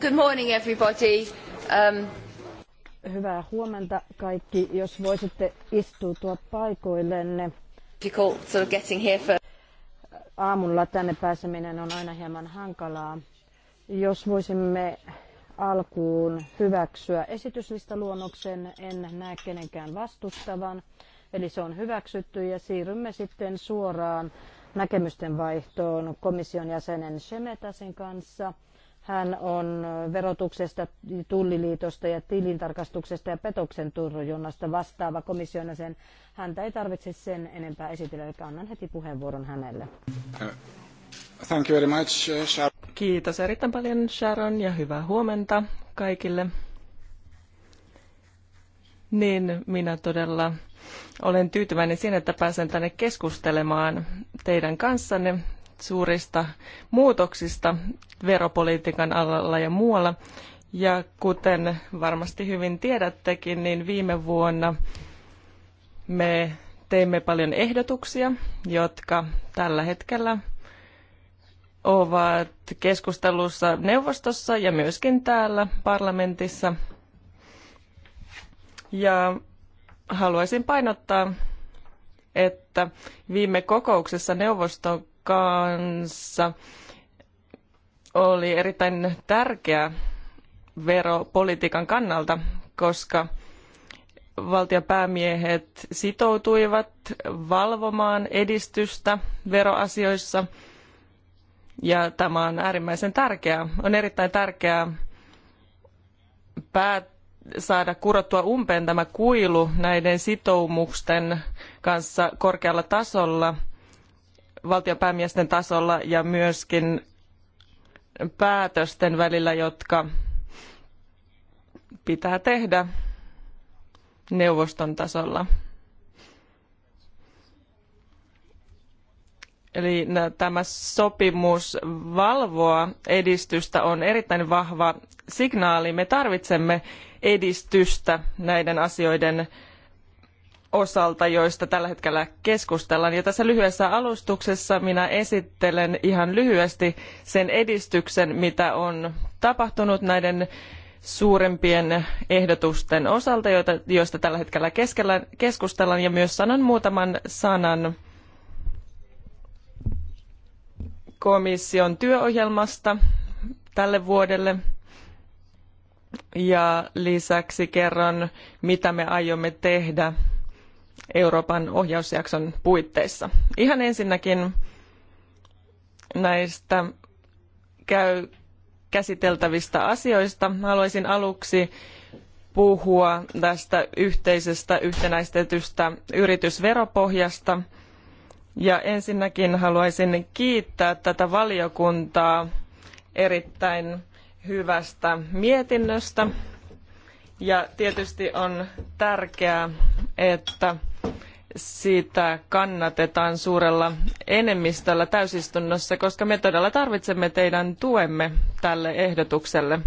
good, morning everybody. Um, Hyvää huomenta kaikki, jos voisitte istuutua paikoillenne. Difficult sort of getting here for... Aamulla tänne pääseminen on aina hieman hankalaa. Jos voisimme alkuun hyväksyä esityslistaluonnoksen, en näe kenenkään vastustavan. Eli se on hyväksytty ja siirrymme sitten suoraan näkemysten vaihtoon komission jäsenen Shemetasin kanssa – hän on verotuksesta, tulliliitosta ja tilintarkastuksesta ja petoksen turjunnasta vastaava komission sen. Häntä ei tarvitse sen enempää esitellä, eli annan heti puheenvuoron hänelle. Uh, thank you very much, uh, Sharon. Kiitos erittäin paljon Sharon ja hyvää huomenta kaikille. Niin, minä todella olen tyytyväinen siihen, että pääsen tänne keskustelemaan teidän kanssanne suurista muutoksista veropolitiikan alalla ja muualla. Ja kuten varmasti hyvin tiedättekin, niin viime vuonna me teimme paljon ehdotuksia, jotka tällä hetkellä ovat keskustelussa neuvostossa ja myöskin täällä parlamentissa. Ja haluaisin painottaa, että viime kokouksessa neuvoston kanssa oli erittäin tärkeä veropolitiikan kannalta, koska valtionpäämiehet sitoutuivat valvomaan edistystä veroasioissa ja tämä on äärimmäisen tärkeää. On erittäin tärkeää päät- saada kurottua umpeen tämä kuilu näiden sitoumusten kanssa korkealla tasolla – valtionpäämiesten tasolla ja myöskin päätösten välillä, jotka pitää tehdä neuvoston tasolla. Eli tämä sopimus valvoa edistystä on erittäin vahva signaali. Me tarvitsemme edistystä näiden asioiden osalta, joista tällä hetkellä keskustellaan. Ja tässä lyhyessä alustuksessa minä esittelen ihan lyhyesti sen edistyksen, mitä on tapahtunut näiden suurempien ehdotusten osalta, joista tällä hetkellä keskustellaan, ja myös sanon muutaman sanan komission työohjelmasta tälle vuodelle. Ja lisäksi kerron, mitä me aiomme tehdä Euroopan ohjausjakson puitteissa. Ihan ensinnäkin näistä käy käsiteltävistä asioista. Haluaisin aluksi puhua tästä yhteisestä yhtenäistetystä yritysveropohjasta. Ja ensinnäkin haluaisin kiittää tätä valiokuntaa erittäin hyvästä mietinnöstä. Ja tietysti on tärkeää, että sitä kannatetaan suurella enemmistöllä täysistunnossa, koska me todella tarvitsemme teidän tuemme tälle ehdotukselle.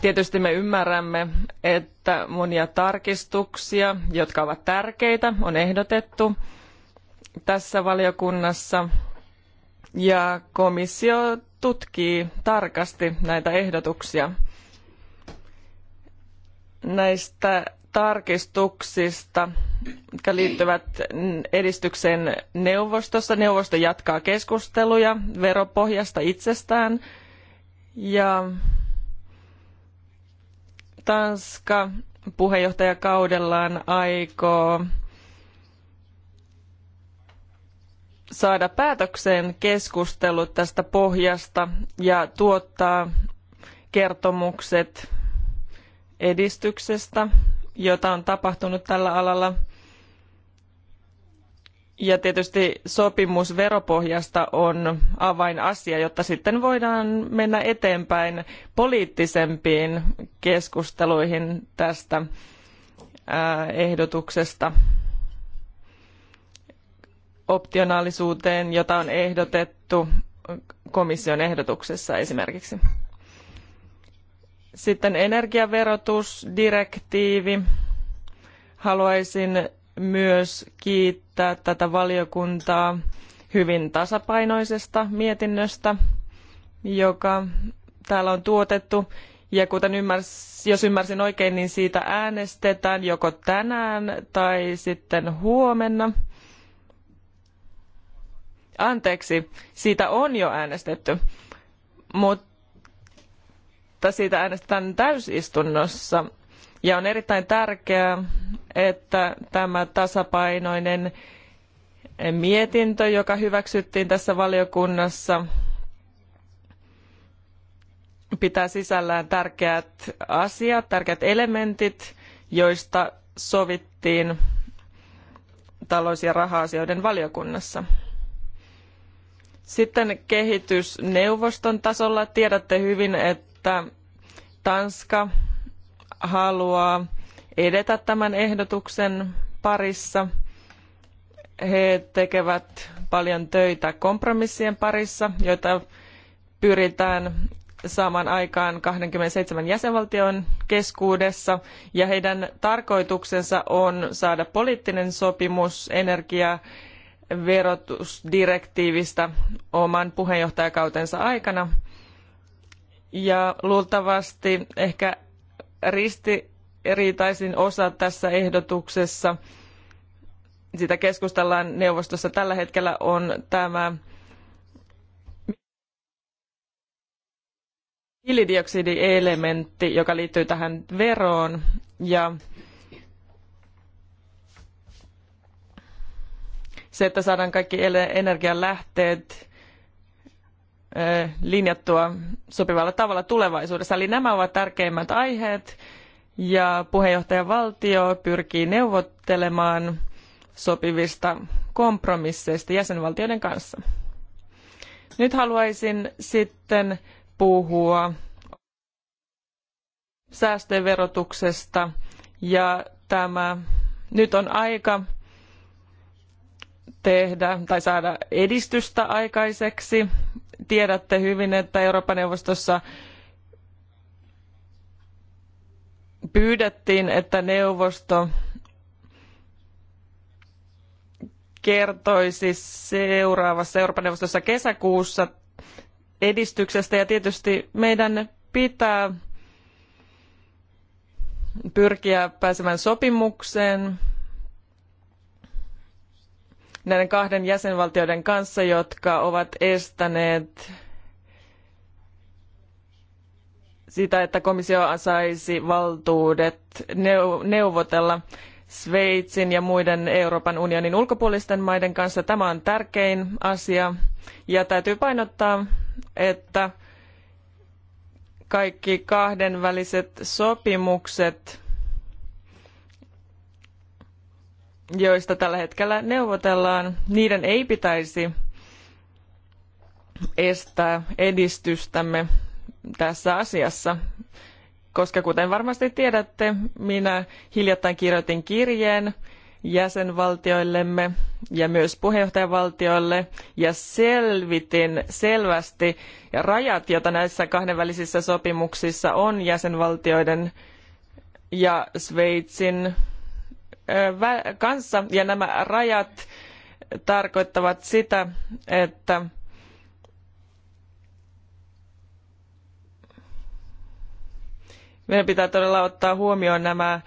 Tietysti me ymmärrämme, että monia tarkistuksia, jotka ovat tärkeitä, on ehdotettu tässä valiokunnassa ja komissio tutkii tarkasti näitä ehdotuksia. Näistä tarkistuksista, jotka liittyvät edistykseen neuvostossa. Neuvosto jatkaa keskusteluja veropohjasta itsestään ja Tanska puheenjohtajakaudellaan aikoo saada päätökseen keskustelut tästä pohjasta ja tuottaa kertomukset edistyksestä jota on tapahtunut tällä alalla. Ja tietysti sopimus veropohjasta on avainasia, jotta sitten voidaan mennä eteenpäin poliittisempiin keskusteluihin tästä ehdotuksesta optionaalisuuteen, jota on ehdotettu komission ehdotuksessa esimerkiksi. Sitten energiaverotusdirektiivi. Haluaisin myös kiittää tätä valiokuntaa hyvin tasapainoisesta mietinnöstä, joka täällä on tuotettu. Ja kuten ymmärsin, jos ymmärsin oikein, niin siitä äänestetään joko tänään tai sitten huomenna. Anteeksi, siitä on jo äänestetty. Mutta että siitä äänestetään täysistunnossa. Ja on erittäin tärkeää, että tämä tasapainoinen mietintö, joka hyväksyttiin tässä valiokunnassa, pitää sisällään tärkeät asiat, tärkeät elementit, joista sovittiin talous- ja raha-asioiden valiokunnassa. Sitten kehitysneuvoston tasolla tiedätte hyvin, että että Tanska haluaa edetä tämän ehdotuksen parissa. He tekevät paljon töitä kompromissien parissa, joita pyritään saamaan aikaan 27 jäsenvaltion keskuudessa ja heidän tarkoituksensa on saada poliittinen sopimus energiaverotusdirektiivistä oman puheenjohtajakautensa aikana ja luultavasti ehkä ristiriitaisin osa tässä ehdotuksessa, sitä keskustellaan neuvostossa tällä hetkellä, on tämä hiilidioksidielementti, joka liittyy tähän veroon. Ja se, että saadaan kaikki energialähteet linjattua sopivalla tavalla tulevaisuudessa. Eli nämä ovat tärkeimmät aiheet ja puheenjohtajavaltio pyrkii neuvottelemaan sopivista kompromisseista jäsenvaltioiden kanssa. Nyt haluaisin sitten puhua säästöverotuksesta ja tämä nyt on aika tehdä tai saada edistystä aikaiseksi tiedätte hyvin, että Euroopan neuvostossa pyydettiin, että neuvosto kertoisi seuraavassa Euroopan neuvostossa kesäkuussa edistyksestä ja tietysti meidän pitää pyrkiä pääsemään sopimukseen näiden kahden jäsenvaltioiden kanssa, jotka ovat estäneet sitä, että komissio saisi valtuudet neuvotella Sveitsin ja muiden Euroopan unionin ulkopuolisten maiden kanssa. Tämä on tärkein asia ja täytyy painottaa, että kaikki kahdenväliset sopimukset joista tällä hetkellä neuvotellaan, niiden ei pitäisi estää edistystämme tässä asiassa. Koska kuten varmasti tiedätte, minä hiljattain kirjoitin kirjeen jäsenvaltioillemme ja myös puheenjohtajavaltioille ja selvitin selvästi rajat, joita näissä kahdenvälisissä sopimuksissa on jäsenvaltioiden ja Sveitsin kanssa ja nämä rajat tarkoittavat sitä, että meidän pitää todella ottaa huomioon nämä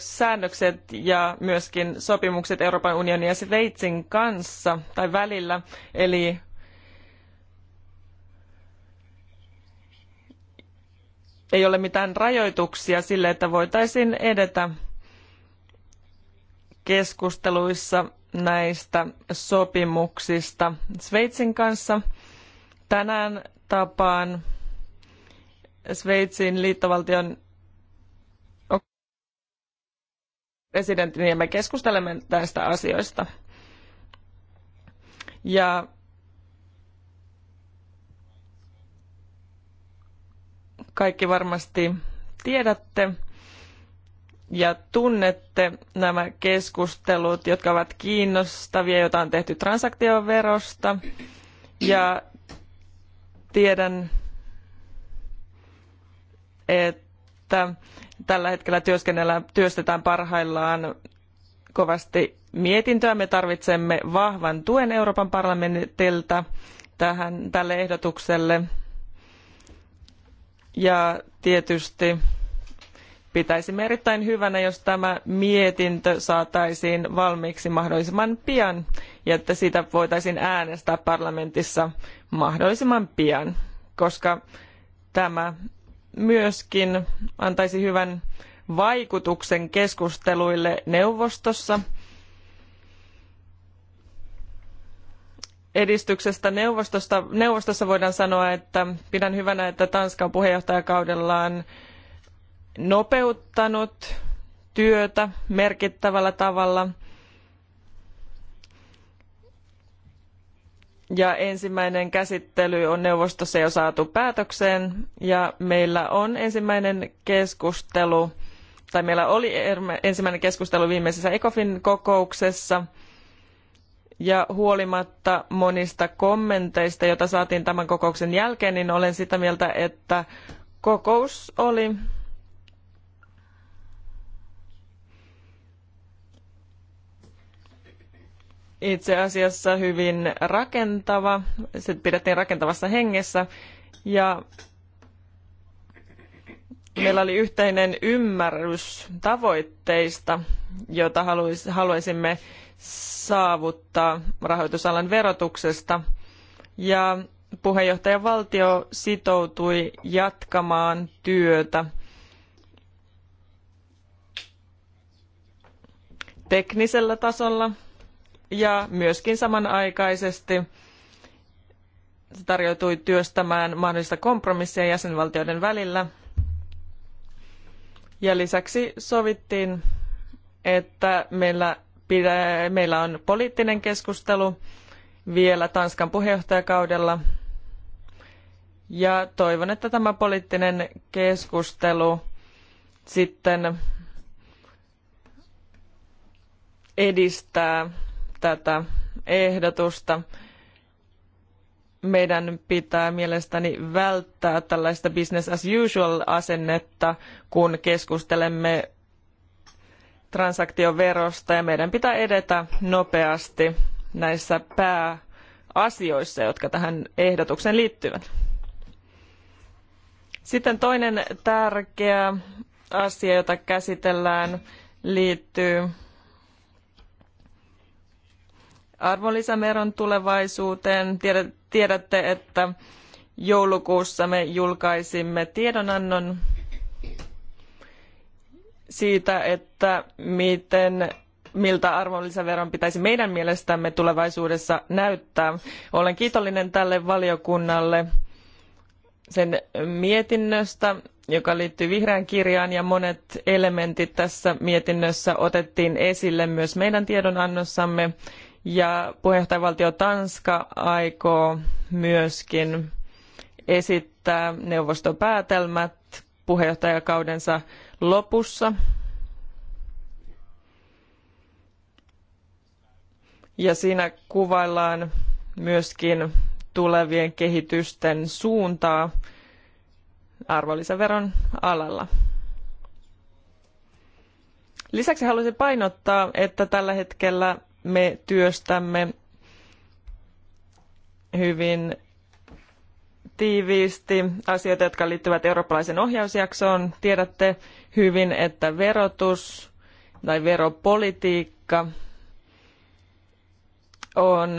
säännökset ja myöskin sopimukset Euroopan unionin ja Sveitsin kanssa tai välillä. Eli ei ole mitään rajoituksia sille, että voitaisiin edetä keskusteluissa näistä sopimuksista Sveitsin kanssa. Tänään tapaan Sveitsin liittovaltion presidentin ja me keskustelemme näistä asioista. Ja kaikki varmasti tiedätte, ja tunnette nämä keskustelut, jotka ovat kiinnostavia, joita on tehty transaktioverosta. Ja tiedän, että tällä hetkellä työskennellään, työstetään parhaillaan kovasti mietintöä. Me tarvitsemme vahvan tuen Euroopan parlamentilta tähän, tälle ehdotukselle. Ja tietysti pitäisimme erittäin hyvänä, jos tämä mietintö saataisiin valmiiksi mahdollisimman pian ja että siitä voitaisiin äänestää parlamentissa mahdollisimman pian, koska tämä myöskin antaisi hyvän vaikutuksen keskusteluille neuvostossa. Edistyksestä neuvostosta, neuvostossa voidaan sanoa, että pidän hyvänä, että Tanska on puheenjohtajakaudellaan nopeuttanut työtä merkittävällä tavalla. Ja ensimmäinen käsittely on neuvostossa jo saatu päätökseen ja meillä on ensimmäinen keskustelu tai meillä oli ensimmäinen keskustelu viimeisessä ECOFIN kokouksessa ja huolimatta monista kommenteista, joita saatiin tämän kokouksen jälkeen, niin olen sitä mieltä, että kokous oli itse asiassa hyvin rakentava. Se pidettiin rakentavassa hengessä ja meillä oli yhteinen ymmärrys tavoitteista, joita haluaisimme saavuttaa rahoitusalan verotuksesta. Ja puheenjohtajan valtio sitoutui jatkamaan työtä teknisellä tasolla – ja myöskin samanaikaisesti se tarjoutui työstämään mahdollista kompromissia jäsenvaltioiden välillä. Ja lisäksi sovittiin, että meillä, meillä on poliittinen keskustelu vielä Tanskan puheenjohtajakaudella. Ja toivon, että tämä poliittinen keskustelu sitten edistää tätä ehdotusta. Meidän pitää mielestäni välttää tällaista business as usual asennetta, kun keskustelemme transaktioverosta ja meidän pitää edetä nopeasti näissä pääasioissa, jotka tähän ehdotukseen liittyvät. Sitten toinen tärkeä asia, jota käsitellään, liittyy arvonlisäveron tulevaisuuteen. Tiedätte, että joulukuussa me julkaisimme tiedonannon siitä, että miten miltä arvonlisäveron pitäisi meidän mielestämme tulevaisuudessa näyttää. Olen kiitollinen tälle valiokunnalle sen mietinnöstä, joka liittyy vihreään kirjaan ja monet elementit tässä mietinnössä otettiin esille myös meidän tiedonannossamme. Ja puheenjohtajavaltio Tanska aikoo myöskin esittää neuvoston päätelmät puheenjohtajakaudensa lopussa. Ja siinä kuvaillaan myöskin tulevien kehitysten suuntaa arvonlisäveron alalla. Lisäksi haluaisin painottaa, että tällä hetkellä me työstämme hyvin tiiviisti asioita, jotka liittyvät eurooppalaisen ohjausjaksoon. Tiedätte hyvin, että verotus tai veropolitiikka on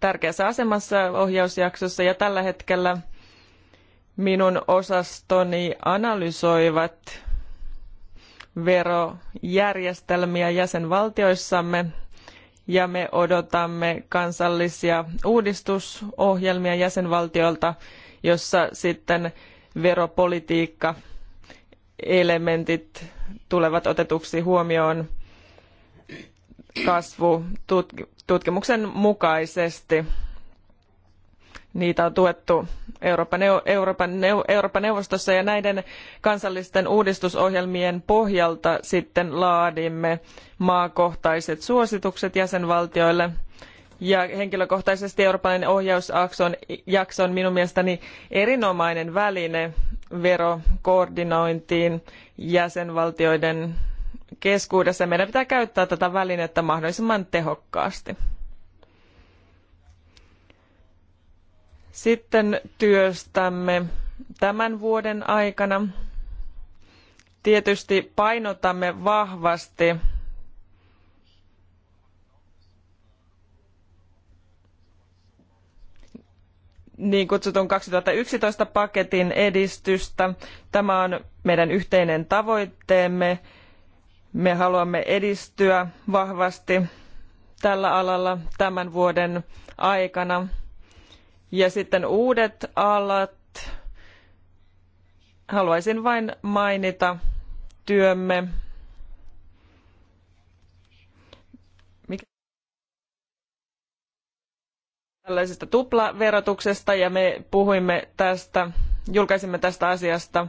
tärkeässä asemassa ohjausjaksossa ja tällä hetkellä minun osastoni analysoivat verojärjestelmiä jäsenvaltioissamme ja me odotamme kansallisia uudistusohjelmia jäsenvaltioilta, jossa sitten veropolitiikka elementit tulevat otetuksi huomioon kasvu mukaisesti niitä on tuettu Euroopan, neuvostossa ja näiden kansallisten uudistusohjelmien pohjalta sitten laadimme maakohtaiset suositukset jäsenvaltioille. Ja henkilökohtaisesti Euroopan ohjausjakso on minun mielestäni erinomainen väline verokoordinointiin jäsenvaltioiden keskuudessa. Meidän pitää käyttää tätä välinettä mahdollisimman tehokkaasti. Sitten työstämme tämän vuoden aikana. Tietysti painotamme vahvasti niin kutsutun 2011 paketin edistystä. Tämä on meidän yhteinen tavoitteemme. Me haluamme edistyä vahvasti tällä alalla tämän vuoden aikana. Ja sitten uudet alat. Haluaisin vain mainita työmme. Mikä tällaisesta tuplaverotuksesta ja me puhuimme tästä, julkaisimme tästä asiasta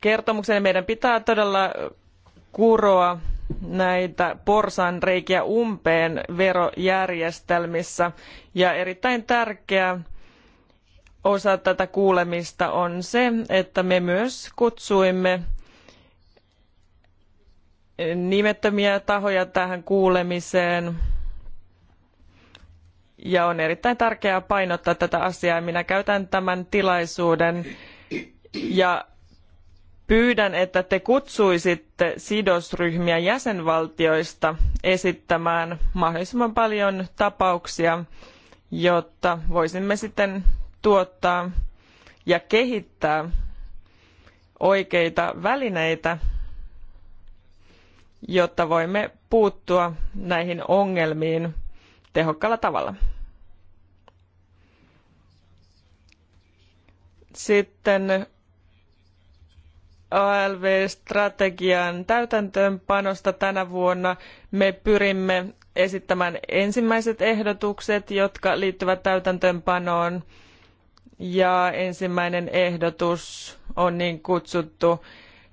kertomuksen. Meidän pitää todella kuroa näitä porsaanreikiä umpeen verojärjestelmissä ja erittäin tärkeä osa tätä kuulemista on se, että me myös kutsuimme nimettömiä tahoja tähän kuulemiseen. Ja on erittäin tärkeää painottaa tätä asiaa. Minä käytän tämän tilaisuuden ja Pyydän, että te kutsuisitte sidosryhmiä jäsenvaltioista esittämään mahdollisimman paljon tapauksia, jotta voisimme sitten tuottaa ja kehittää oikeita välineitä, jotta voimme puuttua näihin ongelmiin tehokkaalla tavalla. Sitten ALV-strategian täytäntöönpanosta tänä vuonna me pyrimme esittämään ensimmäiset ehdotukset, jotka liittyvät täytäntöönpanoon. Ja ensimmäinen ehdotus on niin kutsuttu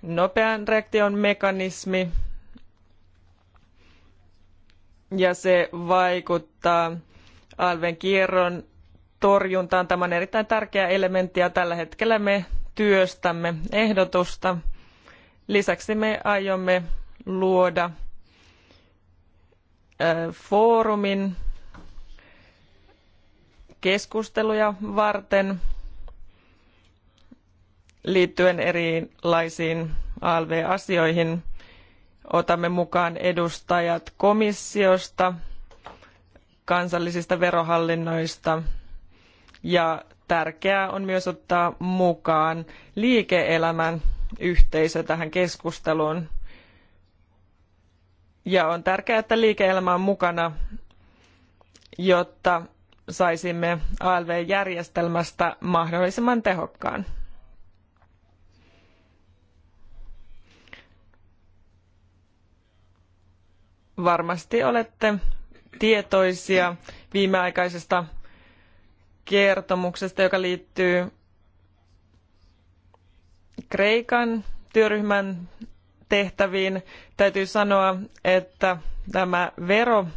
nopean reaktion mekanismi. Ja se vaikuttaa alven kierron torjuntaan. Tämä on erittäin tärkeä elementti ja tällä hetkellä me työstämme ehdotusta. Lisäksi me aiomme luoda foorumin keskusteluja varten liittyen erilaisiin ALV-asioihin. Otamme mukaan edustajat komissiosta, kansallisista verohallinnoista ja tärkeää on myös ottaa mukaan liike-elämän yhteisö tähän keskusteluun. Ja on tärkeää, että liike-elämä on mukana, jotta saisimme ALV-järjestelmästä mahdollisimman tehokkaan. Varmasti olette tietoisia viimeaikaisesta kertomuksesta, joka liittyy Kreikan työryhmän tehtäviin. Täytyy sanoa, että tämä vero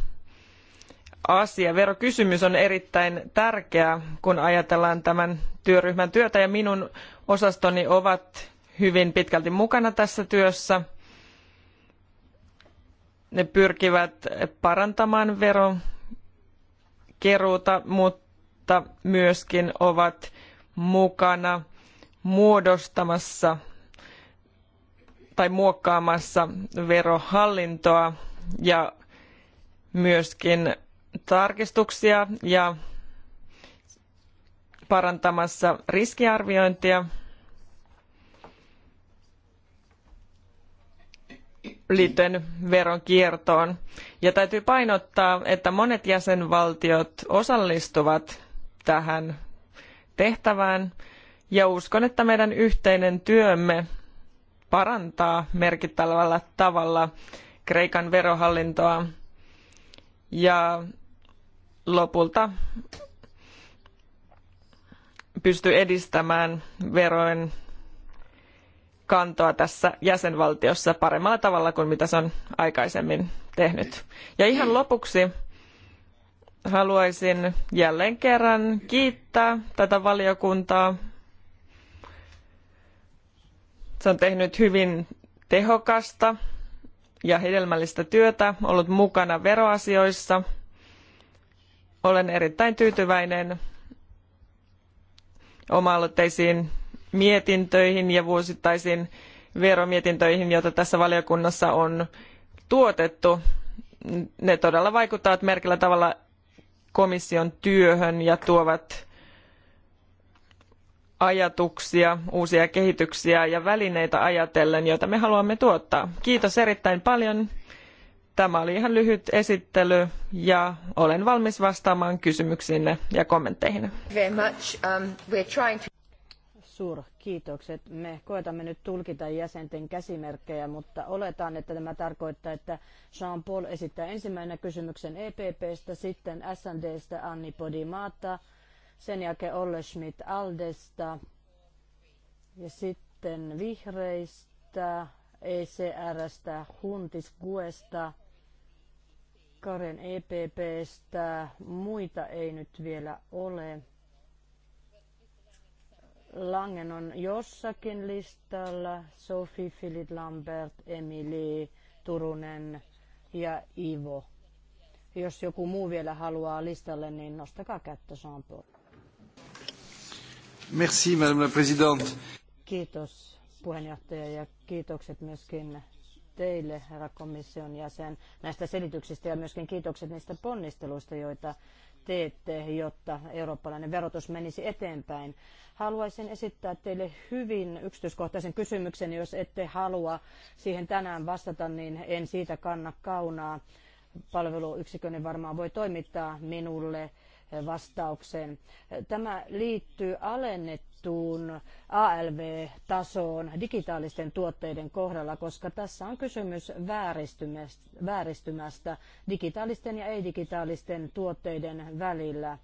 asia, verokysymys on erittäin tärkeä, kun ajatellaan tämän työryhmän työtä ja minun osastoni ovat hyvin pitkälti mukana tässä työssä. Ne pyrkivät parantamaan veron keruuta, mutta mutta myöskin ovat mukana muodostamassa tai muokkaamassa verohallintoa ja myöskin tarkistuksia ja parantamassa riskiarviointia liittyen veronkiertoon. Ja täytyy painottaa, että monet jäsenvaltiot osallistuvat tähän tehtävään ja uskon, että meidän yhteinen työmme parantaa merkittävällä tavalla Kreikan verohallintoa ja lopulta pysty edistämään verojen kantoa tässä jäsenvaltiossa paremmalla tavalla kuin mitä se on aikaisemmin tehnyt. Ja ihan lopuksi haluaisin jälleen kerran kiittää tätä valiokuntaa. Se on tehnyt hyvin tehokasta ja hedelmällistä työtä, ollut mukana veroasioissa. Olen erittäin tyytyväinen oma-aloitteisiin mietintöihin ja vuosittaisiin veromietintöihin, joita tässä valiokunnassa on tuotettu. Ne todella vaikuttavat merkillä tavalla komission työhön ja tuovat ajatuksia, uusia kehityksiä ja välineitä ajatellen, joita me haluamme tuottaa. Kiitos erittäin paljon. Tämä oli ihan lyhyt esittely ja olen valmis vastaamaan kysymyksiinne ja kommentteihinne. Um, kiitokset. Me koetamme nyt tulkita jäsenten käsimerkkejä, mutta oletaan, että tämä tarkoittaa, että Jean-Paul esittää ensimmäinen kysymyksen EPPstä, sitten SNDstä Anni Podimata, sen jälkeen Olle Schmidt Aldesta ja sitten Vihreistä, ECRstä, Huntis Guesta, Karen EPPstä, muita ei nyt vielä ole. Langen on jossakin listalla, Sophie, Philip Lambert, Emily, Turunen ja Ivo. Jos joku muu vielä haluaa listalle, niin nostakaa kättä Sampo. Merci, Madame la Présidente. Kiitos puheenjohtaja ja kiitokset myöskin teille, herra komission jäsen, näistä selityksistä ja myöskin kiitokset niistä ponnisteluista, joita teette, jotta eurooppalainen verotus menisi eteenpäin? Haluaisin esittää teille hyvin yksityiskohtaisen kysymyksen. Jos ette halua siihen tänään vastata, niin en siitä kanna kaunaa. Palveluyksikönne varmaan voi toimittaa minulle vastauksen. Tämä liittyy alennettuun sovittuun ALV-tasoon digitaalisten tuotteiden kohdalla, koska tässä on kysymys vääristymästä, vääristymästä digitaalisten ja ei-digitaalisten tuotteiden välillä.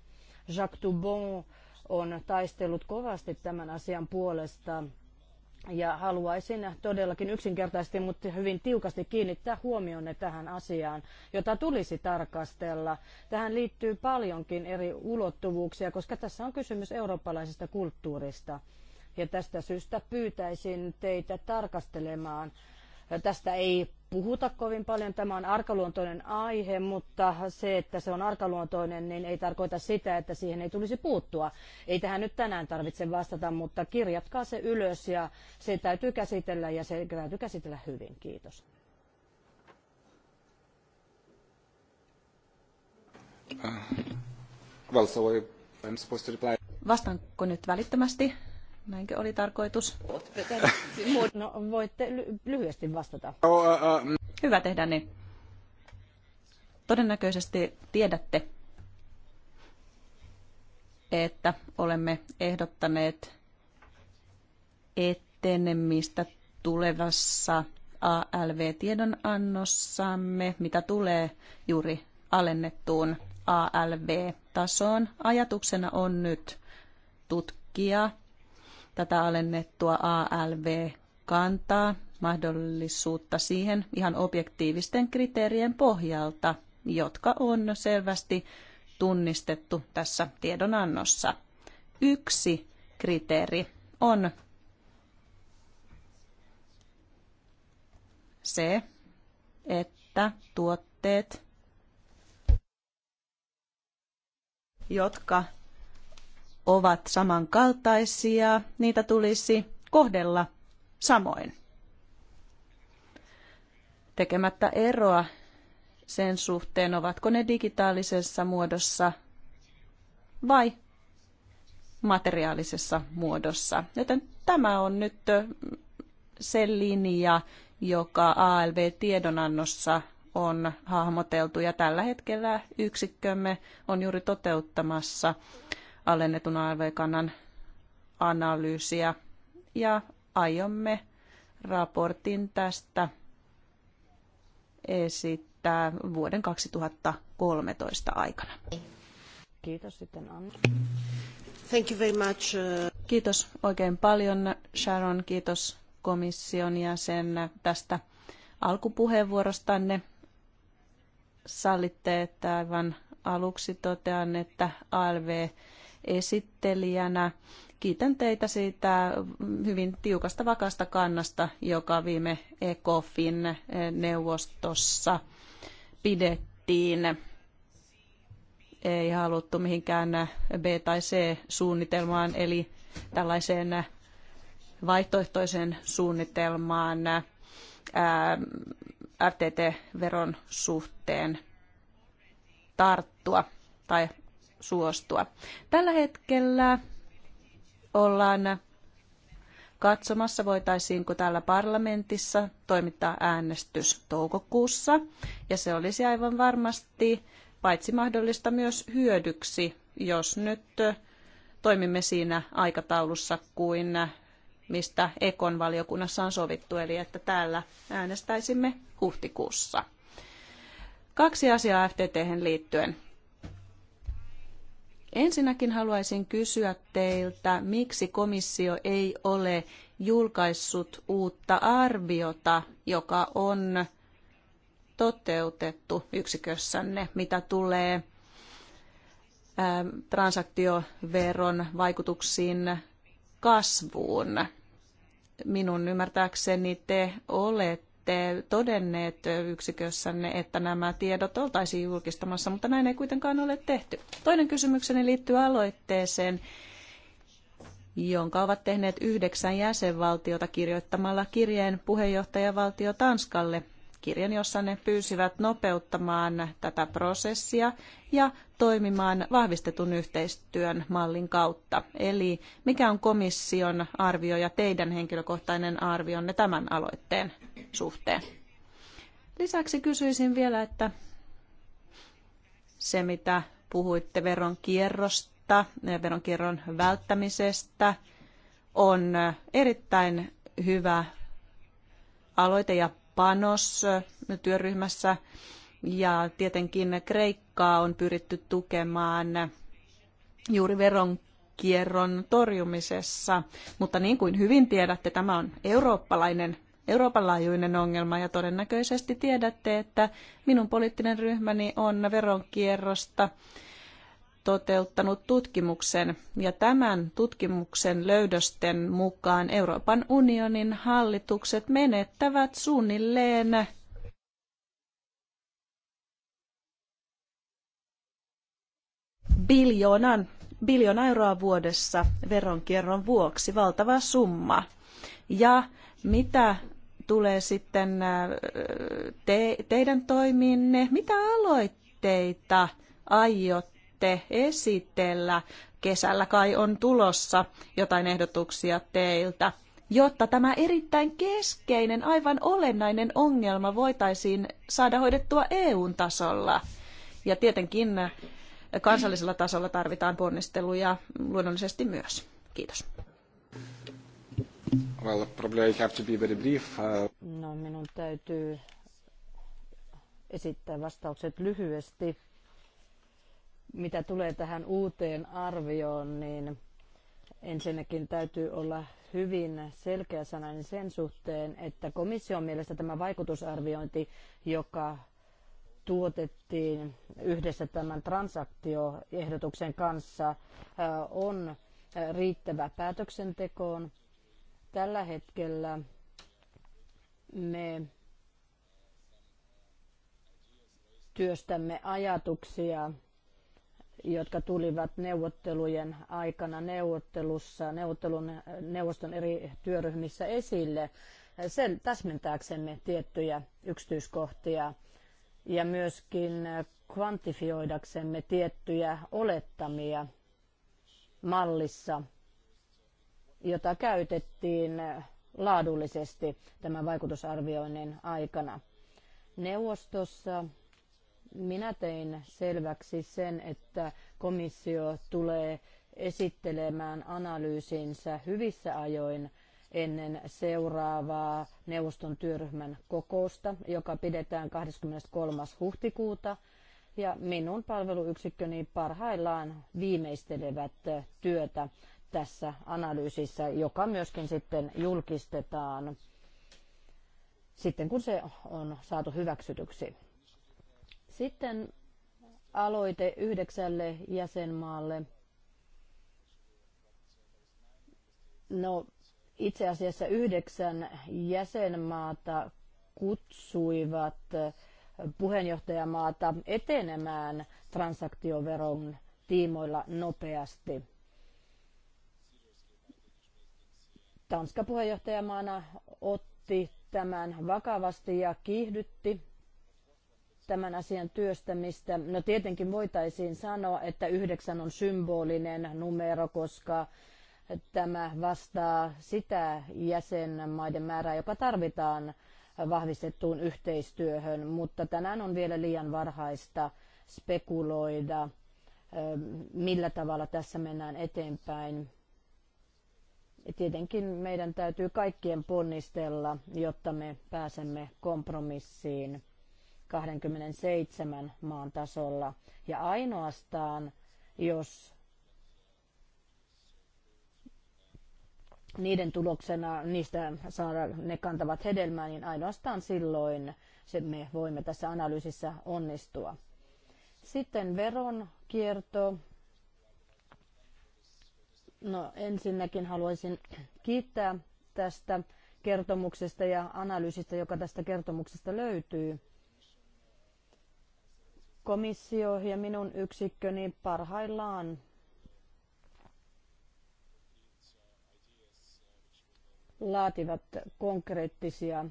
Jacques Toubon on taistellut kovasti tämän asian puolesta ja haluaisin todellakin yksinkertaisesti, mutta hyvin tiukasti kiinnittää huomionne tähän asiaan, jota tulisi tarkastella. Tähän liittyy paljonkin eri ulottuvuuksia, koska tässä on kysymys eurooppalaisesta kulttuurista. Ja tästä syystä pyytäisin teitä tarkastelemaan Tästä ei puhuta kovin paljon. Tämä on arkaluontoinen aihe, mutta se, että se on arkaluontoinen, niin ei tarkoita sitä, että siihen ei tulisi puuttua. Ei tähän nyt tänään tarvitse vastata, mutta kirjatkaa se ylös ja se täytyy käsitellä ja se täytyy käsitellä hyvin. Kiitos. Vastaanko nyt välittömästi? Näinkö oli tarkoitus? No, voitte lyhyesti vastata. Oh, uh, uh, mm. Hyvä tehdä niin. Todennäköisesti tiedätte, että olemme ehdottaneet etenemistä tulevassa ALV-tiedonannossamme, mitä tulee juuri alennettuun ALV-tasoon. Ajatuksena on nyt tutkia tätä alennettua ALV-kantaa, mahdollisuutta siihen ihan objektiivisten kriteerien pohjalta, jotka on selvästi tunnistettu tässä tiedonannossa. Yksi kriteeri on se, että tuotteet, jotka ovat samankaltaisia, niitä tulisi kohdella samoin. Tekemättä eroa sen suhteen, ovatko ne digitaalisessa muodossa vai materiaalisessa muodossa. Joten tämä on nyt se linja, joka ALV-tiedonannossa on hahmoteltu ja tällä hetkellä yksikkömme on juuri toteuttamassa alennetun ALV-kannan analyysiä ja aiomme raportin tästä esittää vuoden 2013 aikana. Kiitos sitten Anna. Thank you very much. Uh, kiitos oikein paljon Sharon, kiitos komission jäsen tästä alkupuheenvuorostanne. Sallitte, että aivan aluksi totean, että ALV esittelijänä. Kiitän teitä siitä hyvin tiukasta vakasta kannasta, joka viime ECOFin eh, neuvostossa pidettiin. Ei haluttu mihinkään B- tai C-suunnitelmaan, eli tällaiseen vaihtoehtoiseen suunnitelmaan rtt veron suhteen tarttua tai suostua. Tällä hetkellä ollaan katsomassa, voitaisiinko täällä parlamentissa toimittaa äänestys toukokuussa. Ja se olisi aivan varmasti paitsi mahdollista myös hyödyksi, jos nyt toimimme siinä aikataulussa kuin mistä Ekon valiokunnassa on sovittu, eli että täällä äänestäisimme huhtikuussa. Kaksi asiaa FTT liittyen. Ensinnäkin haluaisin kysyä teiltä, miksi komissio ei ole julkaissut uutta arviota, joka on toteutettu yksikössänne, mitä tulee ähm, transaktioveron vaikutuksiin kasvuun. Minun ymmärtääkseni te olette olette todenneet yksikössänne, että nämä tiedot oltaisiin julkistamassa, mutta näin ei kuitenkaan ole tehty. Toinen kysymykseni liittyy aloitteeseen, jonka ovat tehneet yhdeksän jäsenvaltiota kirjoittamalla kirjeen puheenjohtajavaltio Tanskalle kirjan, jossa ne pyysivät nopeuttamaan tätä prosessia ja toimimaan vahvistetun yhteistyön mallin kautta. Eli mikä on komission arvio ja teidän henkilökohtainen arvionne tämän aloitteen suhteen? Lisäksi kysyisin vielä, että se mitä puhuitte veron kierrosta, veronkierron välttämisestä, on erittäin hyvä aloite ja panos työryhmässä ja tietenkin Kreikkaa on pyritty tukemaan juuri veronkierron torjumisessa. Mutta niin kuin hyvin tiedätte, tämä on eurooppalainen Euroopan laajuinen ongelma ja todennäköisesti tiedätte, että minun poliittinen ryhmäni on veronkierrosta toteuttanut tutkimuksen ja tämän tutkimuksen löydösten mukaan Euroopan unionin hallitukset menettävät suunnilleen biljoonan, biljoona euroa vuodessa veronkierron vuoksi, valtava summa. Ja mitä tulee sitten äh, te, teidän toimiinne, mitä aloitteita aiot aiotte esitellä? Kesällä kai on tulossa jotain ehdotuksia teiltä, jotta tämä erittäin keskeinen, aivan olennainen ongelma voitaisiin saada hoidettua EU-tasolla. Ja tietenkin kansallisella tasolla tarvitaan ponnisteluja luonnollisesti myös. Kiitos. Well, probably have to be very brief. Uh, no, minun täytyy esittää vastaukset lyhyesti. Mitä tulee tähän uuteen arvioon, niin ensinnäkin täytyy olla hyvin selkeä sanainen sen suhteen, että komission mielestä tämä vaikutusarviointi, joka tuotettiin yhdessä tämän transaktioehdotuksen kanssa, on riittävä päätöksentekoon. Tällä hetkellä me työstämme ajatuksia jotka tulivat neuvottelujen aikana neuvottelussa, neuvottelun, neuvoston eri työryhmissä esille sen täsmentääksemme tiettyjä yksityiskohtia ja myöskin kvantifioidaksemme tiettyjä olettamia mallissa, jota käytettiin laadullisesti tämän vaikutusarvioinnin aikana. Neuvostossa minä tein selväksi sen, että komissio tulee esittelemään analyysinsä hyvissä ajoin ennen seuraavaa neuvoston työryhmän kokousta, joka pidetään 23. huhtikuuta. Ja minun palveluyksikköni parhaillaan viimeistelevät työtä tässä analyysissä, joka myöskin sitten julkistetaan sitten kun se on saatu hyväksytyksi. Sitten aloite yhdeksälle jäsenmaalle. No, itse asiassa yhdeksän jäsenmaata kutsuivat puheenjohtajamaata etenemään transaktioveron tiimoilla nopeasti. Tanska puheenjohtajamaana otti tämän vakavasti ja kiihdytti tämän asian työstämistä. No tietenkin voitaisiin sanoa, että yhdeksän on symbolinen numero, koska tämä vastaa sitä jäsenmaiden määrää, joka tarvitaan vahvistettuun yhteistyöhön, mutta tänään on vielä liian varhaista spekuloida, millä tavalla tässä mennään eteenpäin. Tietenkin meidän täytyy kaikkien ponnistella, jotta me pääsemme kompromissiin 27 maan tasolla. Ja ainoastaan, jos niiden tuloksena niistä saada, ne kantavat hedelmää, niin ainoastaan silloin se me voimme tässä analyysissä onnistua. Sitten veronkierto. No ensinnäkin haluaisin kiittää tästä kertomuksesta ja analyysistä, joka tästä kertomuksesta löytyy. Komissio ja minun yksikköni parhaillaan laativat konkreettisia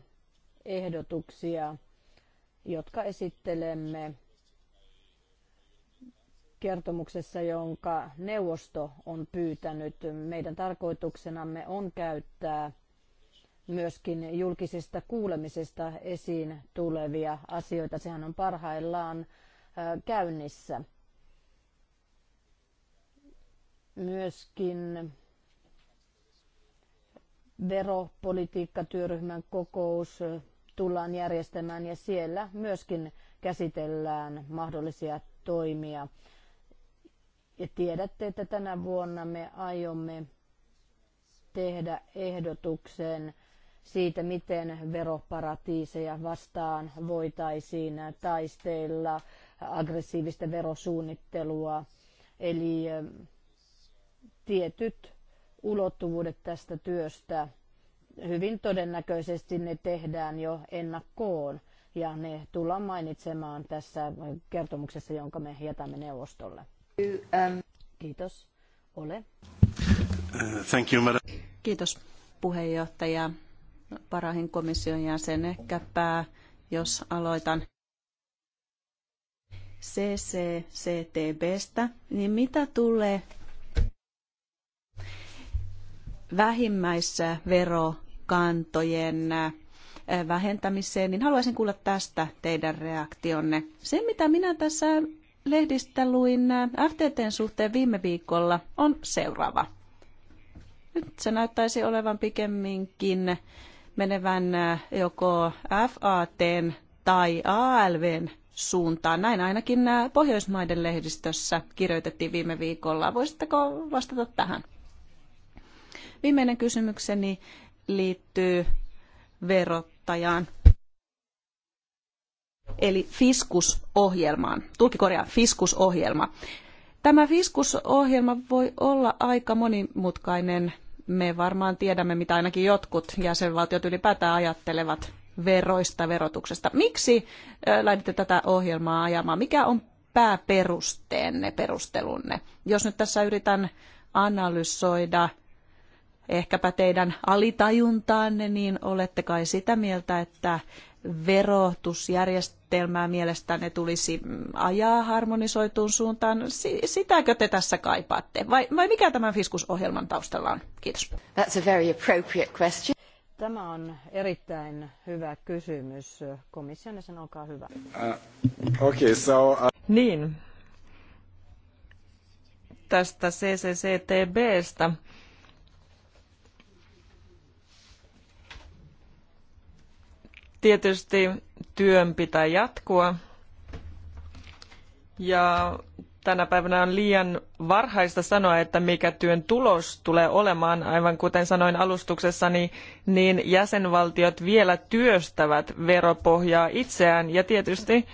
ehdotuksia, jotka esittelemme kertomuksessa, jonka neuvosto on pyytänyt. Meidän tarkoituksenamme on käyttää myöskin julkisesta kuulemisesta esiin tulevia asioita. Sehän on parhaillaan käynnissä. Myöskin veropolitiikkatyöryhmän kokous tullaan järjestämään ja siellä myöskin käsitellään mahdollisia toimia. Ja tiedätte, että tänä vuonna me aiomme tehdä ehdotuksen siitä, miten veroparatiiseja vastaan voitaisiin taisteilla aggressiivista verosuunnittelua. Eli ähm, tietyt ulottuvuudet tästä työstä, hyvin todennäköisesti ne tehdään jo ennakkoon ja ne tullaan mainitsemaan tässä kertomuksessa, jonka me jätämme neuvostolle. Kiitos. Ole. Thank you, madam. Kiitos puheenjohtaja. Parahin komission jäsen ehkäpä, jos aloitan CCCTBstä, niin mitä tulee vähimmäissä verokantojen äh, vähentämiseen, niin haluaisin kuulla tästä teidän reaktionne. Se, mitä minä tässä lehdistä luin äh, FTTn suhteen viime viikolla, on seuraava. Nyt se näyttäisi olevan pikemminkin menevän äh, joko FATn tai ALVn suuntaan. Näin ainakin Pohjoismaiden lehdistössä kirjoitettiin viime viikolla. Voisitteko vastata tähän? Viimeinen kysymykseni liittyy verottajaan. Eli fiskusohjelmaan. Tulki korjaa, fiskusohjelma. Tämä fiskusohjelma voi olla aika monimutkainen. Me varmaan tiedämme, mitä ainakin jotkut jäsenvaltiot ylipäätään ajattelevat veroista, verotuksesta. Miksi lähditte tätä ohjelmaa ajamaan? Mikä on pääperusteenne, perustelunne? Jos nyt tässä yritän analysoida ehkäpä teidän alitajuntaanne, niin olette kai sitä mieltä, että verotusjärjestelmää mielestänne tulisi ajaa harmonisoituun suuntaan. Sitäkö te tässä kaipaatte? Vai, vai mikä tämän Fiskusohjelman taustalla on? Kiitos. That's a very appropriate question. Tämä on erittäin hyvä kysymys. Komission sen olkaa hyvä. Uh, okay, so, uh... Niin. Tästä CCCTBstä. Tietysti työn pitää jatkua. Ja tänä päivänä on liian varhaista sanoa, että mikä työn tulos tulee olemaan. Aivan kuten sanoin alustuksessani, niin jäsenvaltiot vielä työstävät veropohjaa itseään ja tietysti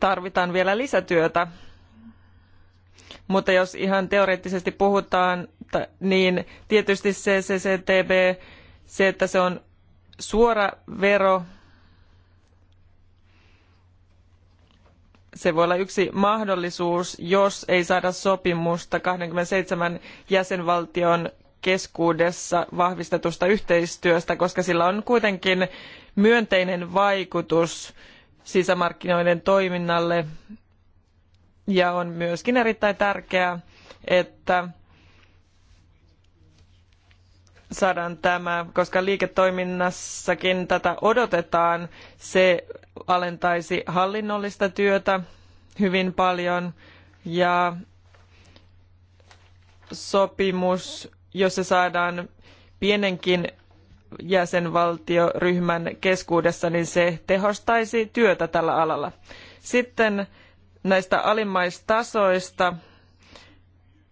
tarvitaan vielä lisätyötä. Mutta jos ihan teoreettisesti puhutaan, niin tietysti CCCTB, se, että se on suora vero, se voi olla yksi mahdollisuus, jos ei saada sopimusta 27 jäsenvaltion keskuudessa vahvistetusta yhteistyöstä, koska sillä on kuitenkin myönteinen vaikutus sisämarkkinoiden toiminnalle ja on myöskin erittäin tärkeää, että saadaan tämä, koska liiketoiminnassakin tätä odotetaan. Se alentaisi hallinnollista työtä hyvin paljon ja sopimus, jos se saadaan pienenkin jäsenvaltioryhmän keskuudessa, niin se tehostaisi työtä tällä alalla. Sitten näistä alimmaistasoista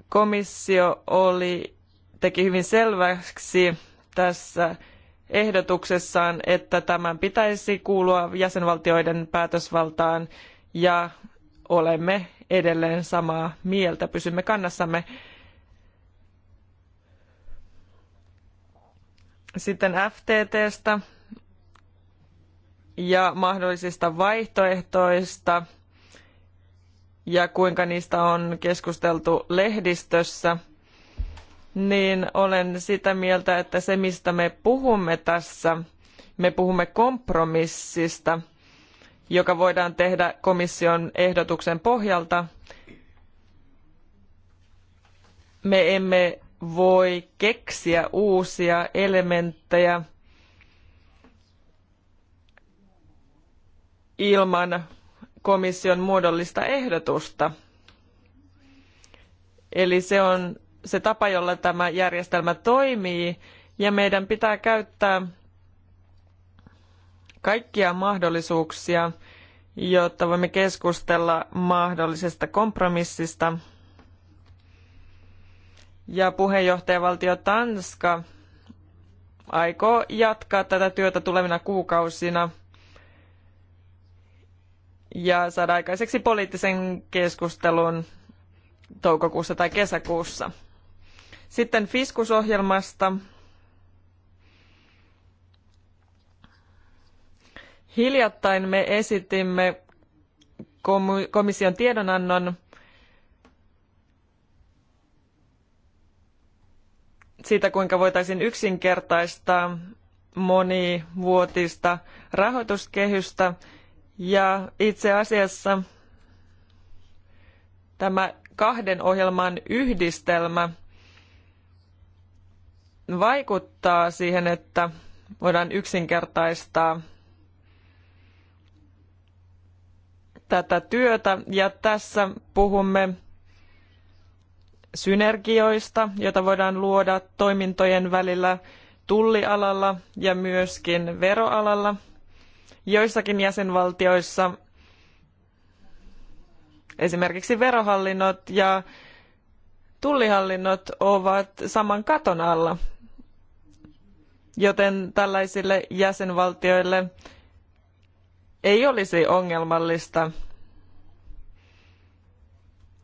komissio oli teki hyvin selväksi tässä ehdotuksessaan, että tämän pitäisi kuulua jäsenvaltioiden päätösvaltaan ja olemme edelleen samaa mieltä, pysymme kannassamme. Sitten FTTstä ja mahdollisista vaihtoehtoista ja kuinka niistä on keskusteltu lehdistössä – niin olen sitä mieltä, että se mistä me puhumme tässä, me puhumme kompromissista, joka voidaan tehdä komission ehdotuksen pohjalta. Me emme voi keksiä uusia elementtejä ilman komission muodollista ehdotusta. Eli se on se tapa, jolla tämä järjestelmä toimii, ja meidän pitää käyttää kaikkia mahdollisuuksia, jotta voimme keskustella mahdollisesta kompromissista. Ja puheenjohtajavaltio Tanska aikoo jatkaa tätä työtä tulevina kuukausina ja saada aikaiseksi poliittisen keskustelun toukokuussa tai kesäkuussa. Sitten Fiskusohjelmasta. Hiljattain me esitimme komission tiedonannon siitä, kuinka voitaisiin yksinkertaistaa monivuotista rahoituskehystä. Ja itse asiassa tämä kahden ohjelman yhdistelmä – vaikuttaa siihen, että voidaan yksinkertaistaa tätä työtä. Ja tässä puhumme synergioista, joita voidaan luoda toimintojen välillä tullialalla ja myöskin veroalalla. Joissakin jäsenvaltioissa esimerkiksi verohallinnot ja tullihallinnot ovat saman katon alla joten tällaisille jäsenvaltioille ei olisi ongelmallista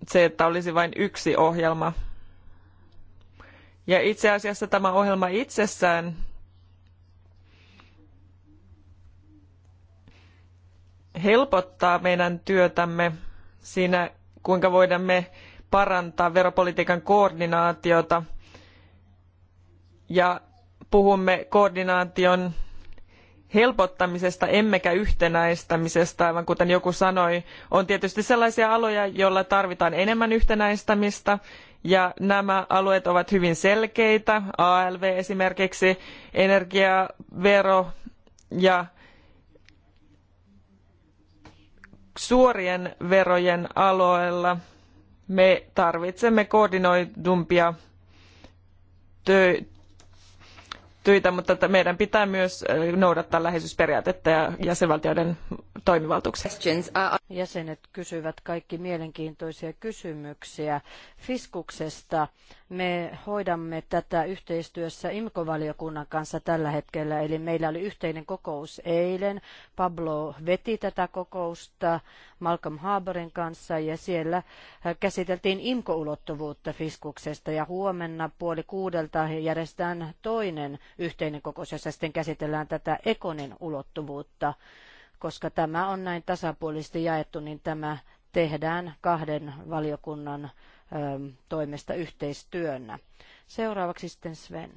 se, että olisi vain yksi ohjelma. Ja itse asiassa tämä ohjelma itsessään helpottaa meidän työtämme siinä, kuinka voidamme parantaa veropolitiikan koordinaatiota ja puhumme koordinaation helpottamisesta emmekä yhtenäistämisestä aivan kuten joku sanoi on tietysti sellaisia aloja joilla tarvitaan enemmän yhtenäistämistä ja nämä alueet ovat hyvin selkeitä alv esimerkiksi energiavero ja suorien verojen aloilla me tarvitsemme koordinoidumpia töitä, mutta meidän pitää myös äh, noudattaa läheisyysperiaatetta ja jäsenvaltioiden toimivaltuuksia. Jäsenet kysyvät kaikki mielenkiintoisia kysymyksiä Fiskuksesta. Me hoidamme tätä yhteistyössä IMKO-valiokunnan kanssa tällä hetkellä, eli meillä oli yhteinen kokous eilen. Pablo veti tätä kokousta Malcolm Harbourin kanssa ja siellä äh, käsiteltiin IMKO-ulottuvuutta Fiskuksesta ja huomenna puoli kuudelta järjestetään toinen yhteinen kokous, jossa sitten käsitellään tätä Ekonin ulottuvuutta koska tämä on näin tasapuolisesti jaettu, niin tämä tehdään kahden valiokunnan Ähm, toimesta yhteistyönä. Seuraavaksi sitten Sven.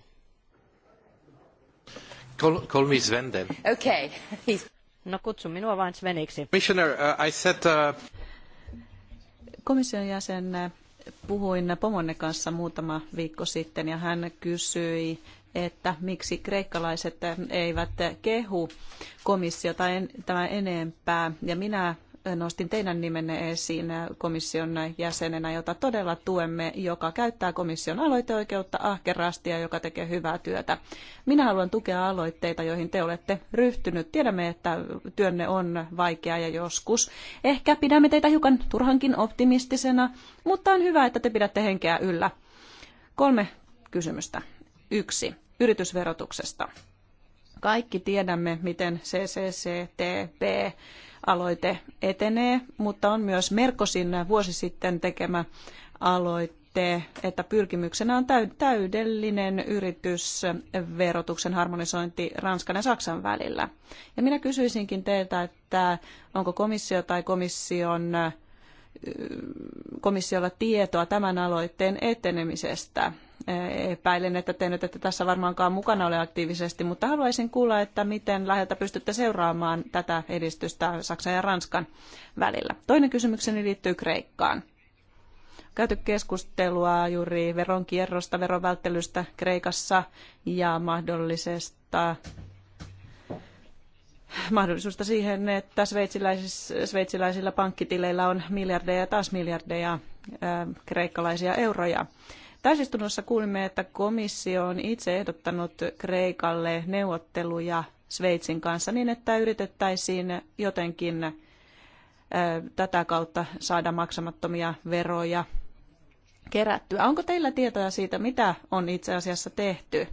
Call, call me Sven then. Okay. No kutsu minua vain Sveniksi. Commissioner, uh, I said, uh... Komission jäsen äh, puhuin Pomonne kanssa muutama viikko sitten ja hän kysyi, että miksi kreikkalaiset äh, eivät kehu komissiota en, tämä enempää. Ja minä nostin teidän nimenne esiin komission jäsenenä, jota todella tuemme, joka käyttää komission aloiteoikeutta ahkerasti ja joka tekee hyvää työtä. Minä haluan tukea aloitteita, joihin te olette ryhtynyt. Tiedämme, että työnne on vaikea ja joskus. Ehkä pidämme teitä hiukan turhankin optimistisena, mutta on hyvä, että te pidätte henkeä yllä. Kolme kysymystä. Yksi. Yritysverotuksesta. Kaikki tiedämme, miten CCCTB aloite etenee, mutta on myös Merkosin vuosi sitten tekemä aloite, että pyrkimyksenä on täydellinen yritysverotuksen harmonisointi Ranskan ja Saksan välillä. Ja minä kysyisinkin teiltä, että onko komissio tai komission komissiolla tietoa tämän aloitteen etenemisestä. Epäilen, että te nyt ette tässä varmaankaan mukana ole aktiivisesti, mutta haluaisin kuulla, että miten läheltä pystytte seuraamaan tätä edistystä Saksan ja Ranskan välillä. Toinen kysymykseni liittyy Kreikkaan. Käyty keskustelua juuri veronkierrosta, verovälttelystä Kreikassa ja mahdollisesta mahdollisuutta siihen, että sveitsiläisillä pankkitileillä on miljardeja ja taas miljardeja kreikkalaisia euroja. Täysistunnossa kuulimme, että komissio on itse ehdottanut Kreikalle neuvotteluja Sveitsin kanssa niin, että yritettäisiin jotenkin tätä kautta saada maksamattomia veroja kerättyä. Onko teillä tietoja siitä, mitä on itse asiassa tehty,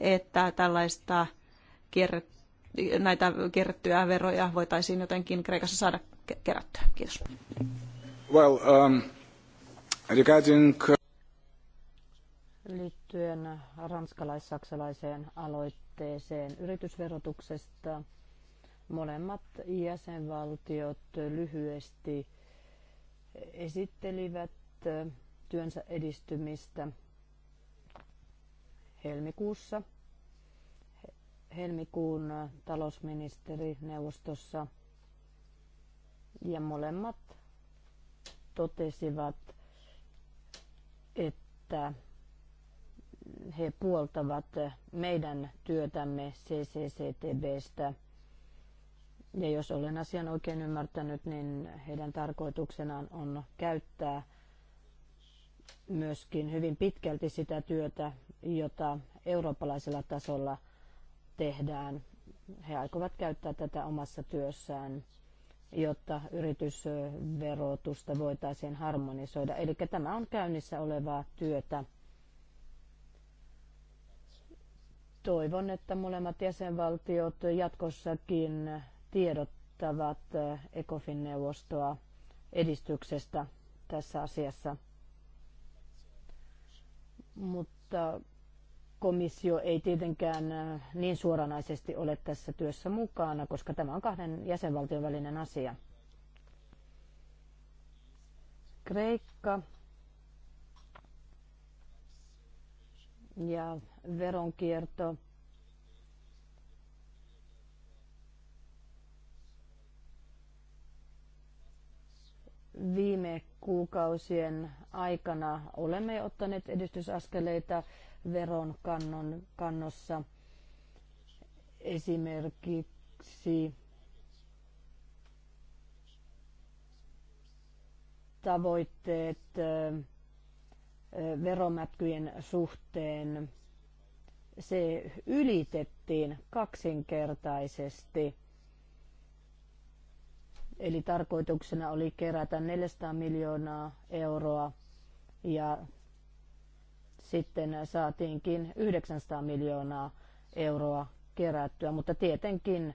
että tällaista kierret, näitä kierrettyjä veroja voitaisiin jotenkin Kreikassa saada kerättyä? Kiitos. Well, um, regarding... Liittyen ranskalais-saksalaiseen aloitteeseen yritysverotuksesta, molemmat jäsenvaltiot lyhyesti esittelivät työnsä edistymistä helmikuussa – helmikuun talousministerineuvostossa ja molemmat totesivat, että he puoltavat meidän työtämme CCCTBstä. Ja jos olen asian oikein ymmärtänyt, niin heidän tarkoituksenaan on käyttää myöskin hyvin pitkälti sitä työtä, jota eurooppalaisella tasolla tehdään. He aikovat käyttää tätä omassa työssään, jotta yritysverotusta voitaisiin harmonisoida. Eli tämä on käynnissä olevaa työtä. Toivon, että molemmat jäsenvaltiot jatkossakin tiedottavat ECOFIN-neuvostoa edistyksestä tässä asiassa. Mutta komissio ei tietenkään äh, niin suoranaisesti ole tässä työssä mukana, koska tämä on kahden jäsenvaltion välinen asia. Kreikka ja veronkierto. Viime kuukausien aikana olemme ottaneet edistysaskeleita veron kannon, kannossa. Esimerkiksi tavoitteet veromätkyjen suhteen, se ylitettiin kaksinkertaisesti. Eli tarkoituksena oli kerätä 400 miljoonaa euroa ja sitten saatiinkin 900 miljoonaa euroa kerättyä, mutta tietenkin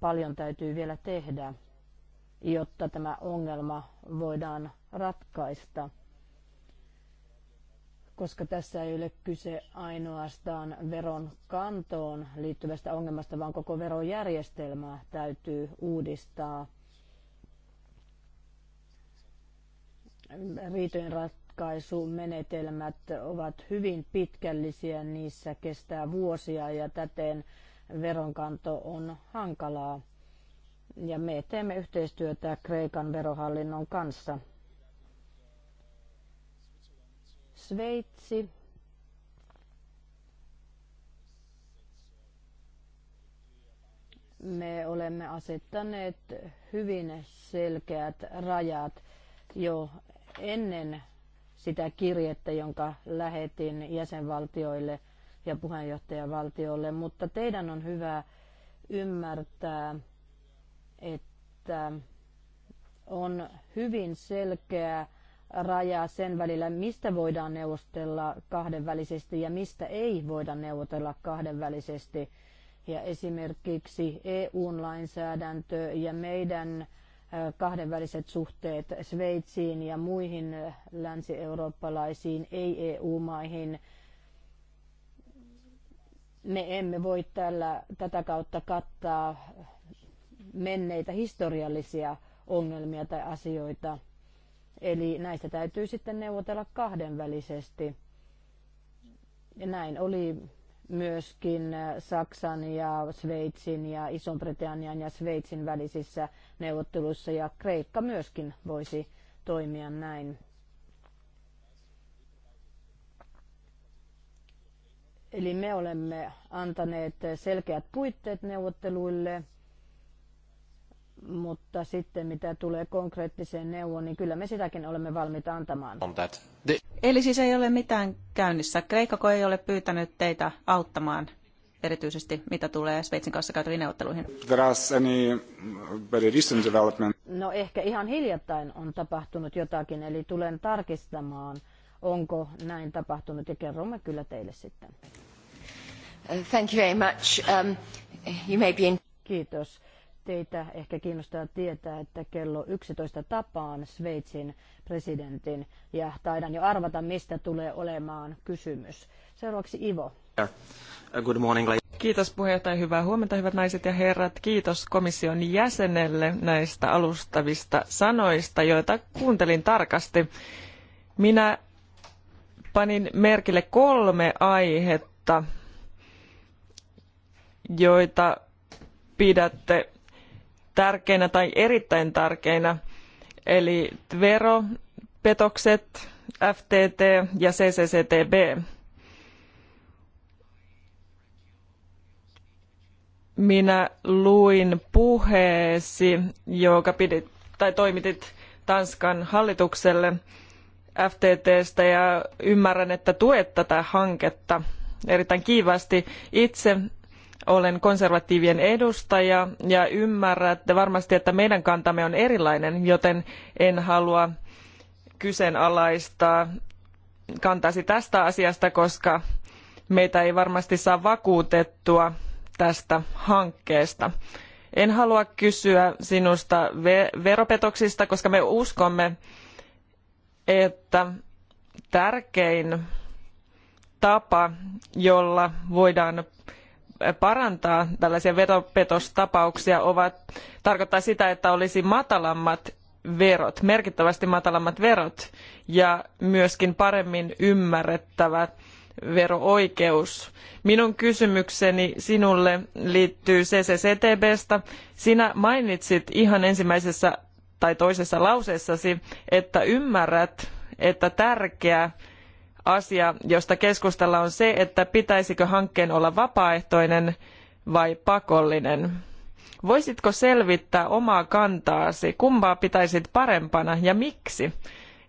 paljon täytyy vielä tehdä, jotta tämä ongelma voidaan ratkaista koska tässä ei ole kyse ainoastaan veron kantoon liittyvästä ongelmasta, vaan koko verojärjestelmää täytyy uudistaa. Riitojen ratkaisumenetelmät ovat hyvin pitkällisiä, niissä kestää vuosia ja täten veronkanto on hankalaa. Ja me teemme yhteistyötä Kreikan verohallinnon kanssa. Sveitsi. Me olemme asettaneet hyvin selkeät rajat jo ennen sitä kirjettä, jonka lähetin jäsenvaltioille ja puheenjohtajavaltioille, mutta teidän on hyvä ymmärtää, että on hyvin selkeä raja sen välillä, mistä voidaan neuvostella kahdenvälisesti ja mistä ei voida neuvotella kahdenvälisesti. Ja esimerkiksi eu lainsäädäntö ja meidän kahdenväliset suhteet Sveitsiin ja muihin länsi-eurooppalaisiin ei-EU-maihin. Me emme voi tällä, tätä kautta kattaa menneitä historiallisia ongelmia tai asioita. Eli näistä täytyy sitten neuvotella kahdenvälisesti. Ja näin oli myöskin äh, Saksan ja Sveitsin ja iso britannian ja Sveitsin välisissä neuvotteluissa ja Kreikka myöskin voisi toimia näin. Eli me olemme antaneet selkeät puitteet neuvotteluille mutta sitten mitä tulee konkreettiseen neuvoon, niin kyllä me sitäkin olemme valmiita antamaan. The... Eli siis ei ole mitään käynnissä. Kreikako ei ole pyytänyt teitä auttamaan erityisesti mitä tulee Sveitsin kanssa käytäviin neuvotteluihin? No ehkä ihan hiljattain on tapahtunut jotakin, eli tulen tarkistamaan, onko näin tapahtunut ja kerromme kyllä teille sitten. Uh, thank you very much. Um, you may be in... Kiitos Teitä ehkä kiinnostaa tietää, että kello 11 tapaan Sveitsin presidentin ja taidan jo arvata, mistä tulee olemaan kysymys. Seuraavaksi Ivo. Good morning, Kiitos puheenjohtaja, hyvää huomenta hyvät naiset ja herrat. Kiitos komission jäsenelle näistä alustavista sanoista, joita kuuntelin tarkasti. Minä panin merkille kolme aihetta, joita pidätte tärkeinä tai erittäin tärkeinä, eli veropetokset, FTT ja CCCTB. Minä luin puheesi, jonka pidit, tai toimitit Tanskan hallitukselle FTTstä ja ymmärrän, että tuet tätä hanketta erittäin kiivaasti. Itse olen konservatiivien edustaja ja ymmärrätte varmasti, että meidän kantamme on erilainen, joten en halua kyseenalaistaa kantasi tästä asiasta, koska meitä ei varmasti saa vakuutettua tästä hankkeesta. En halua kysyä sinusta veropetoksista, koska me uskomme, että tärkein tapa, jolla voidaan parantaa tällaisia veropetostapauksia ovat, tarkoittaa sitä, että olisi matalammat verot, merkittävästi matalammat verot ja myöskin paremmin ymmärrettävä vero-oikeus. Minun kysymykseni sinulle liittyy CCCTBstä. Sinä mainitsit ihan ensimmäisessä tai toisessa lauseessasi, että ymmärrät, että tärkeä asia, josta keskustella on se, että pitäisikö hankkeen olla vapaaehtoinen vai pakollinen. Voisitko selvittää omaa kantaasi, kumpaa pitäisit parempana ja miksi?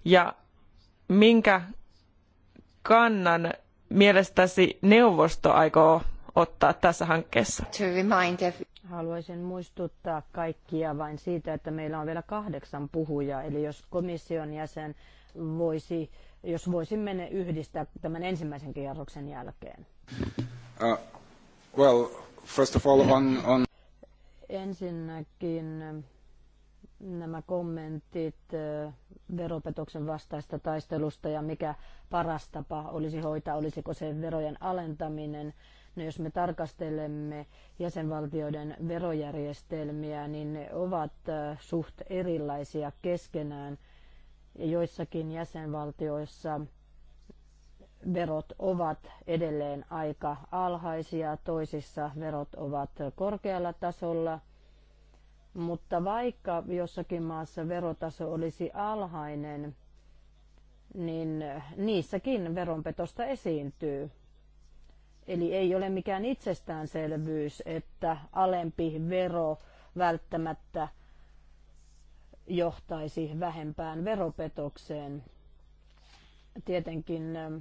Ja minkä kannan mielestäsi neuvosto aikoo ottaa tässä hankkeessa? Haluaisin muistuttaa kaikkia vain siitä, että meillä on vielä kahdeksan puhujaa, eli jos komission jäsen voisi jos voisimme ne yhdistää tämän ensimmäisen kierroksen jälkeen? Uh, well, first of all on, on... Ensinnäkin eh, nämä kommentit eh, veropetoksen vastaista taistelusta ja mikä paras tapa olisi hoitaa, olisiko se verojen alentaminen. No jos me tarkastelemme jäsenvaltioiden verojärjestelmiä, niin ne ovat eh, suht erilaisia keskenään – joissakin jäsenvaltioissa verot ovat edelleen aika alhaisia, toisissa verot ovat korkealla tasolla, mutta vaikka jossakin maassa verotaso olisi alhainen, niin niissäkin veronpetosta esiintyy. Eli ei ole mikään itsestäänselvyys, että alempi vero välttämättä – johtaisi vähempään veropetokseen. Tietenkin ähm,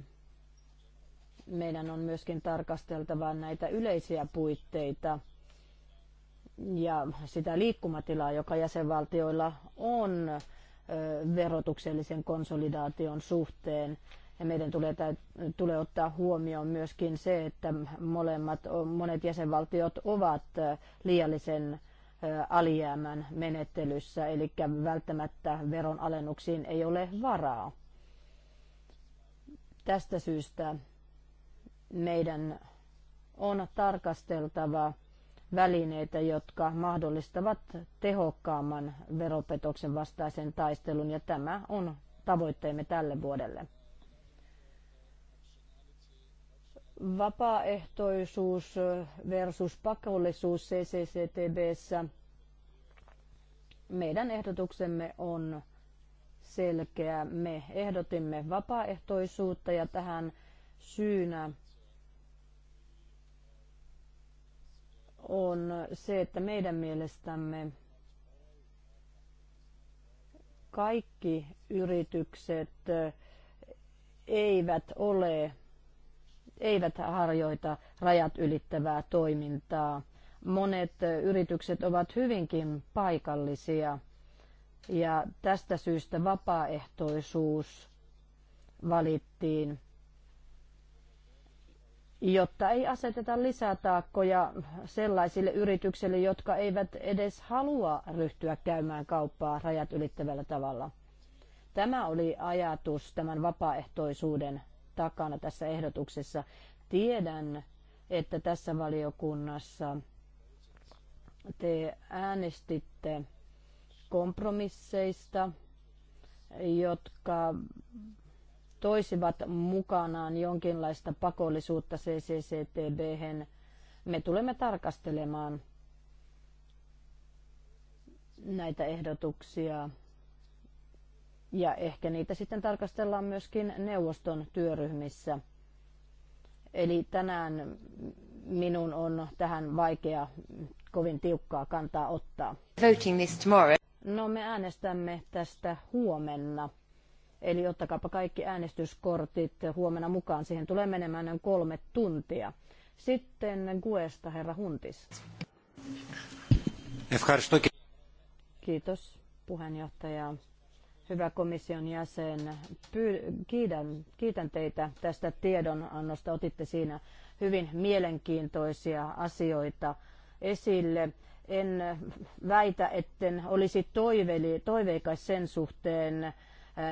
meidän on myöskin tarkasteltava näitä yleisiä puitteita ja sitä liikkumatilaa, joka jäsenvaltioilla on verotuksellisen konsolidaation suhteen. Ja meidän tulee, tulee ottaa huomioon myöskin se, että molemmat, monet jäsenvaltiot ovat liiallisen alijäämän menettelyssä, eli välttämättä veronalennuksiin ei ole varaa. Tästä syystä meidän on tarkasteltava välineitä, jotka mahdollistavat tehokkaamman veropetoksen vastaisen taistelun, ja tämä on tavoitteemme tälle vuodelle. vapaaehtoisuus versus pakollisuus CCCTBssä. Meidän ehdotuksemme on selkeä. Me ehdotimme vapaaehtoisuutta ja tähän syynä on se, että meidän mielestämme kaikki yritykset eivät ole eivät harjoita rajat ylittävää toimintaa. Monet yritykset ovat hyvinkin paikallisia ja tästä syystä vapaaehtoisuus valittiin, jotta ei aseteta lisätaakkoja sellaisille yrityksille, jotka eivät edes halua ryhtyä käymään kauppaa rajat ylittävällä tavalla. Tämä oli ajatus tämän vapaaehtoisuuden takana tässä ehdotuksessa. Tiedän, että tässä valiokunnassa te äänestitte kompromisseista, jotka toisivat mukanaan jonkinlaista pakollisuutta ccctb -hen. Me tulemme tarkastelemaan näitä ehdotuksia ja ehkä niitä sitten tarkastellaan myöskin neuvoston työryhmissä. Eli tänään minun on tähän vaikea kovin tiukkaa kantaa ottaa. Voting this tomorrow. No me äänestämme tästä huomenna. Eli ottakaapa kaikki äänestyskortit huomenna mukaan. Siihen tulee menemään noin kolme tuntia. Sitten Guesta, herra Huntis. Kiitos puheenjohtaja. Hyvä komission jäsen, kiitän, kiitän teitä tästä tiedonannosta. Otitte siinä hyvin mielenkiintoisia asioita esille. En väitä, etten olisi toiveli, toiveikas sen suhteen, eh,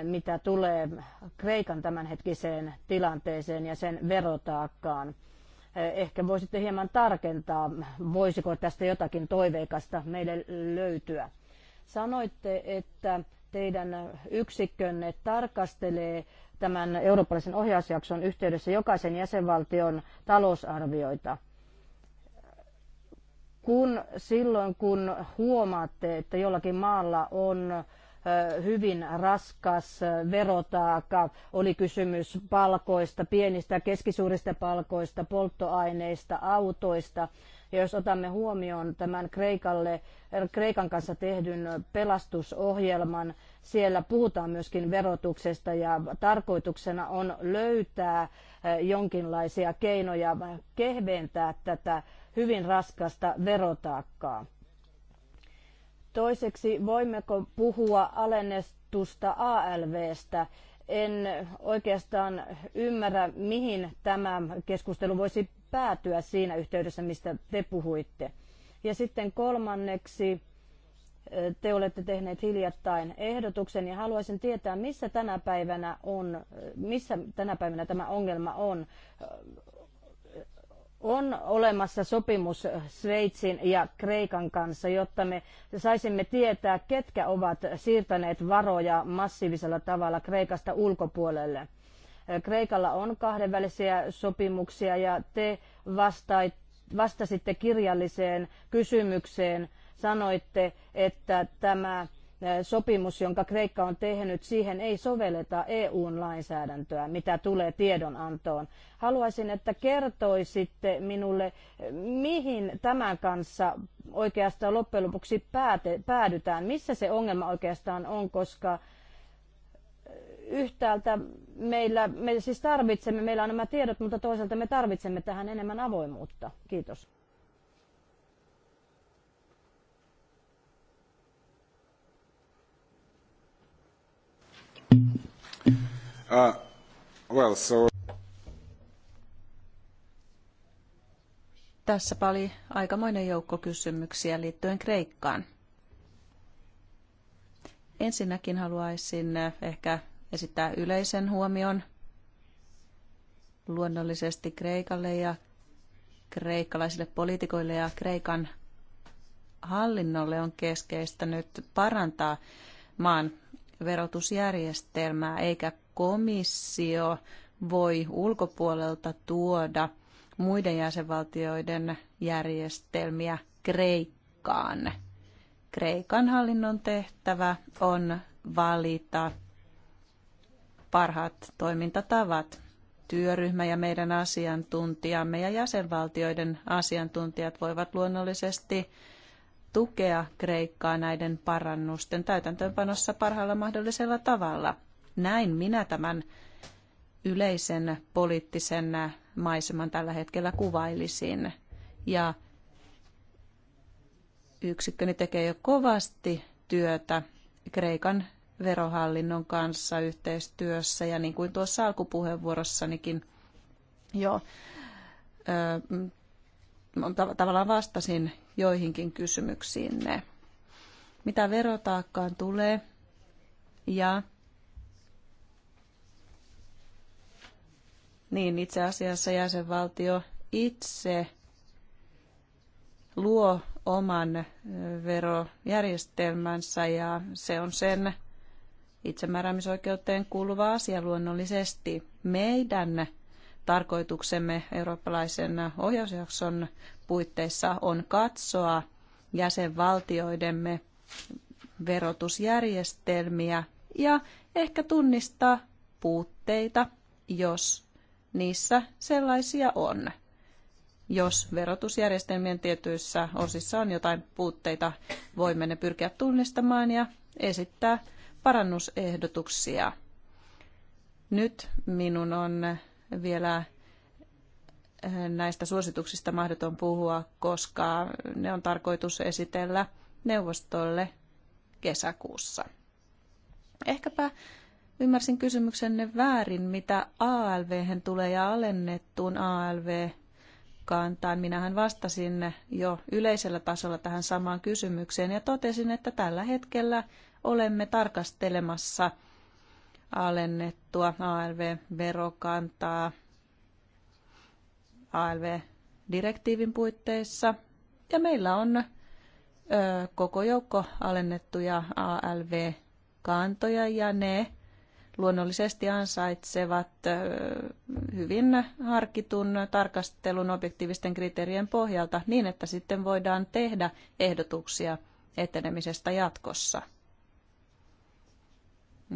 mitä tulee Kreikan tämänhetkiseen tilanteeseen ja sen verotaakkaan. Eh, ehkä voisitte hieman tarkentaa, voisiko tästä jotakin toiveikasta meille löytyä. Sanoitte, että teidän yksikkönne tarkastelee tämän eurooppalaisen ohjausjakson yhteydessä jokaisen jäsenvaltion talousarvioita. Kun silloin, kun huomaatte, että jollakin maalla on hyvin raskas verotaaka, oli kysymys palkoista, pienistä ja keskisuurista palkoista, polttoaineista, autoista, ja jos otamme huomioon tämän Kreikalle, äh, Kreikan kanssa tehdyn pelastusohjelman, siellä puhutaan myöskin verotuksesta ja tarkoituksena on löytää äh, jonkinlaisia keinoja kehventää tätä hyvin raskasta verotaakkaa. Toiseksi, voimmeko puhua alennetusta ALVstä en oikeastaan ymmärrä, mihin tämä keskustelu voisi päätyä siinä yhteydessä, mistä te puhuitte. Ja sitten kolmanneksi, te olette tehneet hiljattain ehdotuksen ja haluaisin tietää, missä tänä päivänä on, missä tänä päivänä tämä ongelma on on olemassa sopimus Sveitsin ja Kreikan kanssa, jotta me saisimme tietää, ketkä ovat siirtäneet varoja massiivisella tavalla Kreikasta ulkopuolelle. Kreikalla on kahdenvälisiä sopimuksia ja te vastait, vastasitte kirjalliseen kysymykseen, sanoitte, että tämä sopimus, jonka Kreikka on tehnyt, siihen ei sovelleta EUn lainsäädäntöä, mitä tulee tiedonantoon. Haluaisin, että kertoisitte minulle, mihin tämän kanssa oikeastaan loppujen lopuksi päädytään, missä se ongelma oikeastaan on, koska yhtäältä meillä, me siis tarvitsemme, meillä on nämä tiedot, mutta toisaalta me tarvitsemme tähän enemmän avoimuutta. Kiitos. Uh, well, so... Tässäpä oli aikamoinen joukko kysymyksiä liittyen Kreikkaan. Ensinnäkin haluaisin äh, ehkä esittää yleisen huomion luonnollisesti Kreikalle ja kreikkalaisille poliitikoille ja Kreikan hallinnolle on keskeistä nyt parantaa maan verotusjärjestelmää eikä komissio voi ulkopuolelta tuoda muiden jäsenvaltioiden järjestelmiä Kreikkaan. Kreikan hallinnon tehtävä on valita parhaat toimintatavat. Työryhmä ja meidän asiantuntijamme ja jäsenvaltioiden asiantuntijat voivat luonnollisesti tukea Kreikkaa näiden parannusten täytäntöönpanossa parhaalla mahdollisella tavalla – näin minä tämän yleisen poliittisen maiseman tällä hetkellä kuvailisin. Ja yksikköni tekee jo kovasti työtä Kreikan verohallinnon kanssa yhteistyössä ja niin kuin tuossa alkupuheenvuorossanikin jo ö, tavallaan vastasin joihinkin kysymyksiinne. Mitä verotaakkaan tulee ja niin itse asiassa jäsenvaltio itse luo oman verojärjestelmänsä ja se on sen itsemääräämisoikeuteen kuuluva asia luonnollisesti. Meidän tarkoituksemme eurooppalaisen ohjausjakson puitteissa on katsoa jäsenvaltioidemme verotusjärjestelmiä ja ehkä tunnistaa puutteita, jos niissä sellaisia on. Jos verotusjärjestelmien tietyissä osissa on jotain puutteita, voimme ne pyrkiä tunnistamaan ja esittää parannusehdotuksia. Nyt minun on vielä eh, näistä suosituksista mahdoton puhua, koska ne on tarkoitus esitellä neuvostolle kesäkuussa. Ehkäpä ymmärsin kysymyksenne väärin, mitä alv tulee ja alennettuun ALV kantaan. Minähän vastasin jo yleisellä tasolla tähän samaan kysymykseen ja totesin, että tällä hetkellä olemme tarkastelemassa alennettua ALV-verokantaa ALV-direktiivin puitteissa. Ja meillä on ö, koko joukko alennettuja ALV-kantoja ja ne luonnollisesti ansaitsevat hyvin harkitun tarkastelun objektiivisten kriteerien pohjalta niin, että sitten voidaan tehdä ehdotuksia etenemisestä jatkossa.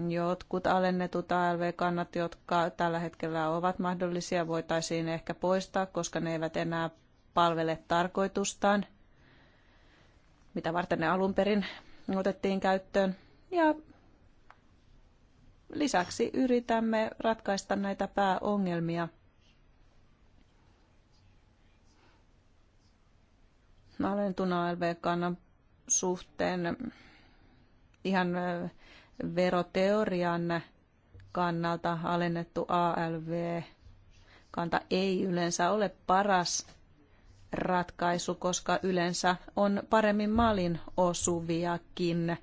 Jotkut alennetut ALV-kannat, jotka tällä hetkellä ovat mahdollisia, voitaisiin ehkä poistaa, koska ne eivät enää palvele tarkoitustaan, mitä varten ne alun perin otettiin käyttöön. Ja Lisäksi yritämme ratkaista näitä pääongelmia. alentuna LV-kannan suhteen ihan veroteorian kannalta alennettu ALV-kanta ei yleensä ole paras ratkaisu, koska yleensä on paremmin malin osuviakin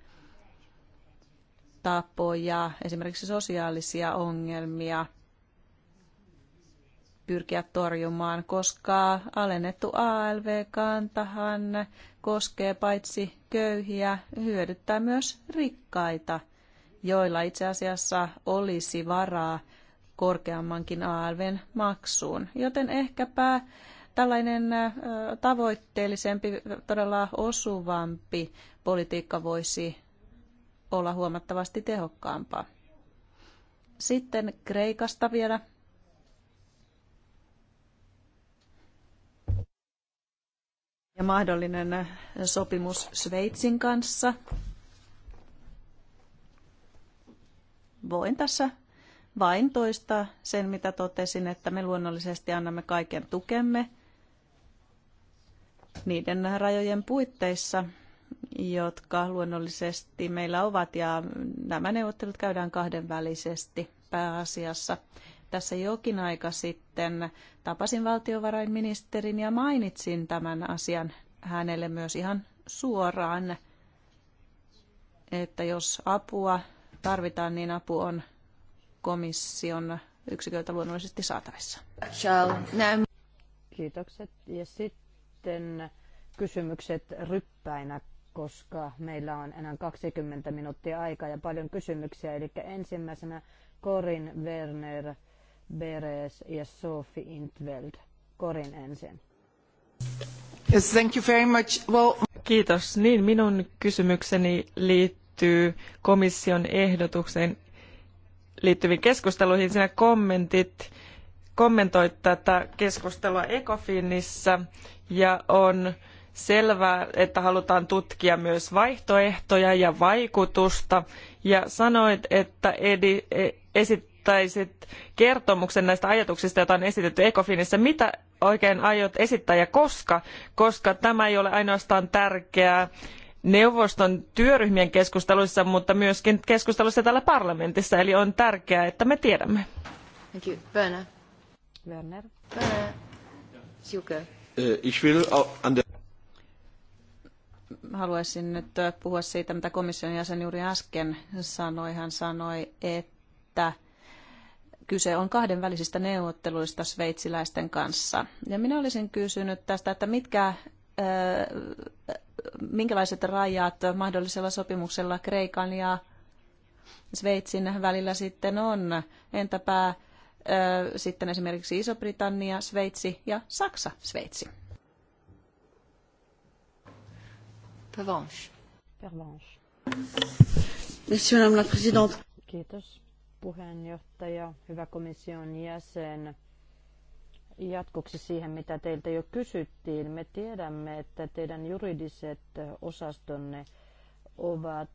tapoja, esimerkiksi sosiaalisia ongelmia pyrkiä torjumaan, koska alennettu ALV-kantahan koskee paitsi köyhiä, hyödyttää myös rikkaita, joilla itse asiassa olisi varaa korkeammankin ALVn maksuun. Joten ehkäpä tällainen tavoitteellisempi, todella osuvampi politiikka voisi olla huomattavasti tehokkaampaa. Sitten Kreikasta vielä. Ja mahdollinen sopimus Sveitsin kanssa. Voin tässä vain toistaa sen, mitä totesin, että me luonnollisesti annamme kaiken tukemme niiden rajojen puitteissa, jotka luonnollisesti meillä ovat ja nämä neuvottelut käydään kahdenvälisesti pääasiassa. Tässä jokin aika sitten tapasin valtiovarainministerin ja mainitsin tämän asian hänelle myös ihan suoraan, että jos apua tarvitaan, niin apu on komission yksiköiltä luonnollisesti saatavissa. Kiitokset. Ja sitten kysymykset ryppäinä koska meillä on enää 20 minuuttia aikaa ja paljon kysymyksiä. Eli ensimmäisenä Corin Werner, Beres ja Sophie Intveld. Corin ensin. Yes, thank you very much. Well... Kiitos. Niin, minun kysymykseni liittyy komission ehdotukseen liittyviin keskusteluihin. Sinä kommentit, kommentoit tätä keskustelua ECOFINissa ja on selvää, että halutaan tutkia myös vaihtoehtoja ja vaikutusta. Ja sanoit, että edi, e, esittäisit kertomuksen näistä ajatuksista, joita on esitetty Ecofinissa. Mitä oikein aiot esittää ja koska? Koska tämä ei ole ainoastaan tärkeää neuvoston työryhmien keskusteluissa, mutta myöskin keskusteluissa täällä parlamentissa. Eli on tärkeää, että me tiedämme. Thank you. Werner. Werner. Werner. Äh, ich will an der haluaisin nyt äh, puhua siitä, mitä komission jäsen juuri äsken sanoi. Hän sanoi, että kyse on kahdenvälisistä neuvotteluista sveitsiläisten kanssa. Ja minä olisin kysynyt tästä, että mitkä äh, minkälaiset rajat mahdollisella sopimuksella Kreikan ja Sveitsin välillä sitten on? Entäpä äh, sitten esimerkiksi Iso-Britannia, Sveitsi ja Saksa, Sveitsi? Pervanche. Pervanche. Merci, Madame la Présidente. Kiitos puheenjohtaja, hyvä komission jäsen. Jatkoksi siihen, mitä teiltä jo kysyttiin. Me tiedämme, että teidän juridiset osastonne ovat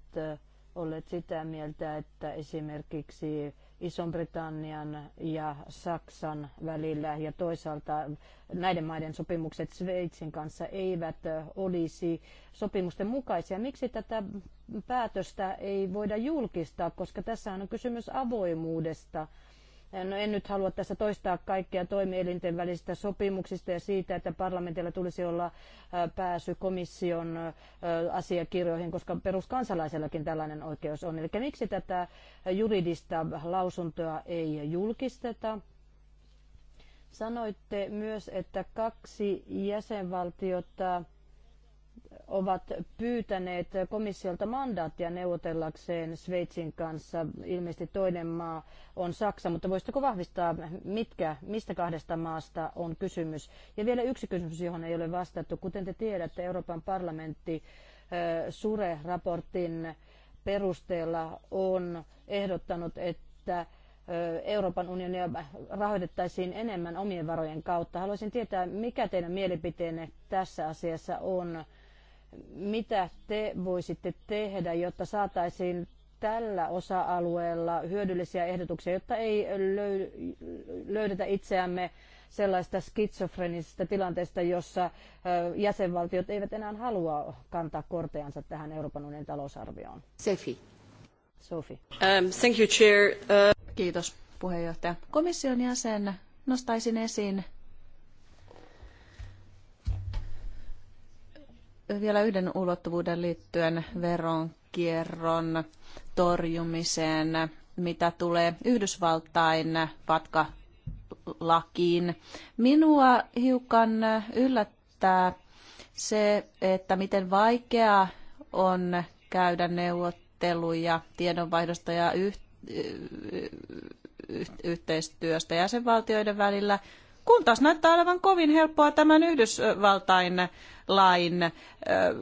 olleet sitä mieltä, että esimerkiksi iso britannian ja Saksan välillä ja toisaalta näiden maiden sopimukset Sveitsin kanssa eivät olisi sopimusten mukaisia. Miksi tätä päätöstä ei voida julkistaa, koska tässä on kysymys avoimuudesta Eh, no en nyt halua tässä toistaa kaikkea toimielinten välisistä sopimuksista ja siitä, että parlamentilla tulisi olla eh, pääsy komission eh, asiakirjoihin, koska peruskansalaisellakin tällainen oikeus on. Eli miksi tätä juridista lausuntoa ei julkisteta? Sanoitte myös, että kaksi jäsenvaltiota ovat pyytäneet komissiolta mandaattia neuvotellakseen Sveitsin kanssa. Ilmeisesti toinen maa on Saksa, mutta voisitteko vahvistaa, mitkä, mistä kahdesta maasta on kysymys? Ja vielä yksi kysymys, johon ei ole vastattu. Kuten te tiedätte, Euroopan parlamentti Sure-raportin perusteella on ehdottanut, että Euroopan unionia rahoitettaisiin enemmän omien varojen kautta. Haluaisin tietää, mikä teidän mielipiteenne tässä asiassa on mitä te voisitte tehdä, jotta saataisiin tällä osa-alueella hyödyllisiä ehdotuksia, jotta ei löydetä itseämme sellaista skitsofrenisesta tilanteesta, jossa jäsenvaltiot eivät enää halua kantaa korteansa tähän Euroopan unionin talousarvioon. Sefi. Sophie. Um, thank you, chair. Uh... Kiitos, puheenjohtaja. Komission jäsen nostaisin esiin vielä yhden ulottuvuuden liittyen veronkierron torjumiseen, mitä tulee Yhdysvaltain patkalakiin. Minua hiukan yllättää se, että miten vaikeaa on käydä neuvotteluja tiedonvaihdosta ja yh- yhteistyöstä jäsenvaltioiden välillä, kun taas näyttää olevan kovin helppoa tämän Yhdysvaltain lain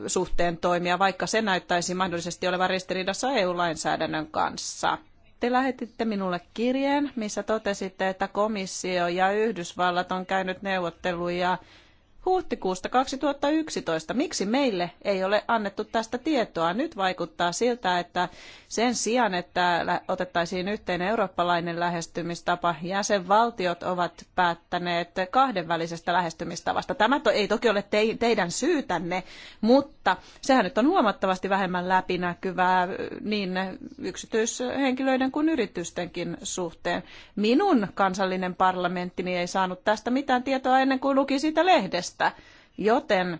suhteen toimia, vaikka se näyttäisi mahdollisesti olevan ristiriidassa EU-lainsäädännön kanssa. Te lähetitte minulle kirjeen, missä totesitte, että komissio ja Yhdysvallat on käynyt neuvotteluja huhtikuusta 2011. Miksi meille ei ole annettu tästä tietoa? Nyt vaikuttaa siltä, että sen sijaan, että otettaisiin yhteinen eurooppalainen lähestymistapa, jäsenvaltiot ovat päättäneet kahdenvälisestä lähestymistavasta. Tämä ei toki ole teidän syytänne, mutta sehän nyt on huomattavasti vähemmän läpinäkyvää niin yksityishenkilöiden kuin yritystenkin suhteen. Minun kansallinen parlamenttini ei saanut tästä mitään tietoa ennen kuin luki siitä lehdestä tästä. Joten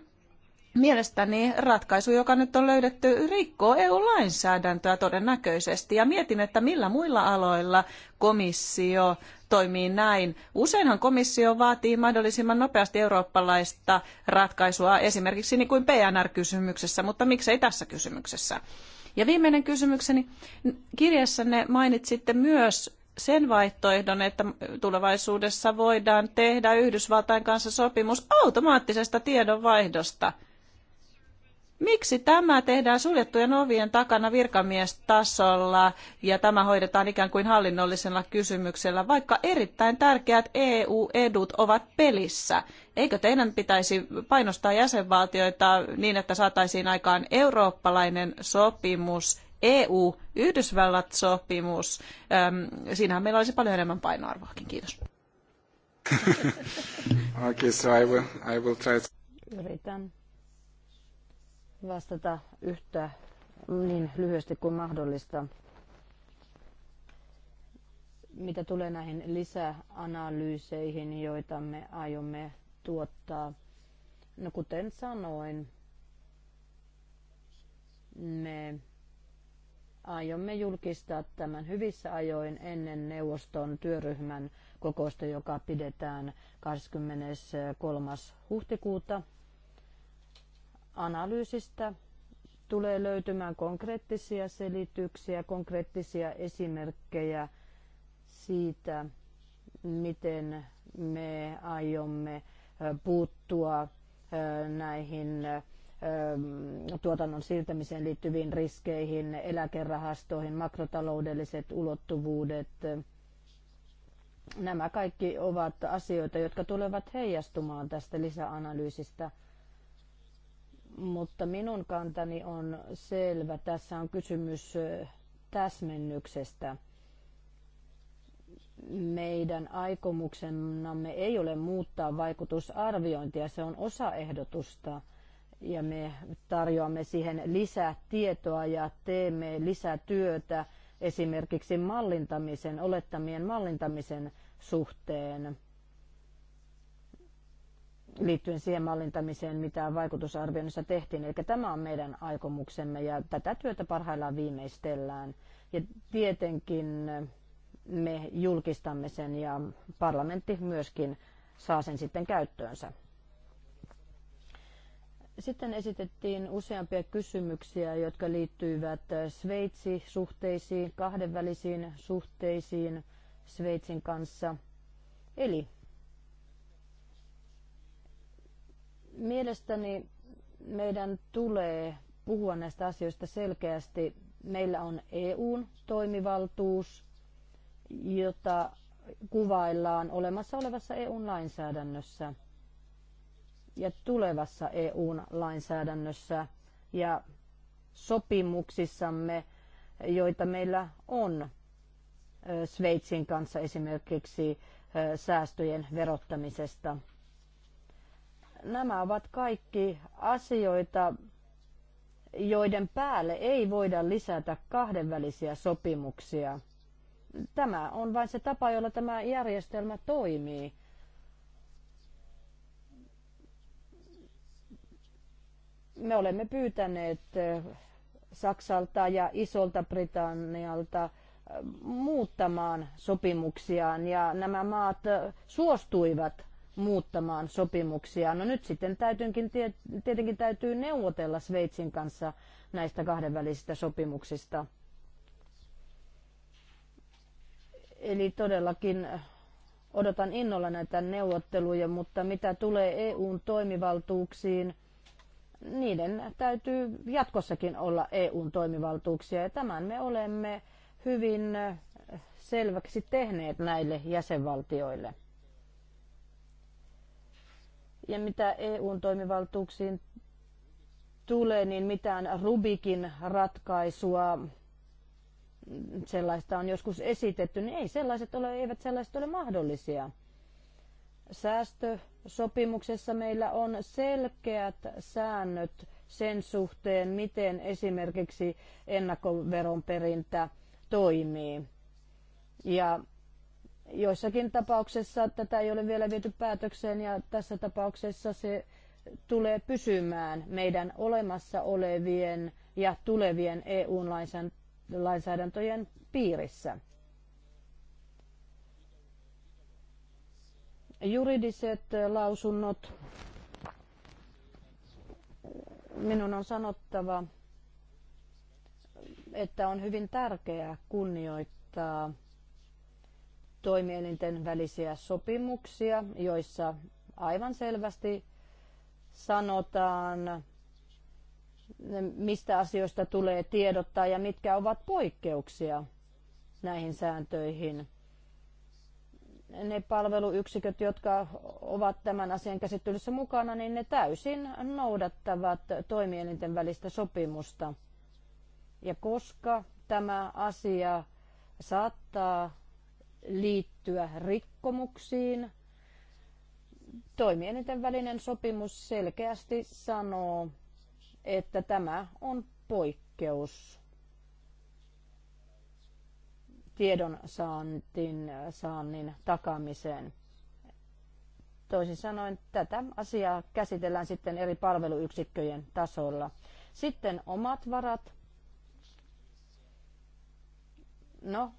Mielestäni ratkaisu, joka nyt on löydetty, rikkoo EU-lainsäädäntöä todennäköisesti. Ja mietin, että millä muilla aloilla komissio toimii näin. Useinhan komissio vaatii mahdollisimman nopeasti eurooppalaista ratkaisua, esimerkiksi niin kuin PNR-kysymyksessä, mutta miksei tässä kysymyksessä. Ja viimeinen kysymykseni. Kirjassanne mainitsitte myös sen vaihtoehdon, että tulevaisuudessa voidaan tehdä Yhdysvaltain kanssa sopimus automaattisesta tiedonvaihdosta. Miksi tämä tehdään suljettujen ovien takana virkamiestasolla ja tämä hoidetaan ikään kuin hallinnollisella kysymyksellä, vaikka erittäin tärkeät EU-edut ovat pelissä? Eikö teidän pitäisi painostaa jäsenvaltioita niin, että saataisiin aikaan eurooppalainen sopimus, EU-Yhdysvallat-sopimus, siinähän meillä olisi paljon enemmän painoarvoakin. Kiitos. okay, so I will, I will try to... Yritän vastata yhtä niin lyhyesti kuin mahdollista. Mitä tulee näihin lisäanalyyseihin, joita me aiomme tuottaa, no kuten sanoin, me aiomme julkistaa tämän hyvissä ajoin ennen neuvoston työryhmän kokousta, joka pidetään 23. huhtikuuta. Analyysistä tulee löytymään konkreettisia selityksiä, konkreettisia esimerkkejä siitä, miten me aiomme puuttua näihin Ähm, tuotannon siirtämiseen liittyviin riskeihin, eläkerahastoihin, makrotaloudelliset ulottuvuudet. Nämä kaikki ovat asioita, jotka tulevat heijastumaan tästä lisäanalyysistä – mutta minun kantani on selvä. Tässä on kysymys täsmennyksestä. Meidän aikomuksenamme ei ole muuttaa vaikutusarviointia, se on osa ehdotusta ja me tarjoamme siihen lisää tietoa ja teemme lisää työtä esimerkiksi mallintamisen, olettamien mallintamisen suhteen liittyen siihen mallintamiseen, mitä vaikutusarvioinnissa tehtiin. Eli tämä on meidän aikomuksemme ja tätä työtä parhaillaan viimeistellään. Ja tietenkin me julkistamme sen ja parlamentti myöskin saa sen sitten käyttöönsä. Sitten esitettiin useampia kysymyksiä, jotka liittyivät Sveitsi-suhteisiin, kahdenvälisiin suhteisiin Sveitsin kanssa. Eli mielestäni meidän tulee puhua näistä asioista selkeästi. Meillä on EUn toimivaltuus, jota kuvaillaan olemassa olevassa EUn lainsäädännössä – ja tulevassa EUn lainsäädännössä ja sopimuksissamme, joita meillä on Sveitsin kanssa esimerkiksi säästöjen verottamisesta. Nämä ovat kaikki asioita, joiden päälle ei voida lisätä kahdenvälisiä sopimuksia. Tämä on vain se tapa, jolla tämä järjestelmä toimii. me olemme pyytäneet Saksalta ja Isolta Britannialta muuttamaan sopimuksiaan ja nämä maat suostuivat muuttamaan sopimuksiaan. No nyt sitten täytyykin, tietenkin täytyy neuvotella Sveitsin kanssa näistä kahdenvälisistä sopimuksista. Eli todellakin odotan innolla näitä neuvotteluja, mutta mitä tulee EUn toimivaltuuksiin, niiden täytyy jatkossakin olla EUn toimivaltuuksia ja tämän me olemme hyvin selväksi tehneet näille jäsenvaltioille. Ja mitä EUn toimivaltuuksiin tulee, niin mitään Rubikin ratkaisua sellaista on joskus esitetty, niin ei sellaiset ole, eivät sellaiset ole mahdollisia säästösopimuksessa meillä on selkeät säännöt sen suhteen, miten esimerkiksi ennakkoveron perintä toimii. Ja joissakin tapauksessa tätä ei ole vielä viety päätökseen ja tässä tapauksessa se tulee pysymään meidän olemassa olevien ja tulevien EU-lainsäädäntöjen piirissä. juridiset lausunnot. Minun on sanottava, että on hyvin tärkeää kunnioittaa toimielinten välisiä sopimuksia, joissa aivan selvästi sanotaan, mistä asioista tulee tiedottaa ja mitkä ovat poikkeuksia näihin sääntöihin ne palveluyksiköt, jotka ovat tämän asian käsittelyssä mukana, niin ne täysin noudattavat toimielinten välistä sopimusta. Ja koska tämä asia saattaa liittyä rikkomuksiin, toimielinten välinen sopimus selkeästi sanoo, että tämä on poikkeus saantin saannin takaamiseen. Toisin sanoen tätä asiaa käsitellään sitten eri palveluyksikköjen tasolla. Sitten omat varat. No.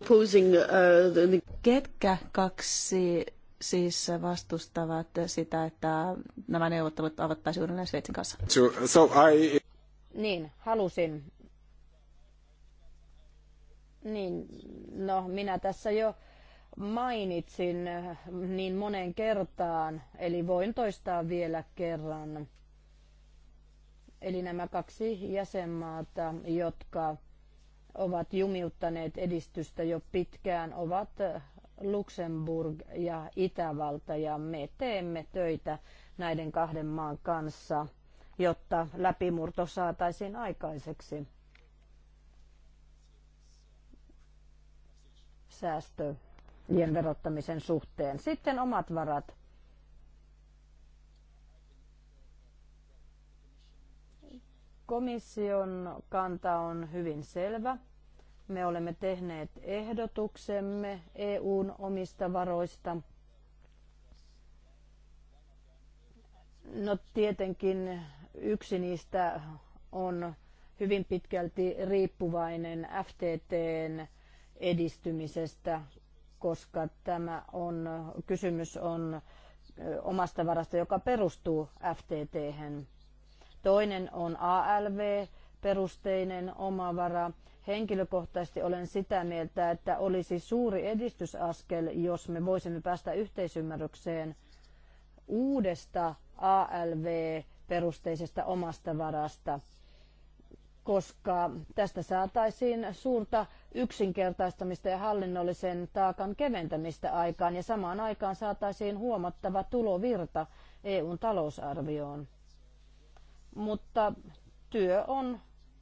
Uh, Ketkä kaksi siis vastustavat sitä, että nämä neuvottelut avattaisiin uudelleen Sveitsin kanssa? So, I... Niin, halusin niin, no minä tässä jo mainitsin äh, niin monen kertaan, eli voin toistaa vielä kerran. Eli nämä kaksi jäsenmaata, jotka ovat jumiuttaneet edistystä jo pitkään, ovat äh, Luxemburg ja Itävalta, ja me teemme töitä näiden kahden maan kanssa, jotta läpimurto saataisiin aikaiseksi. säästöjen verottamisen suhteen. Sitten omat varat. Komission kanta on hyvin selvä. Me olemme tehneet ehdotuksemme EUn omista varoista. No tietenkin yksi niistä on hyvin pitkälti riippuvainen FTTn edistymisestä, koska tämä on, kysymys on omasta varasta, joka perustuu ftt -hän. Toinen on ALV, perusteinen omavara. Henkilökohtaisesti olen sitä mieltä, että olisi suuri edistysaskel, jos me voisimme päästä yhteisymmärrykseen uudesta ALV-perusteisesta omasta varasta – koska tästä saataisiin suurta yksinkertaistamista ja hallinnollisen taakan keventämistä aikaan ja samaan aikaan saataisiin huomattava tulovirta EUn talousarvioon. Mutta työ on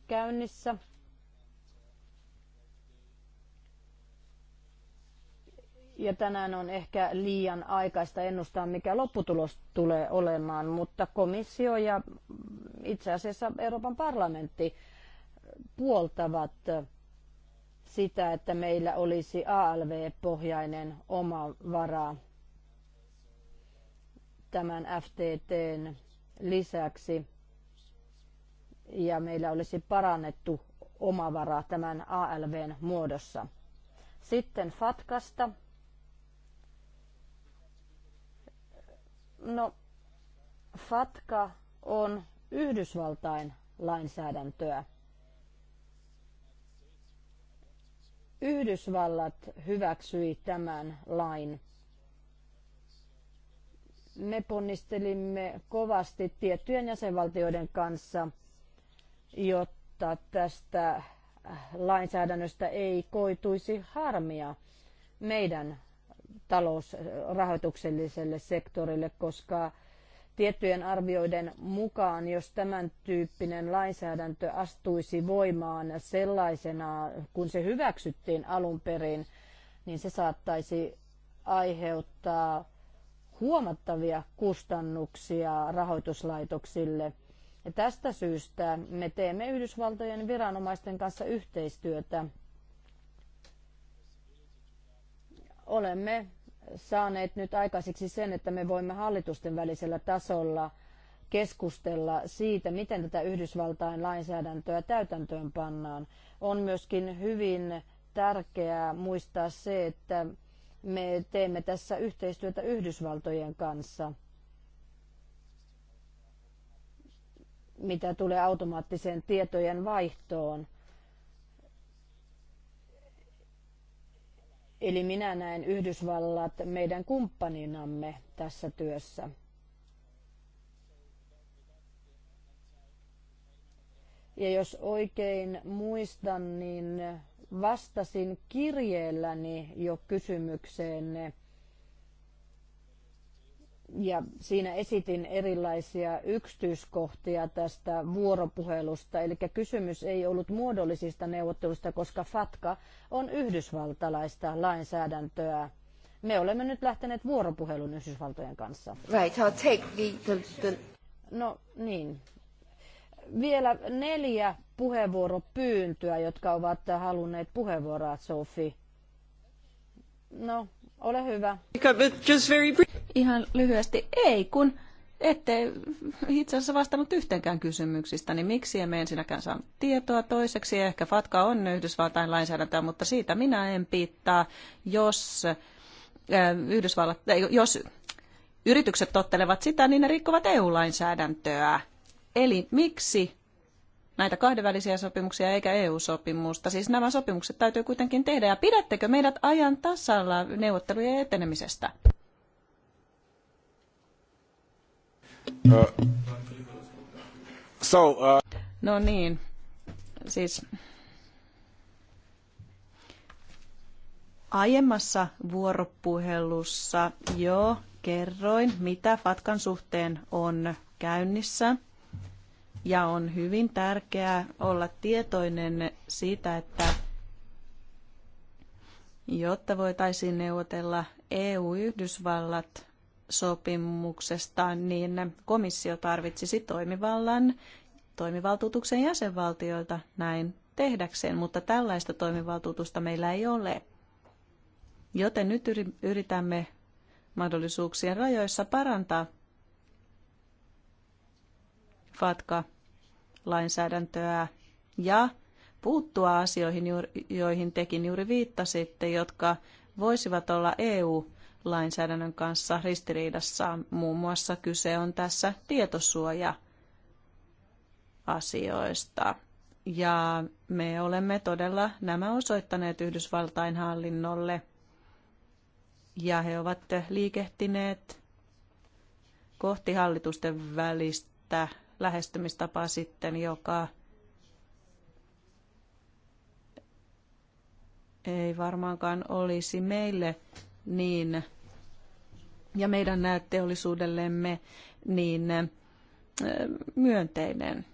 käynnissä. Ja tänään on ehkä liian aikaista ennustaa, mikä lopputulos tulee olemaan, mutta komissio ja itse asiassa Euroopan parlamentti puoltavat sitä, että meillä olisi ALV-pohjainen oma vara tämän FTTn lisäksi. Ja meillä olisi parannettu oma vara tämän ALVn muodossa. Sitten FATKasta. No, FATKA on Yhdysvaltain lainsäädäntöä. Yhdysvallat hyväksyi tämän lain. Me ponnistelimme kovasti tiettyjen jäsenvaltioiden kanssa, jotta tästä lainsäädännöstä ei koituisi harmia meidän talousrahoitukselliselle sektorille, koska Tiettyjen arvioiden mukaan, jos tämän tyyppinen lainsäädäntö astuisi voimaan sellaisena, kun se hyväksyttiin alun perin, niin se saattaisi aiheuttaa huomattavia kustannuksia rahoituslaitoksille. Ja tästä syystä me teemme Yhdysvaltojen viranomaisten kanssa yhteistyötä. Olemme saaneet nyt aikaiseksi sen, että me voimme hallitusten välisellä tasolla keskustella siitä, miten tätä Yhdysvaltain lainsäädäntöä täytäntöön pannaan. On myöskin hyvin tärkeää muistaa se, että me teemme tässä yhteistyötä Yhdysvaltojen kanssa. mitä tulee automaattiseen tietojen vaihtoon. Eli minä näen Yhdysvallat meidän kumppaninamme tässä työssä. Ja jos oikein muistan, niin vastasin kirjeelläni jo kysymykseenne ja siinä esitin erilaisia yksityiskohtia tästä vuoropuhelusta. Eli kysymys ei ollut muodollisista neuvotteluista, koska FATKA on yhdysvaltalaista lainsäädäntöä. Me olemme nyt lähteneet vuoropuhelun Yhdysvaltojen kanssa. Right, I'll take the, the, the... No niin. Vielä neljä puheenvuoropyyntöä, jotka ovat halunneet puheenvuoroa, Sofi. No, ole hyvä. Ihan lyhyesti. Ei, kun ette itse asiassa vastannut yhteenkään kysymyksistä, niin miksi emme ensinnäkään saa tietoa toiseksi? Ehkä FATKA on Yhdysvaltain lainsäädäntöä, mutta siitä minä en piittaa, jos, äh, Yhdysvallat, jos yritykset tottelevat sitä, niin ne rikkovat EU-lainsäädäntöä. Eli miksi näitä kahdenvälisiä sopimuksia eikä EU-sopimusta. Siis nämä sopimukset täytyy kuitenkin tehdä. Ja pidättekö meidät ajan tasalla neuvottelujen etenemisestä? Uh, so, uh... No niin, siis aiemmassa vuoropuhelussa jo kerroin, mitä Fatkan suhteen on käynnissä – ja on hyvin tärkeää olla tietoinen siitä, että jotta voitaisiin neuvotella EU-Yhdysvallat sopimuksesta, niin komissio tarvitsisi toimivallan toimivaltuutuksen jäsenvaltioilta näin tehdäkseen, mutta tällaista toimivaltuutusta meillä ei ole. Joten nyt yritämme mahdollisuuksien rajoissa parantaa FATKA-lainsäädäntöä ja puuttua asioihin, joihin tekin juuri viittasitte, jotka voisivat olla EU-lainsäädännön kanssa ristiriidassa. Muun muassa kyse on tässä tietosuoja-asioista. Ja me olemme todella nämä osoittaneet Yhdysvaltain hallinnolle. Ja he ovat liikehtineet kohti hallitusten välistä lähestymistapa sitten, joka ei varmaankaan olisi meille niin ja meidän teollisuudellemme niin myönteinen.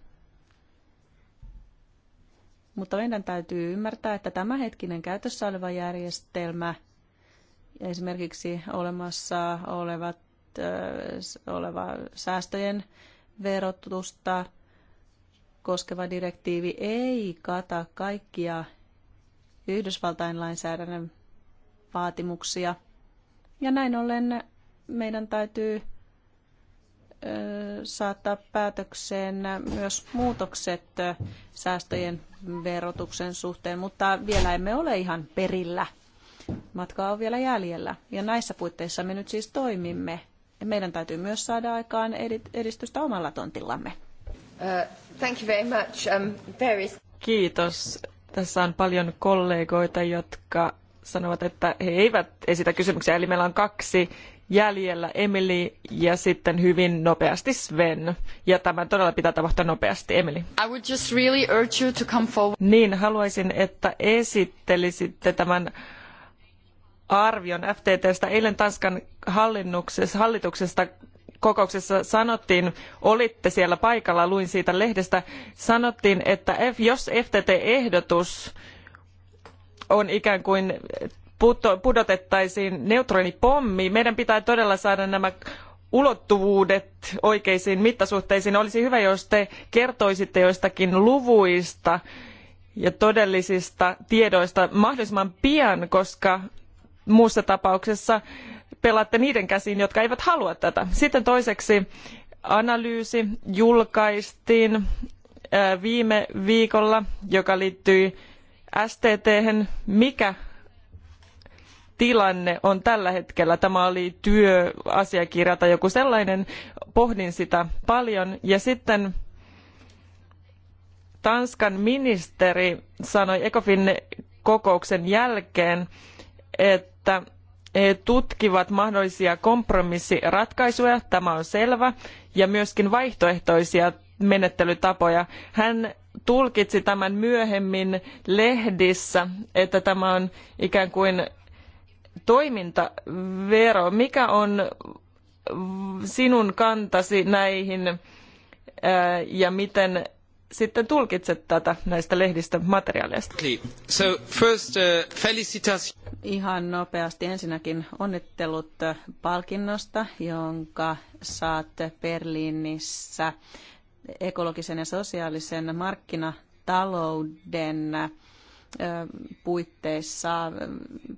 Mutta meidän täytyy ymmärtää, että tämä hetkinen käytössä oleva järjestelmä ja esimerkiksi olemassa olevat, oleva säästöjen verotusta koskeva direktiivi ei kata kaikkia Yhdysvaltain lainsäädännön vaatimuksia. Ja näin ollen meidän täytyy saattaa päätökseen myös muutokset säästöjen verotuksen suhteen, mutta vielä emme ole ihan perillä. Matkaa on vielä jäljellä. Ja näissä puitteissa me nyt siis toimimme meidän täytyy myös saada aikaan edistystä omalla tontillamme. Uh, thank you very much. Um, very... Kiitos. Tässä on paljon kollegoita, jotka sanovat, että he eivät esitä kysymyksiä. Eli meillä on kaksi jäljellä, Emily ja sitten hyvin nopeasti Sven. Ja tämä todella pitää tapahtua nopeasti, Emily. I would just really urge you to come forward. Niin, haluaisin, että esittelisitte tämän arvion FTTstä. Eilen Tanskan hallituksesta kokouksessa sanottiin, olitte siellä paikalla, luin siitä lehdestä, sanottiin, että jos FTT-ehdotus on ikään kuin pudotettaisiin neutronipommi, meidän pitää todella saada nämä ulottuvuudet oikeisiin mittasuhteisiin. Olisi hyvä, jos te kertoisitte joistakin luvuista ja todellisista tiedoista mahdollisimman pian, koska muussa tapauksessa pelaatte niiden käsiin, jotka eivät halua tätä. Sitten toiseksi analyysi julkaistiin viime viikolla, joka liittyi STT, hen. mikä tilanne on tällä hetkellä. Tämä oli työasiakirja tai joku sellainen. Pohdin sitä paljon. Ja sitten Tanskan ministeri sanoi ECOFIN kokouksen jälkeen, että että he tutkivat mahdollisia kompromissiratkaisuja, tämä on selvä, ja myöskin vaihtoehtoisia menettelytapoja. Hän tulkitsi tämän myöhemmin lehdissä, että tämä on ikään kuin toimintavero. Mikä on sinun kantasi näihin ja miten sitten tulkitset tätä näistä lehdistä materiaaleista? So first, uh, Ihan nopeasti ensinnäkin onnittelut uh, palkinnosta, jonka saat Berliinissä ekologisen ja sosiaalisen markkinatalouden uh, puitteissa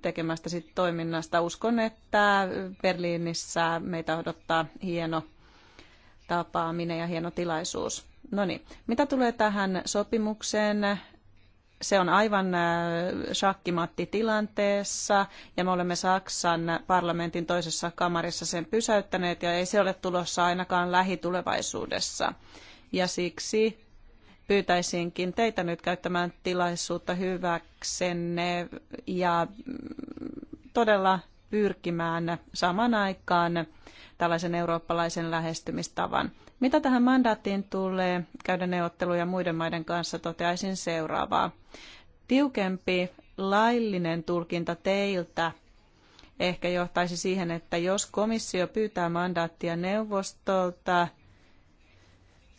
tekemästäsi toiminnasta. Uskon, että Berliinissä meitä odottaa hieno tapaaminen ja hieno tilaisuus. No niin, mitä tulee tähän sopimukseen? Se on aivan äh, shakkimatti tilanteessa ja me olemme Saksan parlamentin toisessa kamarissa sen pysäyttäneet ja ei se ole tulossa ainakaan lähitulevaisuudessa. Ja siksi pyytäisinkin teitä nyt käyttämään tilaisuutta hyväksenne ja mm, todella pyrkimään saman aikaan tällaisen eurooppalaisen lähestymistavan. Mitä tähän mandaattiin tulee käydä neuvotteluja muiden maiden kanssa, toteaisin seuraavaa. Tiukempi laillinen tulkinta teiltä ehkä johtaisi siihen, että jos komissio pyytää mandaattia neuvostolta,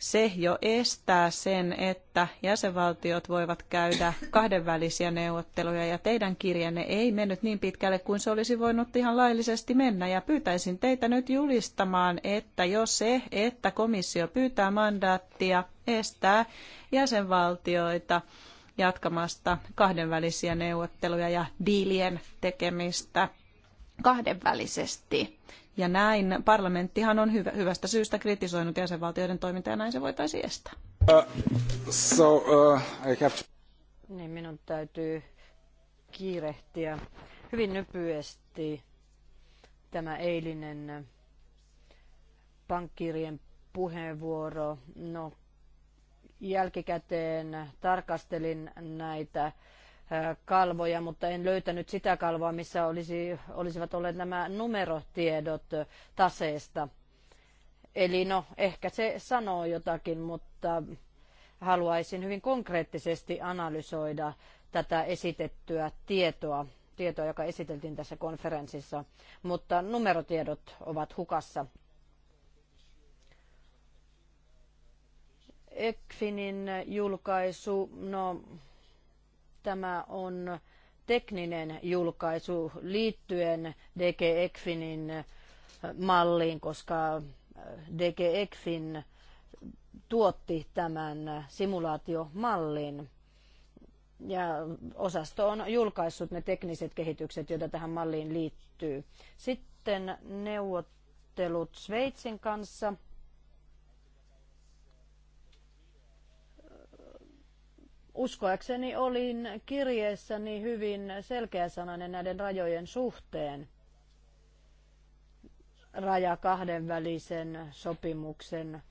se jo estää sen, että jäsenvaltiot voivat käydä kahdenvälisiä neuvotteluja ja teidän kirjanne ei mennyt niin pitkälle kuin se olisi voinut ihan laillisesti mennä. Ja pyytäisin teitä nyt julistamaan, että jos se, että komissio pyytää mandaattia, estää jäsenvaltioita jatkamasta kahdenvälisiä neuvotteluja ja diilien tekemistä kahdenvälisesti, ja näin parlamenttihan on hyvä, hyvästä syystä kritisoinut jäsenvaltioiden toimintaa ja näin se voitaisiin estää. Uh, so, uh, I have to... Niin minun täytyy kiirehtiä hyvin nypyesti tämä eilinen pankkiirien puheenvuoro. No, jälkikäteen tarkastelin näitä kalvoja, mutta en löytänyt sitä kalvoa, missä olisi, olisivat olleet nämä numerotiedot taseesta. Eli no, ehkä se sanoo jotakin, mutta haluaisin hyvin konkreettisesti analysoida tätä esitettyä tietoa, tietoa, joka esiteltiin tässä konferenssissa, mutta numerotiedot ovat hukassa. Ekfinin julkaisu, no Tämä on tekninen julkaisu liittyen DG Ekfinin äh, malliin, koska äh, DG Ekfin tuotti tämän äh, simulaatiomallin. Ja osasto on julkaissut ne tekniset kehitykset, joita tähän malliin liittyy. Sitten neuvottelut Sveitsin kanssa Uskoakseni olin kirjeessäni hyvin selkeäsanainen näiden rajojen suhteen. Raja kahdenvälisen sopimuksen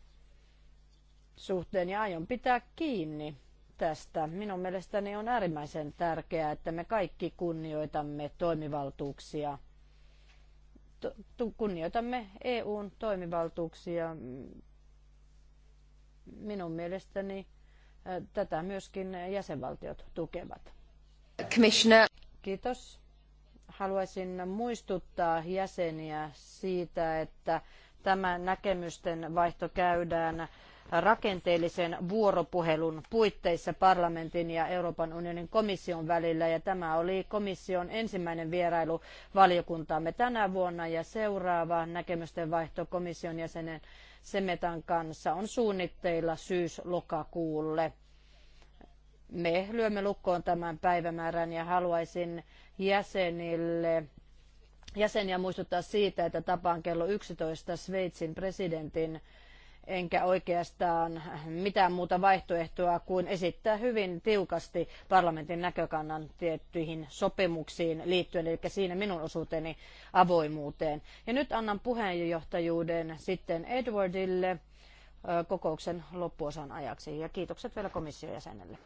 suhteen ja aion pitää kiinni tästä. Minun mielestäni on äärimmäisen tärkeää, että me kaikki kunnioitamme toimivaltuuksia. Kunnioitamme EUn toimivaltuuksia. Minun mielestäni Tätä myöskin jäsenvaltiot tukevat. Commissioner. Kiitos. Haluaisin muistuttaa jäseniä siitä, että tämä näkemysten vaihto käydään rakenteellisen vuoropuhelun puitteissa parlamentin ja Euroopan unionin komission välillä. Ja tämä oli komission ensimmäinen vierailu valiokuntaamme tänä vuonna ja seuraava näkemysten vaihto komission jäsenen Semetan kanssa on suunnitteilla syys-lokakuulle. Me lyömme lukkoon tämän päivämäärän ja haluaisin jäsenille jäseniä muistuttaa siitä, että tapaan kello 11 Sveitsin presidentin enkä oikeastaan mitään muuta vaihtoehtoa kuin esittää hyvin tiukasti parlamentin näkökannan tiettyihin sopimuksiin liittyen, eli siinä minun osuuteni avoimuuteen. Ja nyt annan puheenjohtajuuden sitten Edwardille kokouksen loppuosan ajaksi ja kiitokset vielä komission jäsenelle.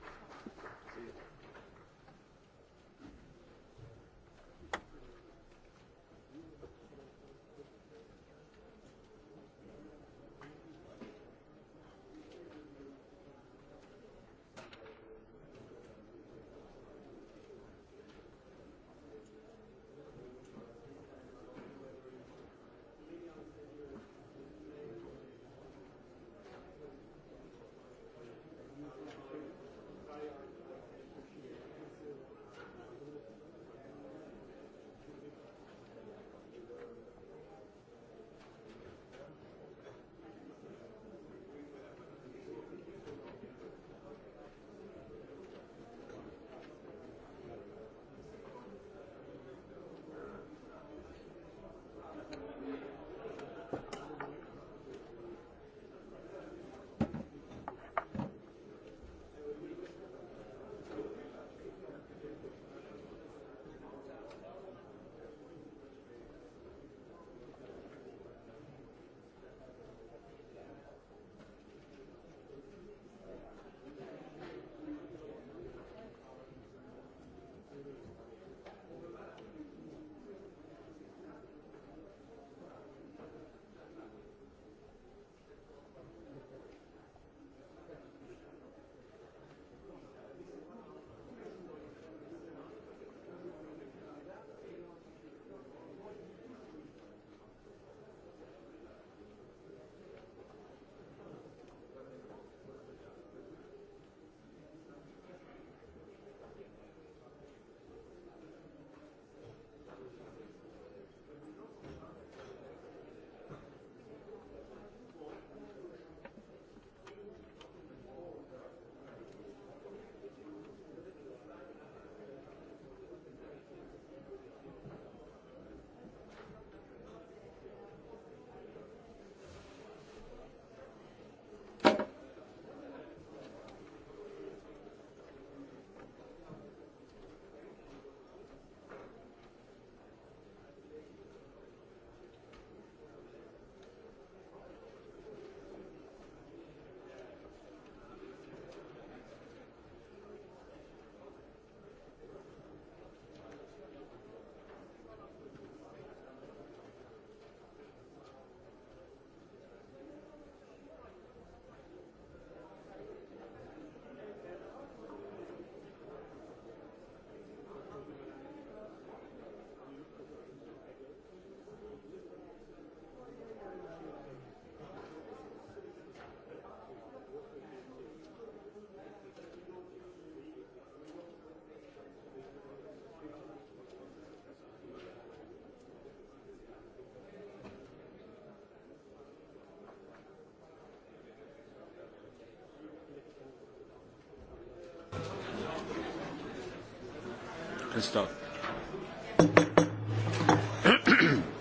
can start.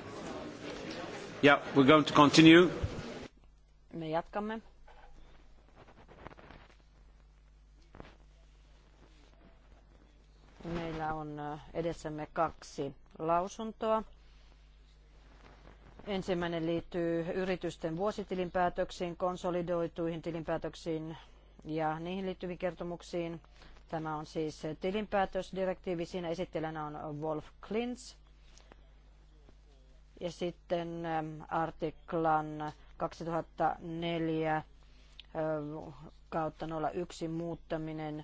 yeah, we're going to continue. Me jatkamme. Meillä on äh, edessämme kaksi lausuntoa. Ensimmäinen liittyy yritysten vuositilinpäätöksiin, konsolidoituihin tilinpäätöksiin ja niihin liittyviin kertomuksiin. Tämä on siis tilinpäätösdirektiivi. Siinä esittelijänä on Wolf Klintz. Ja sitten ähm, artiklan 2004 äh, kautta 01 muuttaminen,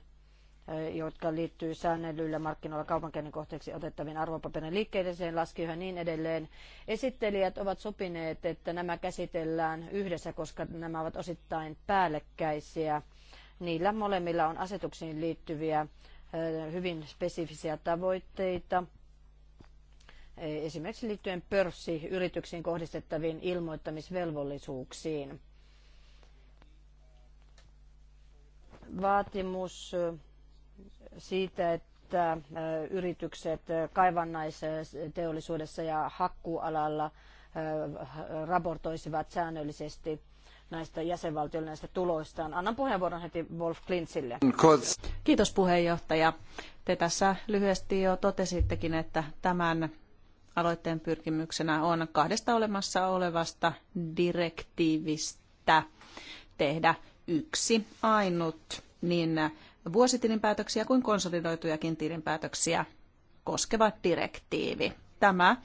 äh, jotka liittyy säännellyillä markkinoilla kaupankäynnin kohteeksi otettaviin arvopaperin liikkeeseen, laski laskijoihin niin edelleen. Esittelijät ovat sopineet, että nämä käsitellään yhdessä, koska nämä ovat osittain päällekkäisiä Niillä molemmilla on asetuksiin liittyviä hyvin spesifisiä tavoitteita, e, esimerkiksi liittyen pörssiyrityksiin kohdistettaviin ilmoittamisvelvollisuuksiin. Vaatimus siitä, että yritykset kaivannaisteollisuudessa ja hakkualalla raportoisivat säännöllisesti näistä jäsenvaltioille näistä tuloistaan. Annan puheenvuoron heti Wolf Klintsille. Kiitos puheenjohtaja. Te tässä lyhyesti jo totesittekin, että tämän aloitteen pyrkimyksenä on kahdesta olemassa olevasta direktiivistä tehdä yksi ainut niin vuositilinpäätöksiä kuin konsolidoitujakin tilinpäätöksiä koskeva direktiivi. Tämä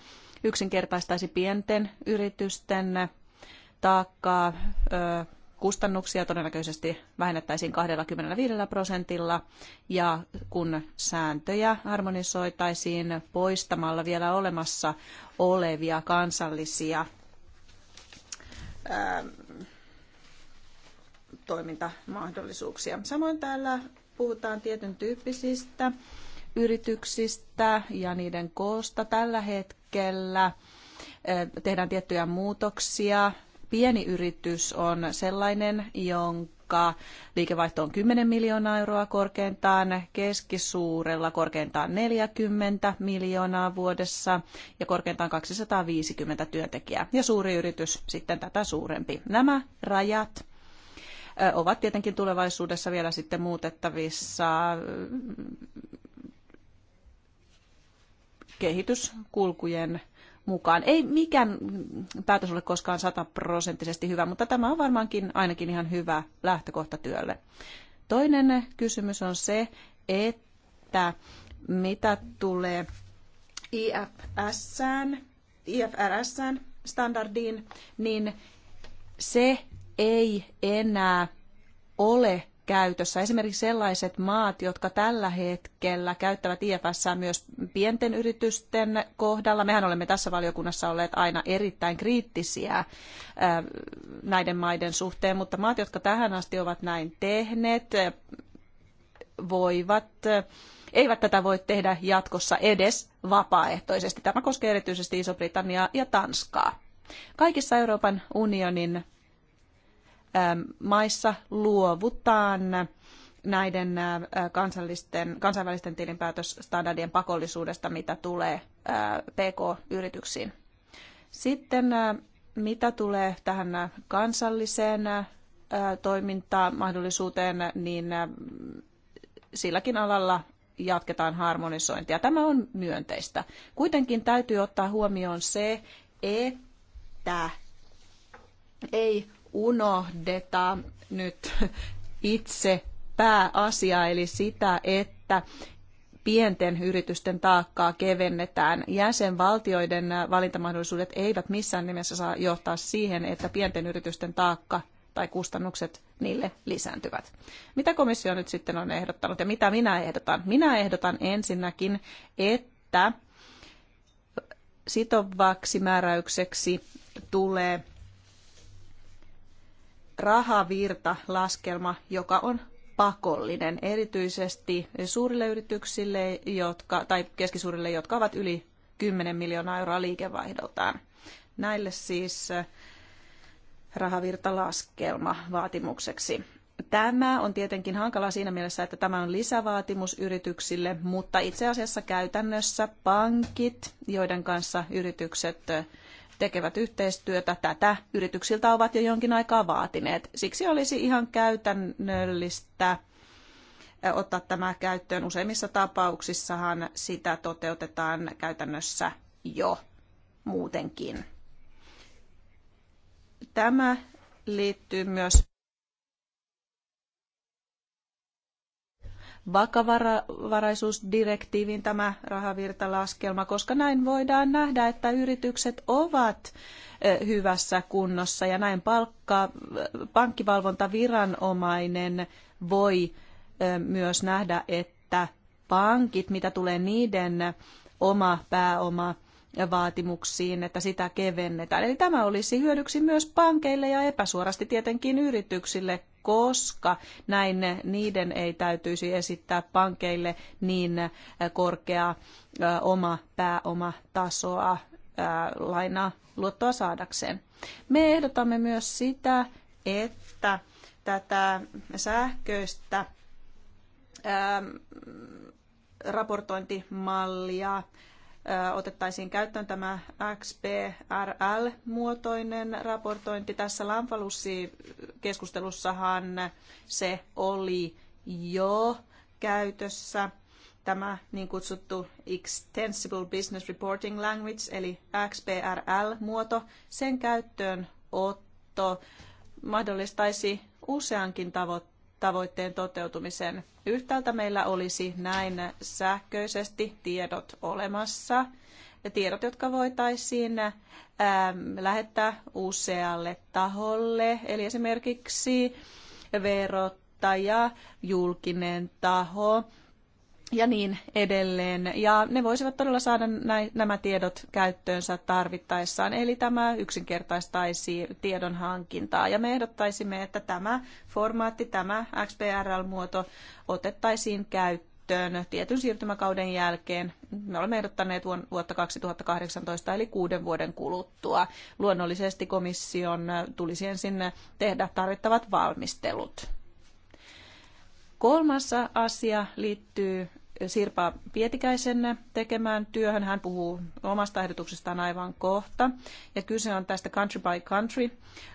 yksinkertaistaisi pienten yritysten taakkaa, kustannuksia todennäköisesti vähennettäisiin 25 prosentilla ja kun sääntöjä harmonisoitaisiin poistamalla vielä olemassa olevia kansallisia ää, toimintamahdollisuuksia. Samoin täällä puhutaan tietyn tyyppisistä yrityksistä ja niiden koosta tällä hetkellä. Tehdään tiettyjä muutoksia pieni yritys on sellainen, jonka liikevaihto on 10 miljoonaa euroa korkeintaan, keskisuurella korkeintaan 40 miljoonaa vuodessa ja korkeintaan 250 työntekijää. Ja suuri yritys sitten tätä suurempi. Nämä rajat ovat tietenkin tulevaisuudessa vielä sitten muutettavissa kehityskulkujen mukaan. Ei mikään päätös ole koskaan sataprosenttisesti hyvä, mutta tämä on varmaankin ainakin ihan hyvä lähtökohta työlle. Toinen kysymys on se, että mitä tulee IFS-sään, ifrs standardiin, niin se ei enää ole käytössä. Esimerkiksi sellaiset maat, jotka tällä hetkellä käyttävät IFS myös pienten yritysten kohdalla. Mehän olemme tässä valiokunnassa olleet aina erittäin kriittisiä äh, näiden maiden suhteen, mutta maat, jotka tähän asti ovat näin tehneet, äh, voivat äh, eivät tätä voi tehdä jatkossa edes vapaaehtoisesti. Tämä koskee erityisesti Iso-Britanniaa ja Tanskaa. Kaikissa Euroopan unionin Ähm, maissa luovutaan näiden äh, kansallisten, kansainvälisten tilinpäätösstandardien pakollisuudesta, mitä tulee äh, PK-yrityksiin. Sitten äh, mitä tulee tähän kansalliseen toimintamahdollisuuteen, niin silläkin alalla jatketaan harmonisointia. Tämä on myönteistä. Kuitenkin täytyy ottaa huomioon se, että ei unohdeta nyt itse pääasia, eli sitä, että pienten yritysten taakkaa kevennetään. Jäsenvaltioiden valintamahdollisuudet eivät missään nimessä saa johtaa siihen, että pienten yritysten taakka tai kustannukset niille lisääntyvät. Mitä komissio nyt sitten on ehdottanut ja mitä minä ehdotan? Minä ehdotan ensinnäkin, että sitovaksi määräykseksi tulee rahavirtalaskelma, joka on pakollinen erityisesti suurille yrityksille jotka, tai keskisuurille, jotka ovat yli 10 miljoonaa euroa liikevaihdoltaan. Näille siis äh, rahavirtalaskelma vaatimukseksi. Tämä on tietenkin hankala siinä mielessä, että tämä on lisävaatimus yrityksille, mutta itse asiassa käytännössä pankit, joiden kanssa yritykset äh, tekevät yhteistyötä. Tätä yrityksiltä ovat jo jonkin aikaa vaatineet. Siksi olisi ihan käytännöllistä eh, ottaa tämä käyttöön. Useimmissa tapauksissahan sitä toteutetaan käytännössä jo muutenkin. Tämä liittyy myös vakavaraisuusdirektiivin tämä rahavirtalaskelma, koska näin voidaan nähdä, että yritykset ovat hyvässä kunnossa ja näin palkka, pankkivalvontaviranomainen voi myös nähdä, että pankit, mitä tulee niiden oma pääoma vaatimuksiin, että sitä kevennetään. Eli tämä olisi hyödyksi myös pankeille ja epäsuorasti tietenkin yrityksille, koska näin niiden ei täytyisi esittää pankeille niin korkeaa oma tasoa lainaa luottoa saadakseen. Me ehdotamme myös sitä, että tätä sähköistä raportointimallia otettaisiin käyttöön tämä XPRL-muotoinen raportointi. Tässä Lamfalussi-keskustelussahan se oli jo käytössä tämä niin kutsuttu Extensible Business Reporting Language, eli XPRL-muoto, sen käyttöönotto mahdollistaisi useankin tavoitteen tavoitteen toteutumisen. Yhtäältä meillä olisi näin sähköisesti tiedot olemassa, tiedot, jotka voitaisiin ähm, lähettää usealle taholle, eli esimerkiksi verottaja, julkinen taho, ja niin edelleen. Ja ne voisivat todella saada näin, nämä tiedot käyttöönsä tarvittaessaan, eli tämä yksinkertaistaisi tiedon hankintaa. Ja me ehdottaisimme, että tämä formaatti, tämä XPRL-muoto otettaisiin käyttöön tietyn siirtymäkauden jälkeen. Me olemme ehdottaneet vuotta 2018, eli kuuden vuoden kuluttua. Luonnollisesti komission tulisi ensin tehdä tarvittavat valmistelut. Kolmas asia liittyy Sirpa Pietikäisen tekemään työhön. Hän puhuu omasta ehdotuksestaan aivan kohta. Ja kyse on tästä country by country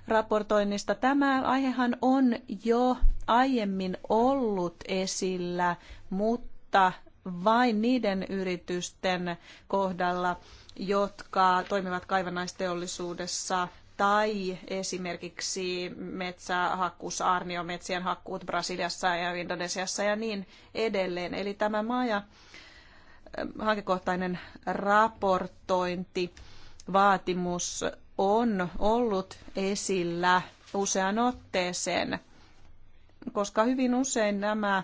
raportoinnista. Tämä aihehan on jo aiemmin ollut esillä, mutta vain niiden yritysten kohdalla, jotka toimivat kaivannaisteollisuudessa tai esimerkiksi metsähakkuus, arniometsien hakkuut Brasiliassa ja Indonesiassa ja niin edelleen. Eli tämä maa- ja eh, hankekohtainen raportointi vaatimus on ollut esillä usean otteeseen, koska hyvin usein nämä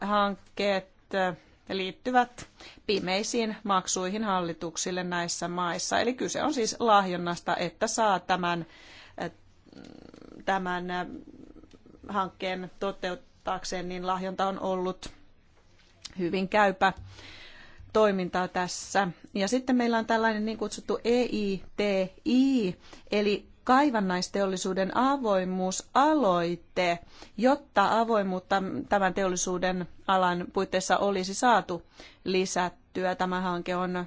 hankkeet eh, liittyvät pimeisiin maksuihin hallituksille näissä maissa. Eli kyse on siis lahjonnasta, että saa tämän, äh, tämän äh, hankkeen toteuttaakseen, niin lahjonta on ollut hyvin käypä toimintaa tässä. Ja sitten meillä on tällainen niin kutsuttu EITI, eli kaivannaisteollisuuden avoimuusaloite, jotta avoimuutta tämän teollisuuden alan puitteissa olisi saatu lisättyä. Tämä hanke on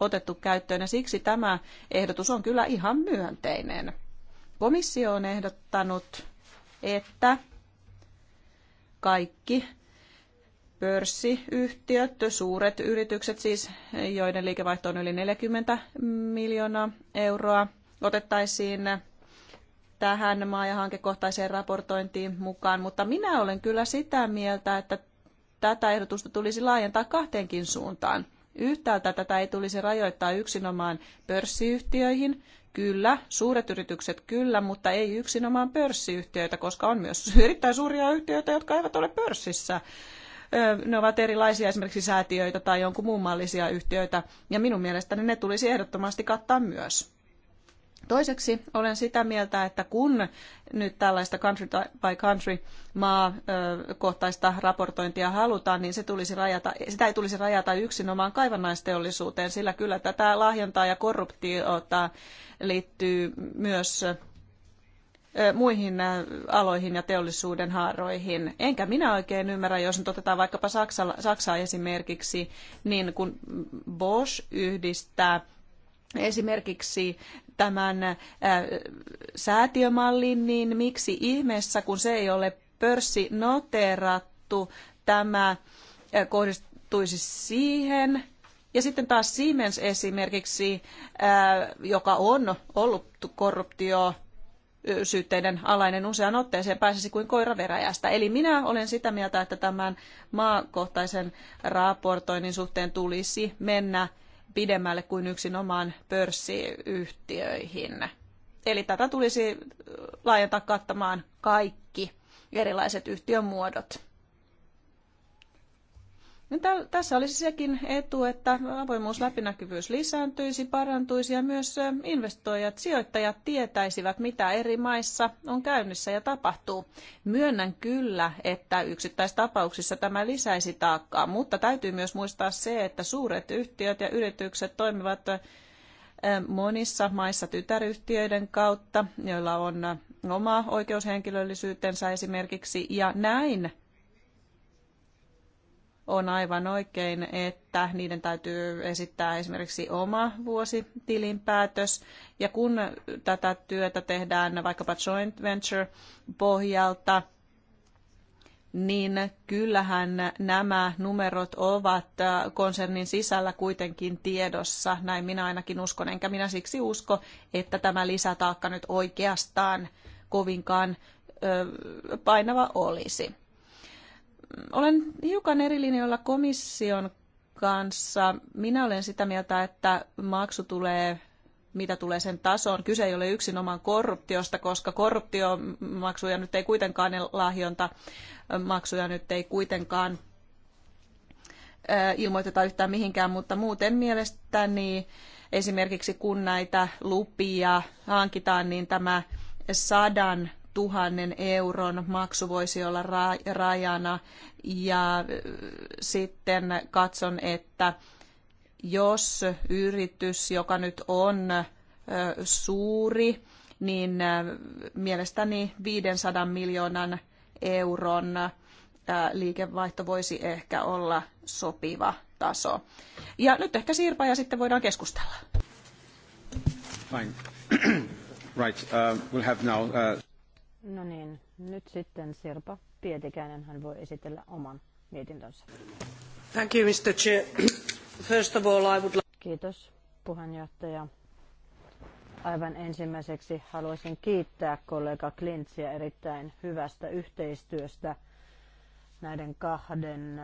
otettu käyttöön ja siksi tämä ehdotus on kyllä ihan myönteinen. Komissio on ehdottanut, että kaikki pörssiyhtiöt, suuret yritykset siis, joiden liikevaihto on yli 40 miljoonaa euroa – otettaisiin tähän maa- ja hankekohtaiseen raportointiin mukaan, mutta minä olen kyllä sitä mieltä, että tätä ehdotusta tulisi laajentaa kahteenkin suuntaan. Yhtäältä tätä ei tulisi rajoittaa yksinomaan pörssiyhtiöihin. Kyllä, suuret yritykset kyllä, mutta ei yksinomaan pörssiyhtiöitä, koska on myös erittäin suuria yhtiöitä, jotka eivät ole pörssissä. Ne ovat erilaisia esimerkiksi säätiöitä tai jonkun muun mallisia yhtiöitä, ja minun mielestäni ne tulisi ehdottomasti kattaa myös. Toiseksi olen sitä mieltä, että kun nyt tällaista country by country kohtaista raportointia halutaan, niin se tulisi rajata, sitä ei tulisi rajata yksinomaan kaivannaisteollisuuteen, sillä kyllä tätä lahjontaa ja korruptiota liittyy myös muihin aloihin ja teollisuuden haaroihin. Enkä minä oikein ymmärrä, jos nyt otetaan vaikkapa Saksa, Saksaa esimerkiksi, niin kun Bosch yhdistää esimerkiksi tämän säätiömallin, niin miksi ihmeessä, kun se ei ole pörssinoteerattu, tämä kohdistuisi siihen. Ja sitten taas Siemens esimerkiksi, joka on ollut korruptio syytteiden alainen usean otteeseen pääsisi kuin koira veräjästä. Eli minä olen sitä mieltä, että tämän maakohtaisen raportoinnin suhteen tulisi mennä pidemmälle kuin yksin omaan pörssiyhtiöihin. Eli tätä tulisi laajentaa kattamaan kaikki erilaiset yhtiön muodot. Niin tässä olisi sekin etu, että avoimuus läpinäkyvyys lisääntyisi, parantuisi ja myös investoijat, sijoittajat tietäisivät, mitä eri maissa on käynnissä ja tapahtuu. Myönnän kyllä, että yksittäistapauksissa tämä lisäisi taakkaa, mutta täytyy myös muistaa se, että suuret yhtiöt ja yritykset toimivat monissa maissa tytäryhtiöiden kautta, joilla on oma oikeushenkilöllisyytensä esimerkiksi, ja näin on aivan oikein, että niiden täytyy esittää esimerkiksi oma vuositilinpäätös. Ja kun tätä työtä tehdään vaikkapa joint venture pohjalta, niin kyllähän nämä numerot ovat konsernin sisällä kuitenkin tiedossa. Näin minä ainakin uskon, enkä minä siksi usko, että tämä lisätaakka nyt oikeastaan kovinkaan painava olisi olen hiukan eri linjoilla komission kanssa. Minä olen sitä mieltä, että maksu tulee mitä tulee sen tasoon. Kyse ei ole yksinomaan korruptiosta, koska korruptiomaksuja nyt ei kuitenkaan, lahjonta maksuja nyt ei kuitenkaan ilmoiteta yhtään mihinkään, mutta muuten mielestäni esimerkiksi kun näitä lupia hankitaan, niin tämä sadan tuhannen euron maksu voisi olla rajana. Ja äh, sitten katson, että jos yritys, joka nyt on äh, suuri, niin äh, mielestäni 500 miljoonan euron liikevaihto voisi ehkä olla sopiva taso. Ja nyt ehkä Sirpa ja sitten voidaan keskustella. Fine. right, uh, we'll have now... Uh... No niin, nyt sitten Sirpa Pietikäinen, hän voi esitellä oman mietintönsä. Thank you, Mr. Chair. First of all, I would like... Kiitos, puheenjohtaja. Aivan ensimmäiseksi haluaisin kiittää kollega Klintsiä erittäin hyvästä yhteistyöstä näiden kahden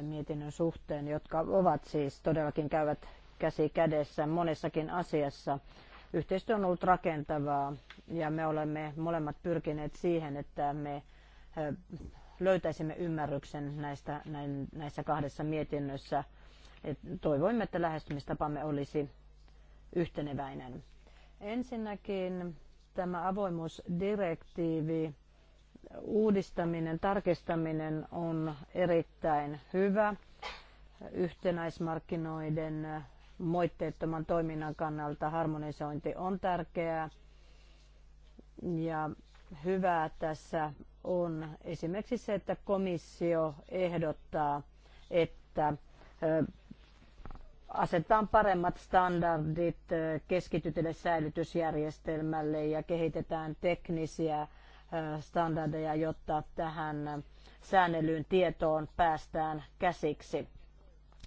mietinnön suhteen, jotka ovat siis todellakin käyvät käsi kädessä monessakin asiassa. Yhteistyö on ollut rakentavaa ja me olemme molemmat pyrkineet siihen, että me löytäisimme ymmärryksen näistä, näissä kahdessa mietinnössä. Et toivoimme, että lähestymistapamme olisi yhteneväinen. Ensinnäkin tämä avoimuusdirektiivi, uudistaminen, tarkistaminen on erittäin hyvä yhtenäismarkkinoiden moitteettoman toiminnan kannalta harmonisointi on tärkeää. Ja hyvää tässä on esimerkiksi se, että komissio ehdottaa, että asetetaan paremmat standardit keskitytylle säilytysjärjestelmälle ja kehitetään teknisiä standardeja, jotta tähän säännellyyn tietoon päästään käsiksi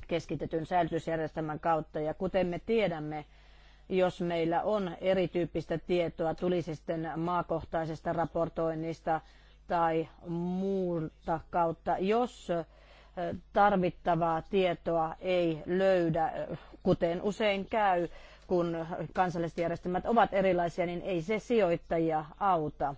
keskitetyn säilytysjärjestelmän kautta. Ja kuten me tiedämme, jos meillä on erityyppistä tietoa, tulisi sitten maakohtaisesta raportoinnista tai muulta kautta, jos tarvittavaa tietoa ei löydä, kuten usein käy, kun kansalliset järjestelmät ovat erilaisia, niin ei se sijoittajia auta.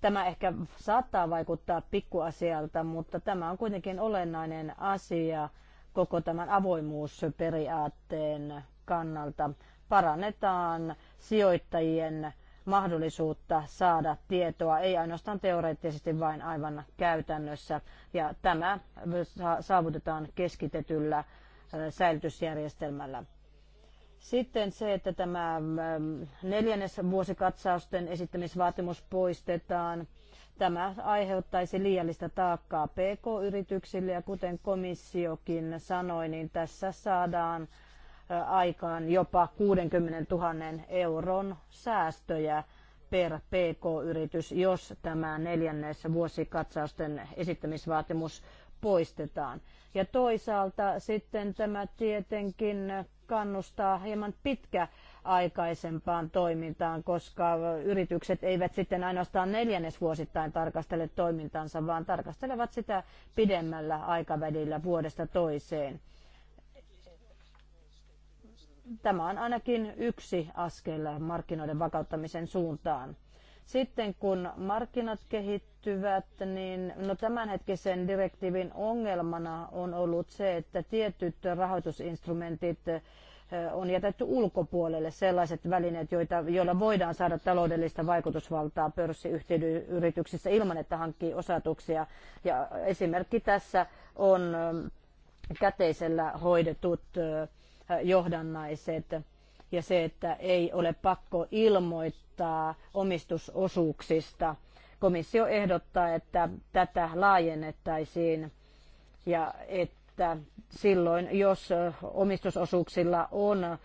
Tämä ehkä saattaa vaikuttaa pikkuasialta, mutta tämä on kuitenkin olennainen asia koko tämän avoimuusperiaatteen kannalta parannetaan sijoittajien mahdollisuutta saada tietoa, ei ainoastaan teoreettisesti, vaan aivan käytännössä. Ja tämä saavutetaan keskitetyllä säilytysjärjestelmällä. Sitten se, että tämä neljännes vuosikatsausten esittämisvaatimus poistetaan – Tämä aiheuttaisi liiallista taakkaa PK-yrityksille ja kuten komissiokin sanoi, niin tässä saadaan aikaan jopa 60 000 euron säästöjä per PK-yritys, jos tämä neljännessä vuosikatsausten esittämisvaatimus poistetaan. Ja toisaalta sitten tämä tietenkin kannustaa hieman pitkä aikaisempaan toimintaan, koska yritykset eivät sitten ainoastaan neljännesvuosittain tarkastele toimintansa, vaan tarkastelevat sitä pidemmällä aikavälillä vuodesta toiseen. Tämä on ainakin yksi askel markkinoiden vakauttamisen suuntaan. Sitten kun markkinat kehittyvät, niin no tämänhetkisen direktiivin ongelmana on ollut se, että tietyt rahoitusinstrumentit on jätetty ulkopuolelle sellaiset välineet, joita, joilla voidaan saada taloudellista vaikutusvaltaa pörssiyhtiöyrityksissä ilman, että hankkii osatuksia. Ja esimerkki tässä on käteisellä hoidetut johdannaiset ja se, että ei ole pakko ilmoittaa omistusosuuksista. Komissio ehdottaa, että tätä laajennettaisiin ja että että silloin, jos omistusosuuksilla on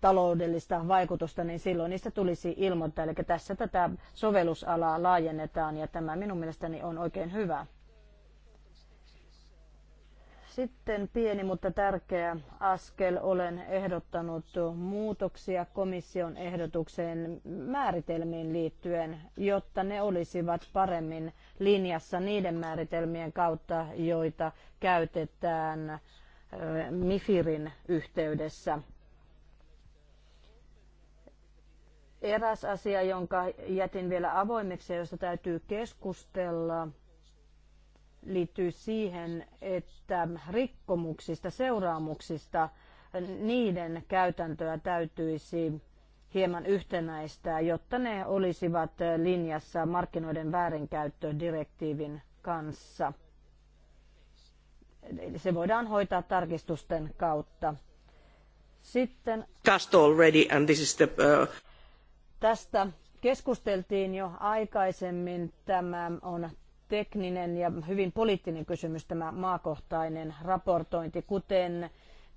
taloudellista vaikutusta, niin silloin niistä tulisi ilmoittaa. Eli tässä tätä sovellusalaa laajennetaan ja tämä minun mielestäni on oikein hyvä sitten pieni, mutta tärkeä askel. Olen ehdottanut muutoksia komission ehdotukseen määritelmiin liittyen, jotta ne olisivat paremmin linjassa niiden määritelmien kautta, joita käytetään MIFIRin yhteydessä. Eräs asia, jonka jätin vielä avoimeksi ja josta täytyy keskustella, liittyy siihen, että rikkomuksista, seuraamuksista, niiden käytäntöä täytyisi hieman yhtenäistää, jotta ne olisivat linjassa markkinoiden väärinkäyttödirektiivin kanssa. Eli se voidaan hoitaa tarkistusten kautta. Sitten already, and this is the, uh... tästä keskusteltiin jo aikaisemmin. Tämä on tekninen ja hyvin poliittinen kysymys tämä maakohtainen raportointi. Kuten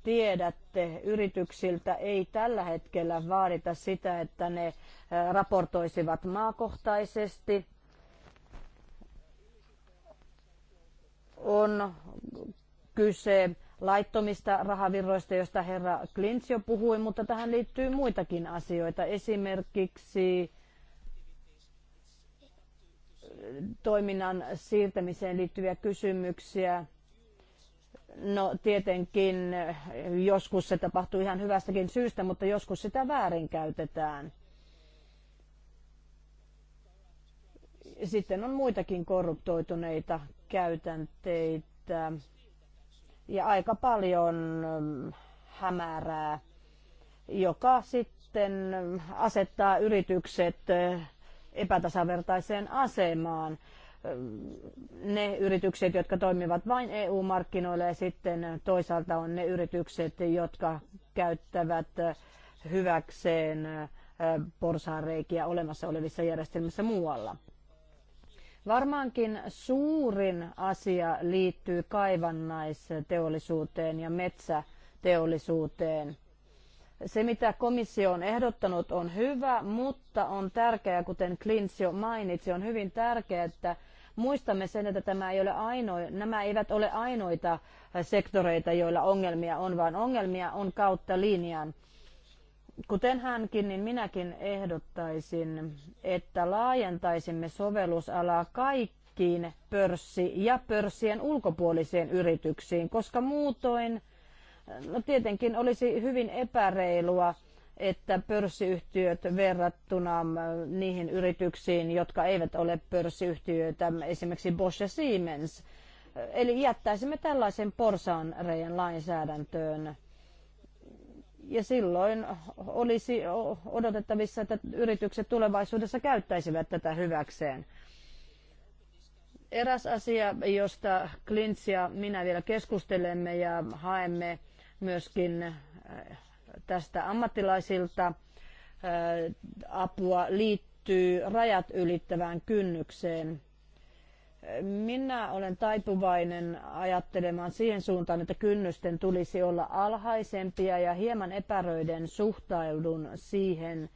tiedätte, yrityksiltä ei tällä hetkellä vaadita sitä, että ne eh, raportoisivat maakohtaisesti. On kyse laittomista rahavirroista, joista herra Klintz jo puhui, mutta tähän liittyy muitakin asioita. Esimerkiksi toiminnan siirtämiseen liittyviä kysymyksiä. No tietenkin eh, joskus se tapahtuu ihan hyvästäkin syystä, mutta joskus sitä väärinkäytetään. Sitten on muitakin korruptoituneita käytänteitä ja aika paljon eh, hämärää, joka sitten asettaa yritykset eh, epätasavertaiseen asemaan ne yritykset, jotka toimivat vain EU-markkinoilla ja sitten toisaalta on ne yritykset, jotka käyttävät hyväkseen porsaanreikiä olemassa olevissa järjestelmissä muualla. Varmaankin suurin asia liittyy kaivannaisteollisuuteen ja metsäteollisuuteen. Se, mitä komissio on ehdottanut, on hyvä, mutta on tärkeää, kuten Klins jo mainitsi, on hyvin tärkeää, että muistamme sen, että tämä ei ole aino, nämä eivät ole ainoita sektoreita, joilla ongelmia on, vaan ongelmia on kautta linjan. Kuten hänkin, niin minäkin ehdottaisin, että laajentaisimme sovellusalaa kaikkiin pörssi- ja pörssien ulkopuolisiin yrityksiin, koska muutoin – No tietenkin olisi hyvin epäreilua, että pörssiyhtiöt verrattuna äh, niihin yrityksiin, jotka eivät ole pörssiyhtiöitä, esimerkiksi Bosch ja Siemens. Äh, eli jättäisimme tällaisen porsaan reijän lainsäädäntöön. Ja silloin olisi odotettavissa, että yritykset tulevaisuudessa käyttäisivät tätä hyväkseen. Eräs asia, josta Klintz ja minä vielä keskustelemme ja haemme myöskin äh, tästä ammattilaisilta äh, apua liittyy rajat ylittävään kynnykseen. Minä olen taipuvainen ajattelemaan siihen suuntaan, että kynnysten tulisi olla alhaisempia ja hieman epäröiden suhtaudun siihen,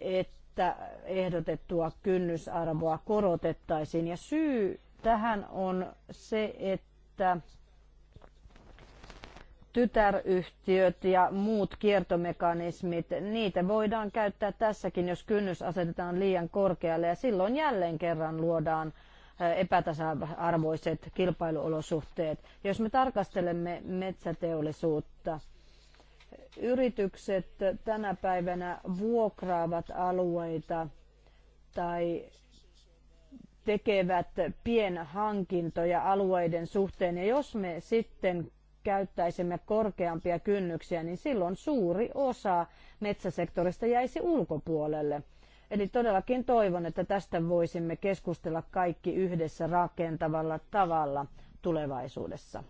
että ehdotettua kynnysarvoa korotettaisiin. Ja syy tähän on se, että tytäryhtiöt ja muut kiertomekanismit, niitä voidaan käyttää tässäkin, jos kynnys asetetaan liian korkealle ja silloin jälleen kerran luodaan eh, epätasa-arvoiset kilpailuolosuhteet. Jos me tarkastelemme metsäteollisuutta, yritykset tänä päivänä vuokraavat alueita tai tekevät pienhankintoja alueiden suhteen. Ja jos me sitten käyttäisimme korkeampia kynnyksiä, niin silloin suuri osa metsäsektorista jäisi ulkopuolelle. Eli todellakin toivon, että tästä voisimme keskustella kaikki yhdessä rakentavalla tavalla tulevaisuudessa.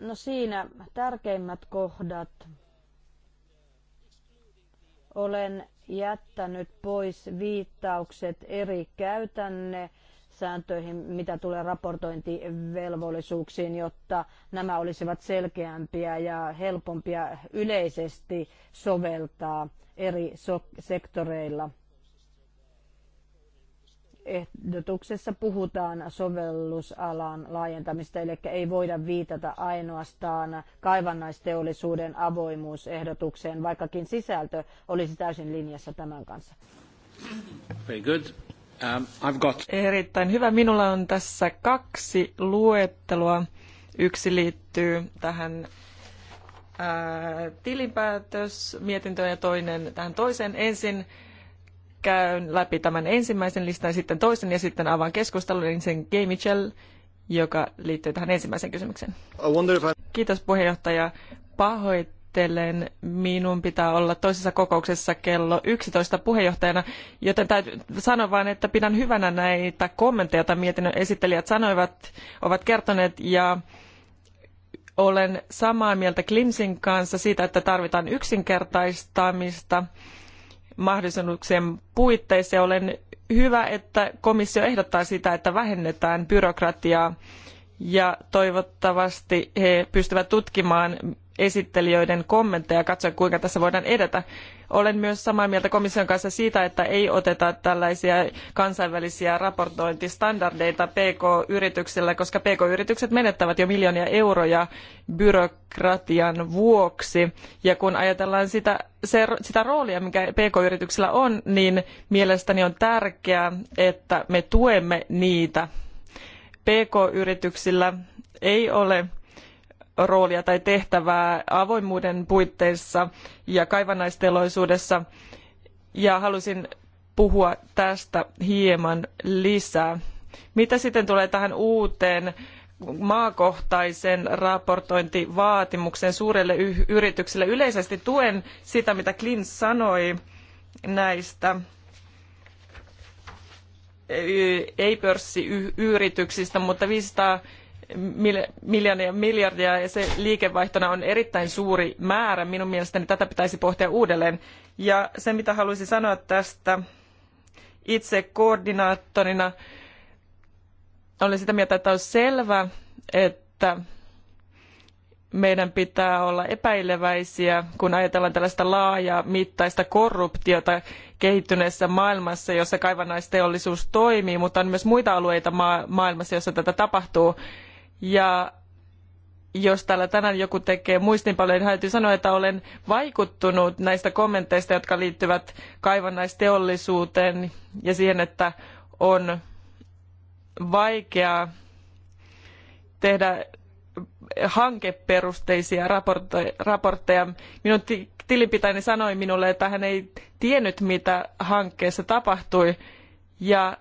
No siinä tärkeimmät kohdat. Olen jättänyt pois viittaukset eri käytänne sääntöihin, mitä tulee raportointivelvollisuuksiin, jotta nämä olisivat selkeämpiä ja helpompia yleisesti soveltaa eri so- sektoreilla. Ehdotuksessa puhutaan sovellusalan laajentamista, eli ei voida viitata ainoastaan kaivannaisteollisuuden avoimuusehdotukseen, vaikkakin sisältö olisi täysin linjassa tämän kanssa. Very good. Um, Erittäin hyvä. Minulla on tässä kaksi luettelua. Yksi liittyy tähän äh, tilinpäätösmietintöön ja toinen tähän toiseen. Ensin käyn läpi tämän ensimmäisen listan, sitten toisen ja sitten avaan keskustelun ensin Gay Mitchell, joka liittyy tähän ensimmäiseen kysymykseen. I... Kiitos puheenjohtaja. Pahoit pahoittelen, minun pitää olla toisessa kokouksessa kello 11 puheenjohtajana, joten täytyy sanoa vain, että pidän hyvänä näitä kommentteja, joita mietinnön esittelijät sanoivat, ovat kertoneet ja olen samaa mieltä Klimsin kanssa siitä, että tarvitaan yksinkertaistamista mahdollisuuksien puitteissa. Olen hyvä, että komissio ehdottaa sitä, että vähennetään byrokratiaa ja toivottavasti he pystyvät tutkimaan esittelijöiden kommentteja ja katsoa, kuinka tässä voidaan edetä. Olen myös samaa mieltä komission kanssa siitä, että ei oteta tällaisia kansainvälisiä raportointistandardeita PK-yrityksillä, koska PK-yritykset menettävät jo miljoonia euroja byrokratian vuoksi. Ja kun ajatellaan sitä, se, sitä roolia, mikä PK-yrityksillä on, niin mielestäni on tärkeää, että me tuemme niitä. PK-yrityksillä ei ole roolia tai tehtävää avoimuuden puitteissa ja kaivannaisteollisuudessa ja halusin puhua tästä hieman lisää. Mitä sitten tulee tähän uuteen maakohtaisen raportointivaatimuksen suurelle yritykselle? Yleisesti tuen sitä, mitä Klin sanoi näistä ei pörssiyrityksistä, mutta 500 miljoonia miljardia ja se liikevaihtona on erittäin suuri määrä. Minun mielestäni tätä pitäisi pohtia uudelleen. Ja se, mitä haluaisin sanoa tästä itse koordinaattorina, olen sitä mieltä, että on selvä, että meidän pitää olla epäileväisiä, kun ajatellaan tällaista laajaa mittaista korruptiota kehittyneessä maailmassa, jossa kaivannaisteollisuus toimii, mutta on myös muita alueita maailmassa, jossa tätä tapahtuu ja jos täällä tänään joku tekee muistinpaloja, niin täytyy sanoa, että olen vaikuttunut näistä kommenteista, jotka liittyvät kaivannaisteollisuuteen ja siihen, että on vaikeaa tehdä hankeperusteisia raportteja. Minun tilinpitäjäni sanoi minulle, että hän ei tiennyt, mitä hankkeessa tapahtui. Ja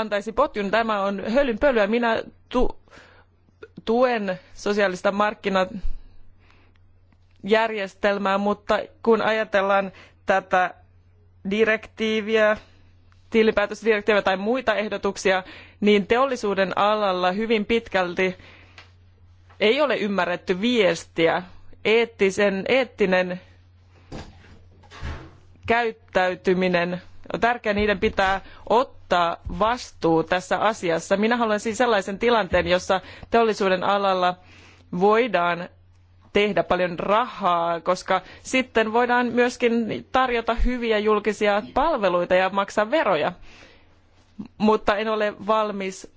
antaisi potjun Tämä on hölynpölyä. Minä tu- tuen sosiaalista markkinajärjestelmää, mutta kun ajatellaan tätä direktiiviä, tilinpäätösdirektiiviä tai muita ehdotuksia, niin teollisuuden alalla hyvin pitkälti ei ole ymmärretty viestiä. Eettisen, eettinen käyttäytyminen on tärkeää, niiden pitää ottaa ottaa vastuu tässä asiassa. Minä haluan siis sellaisen tilanteen, jossa teollisuuden alalla voidaan tehdä paljon rahaa, koska sitten voidaan myöskin tarjota hyviä julkisia palveluita ja maksaa veroja. Mutta en ole valmis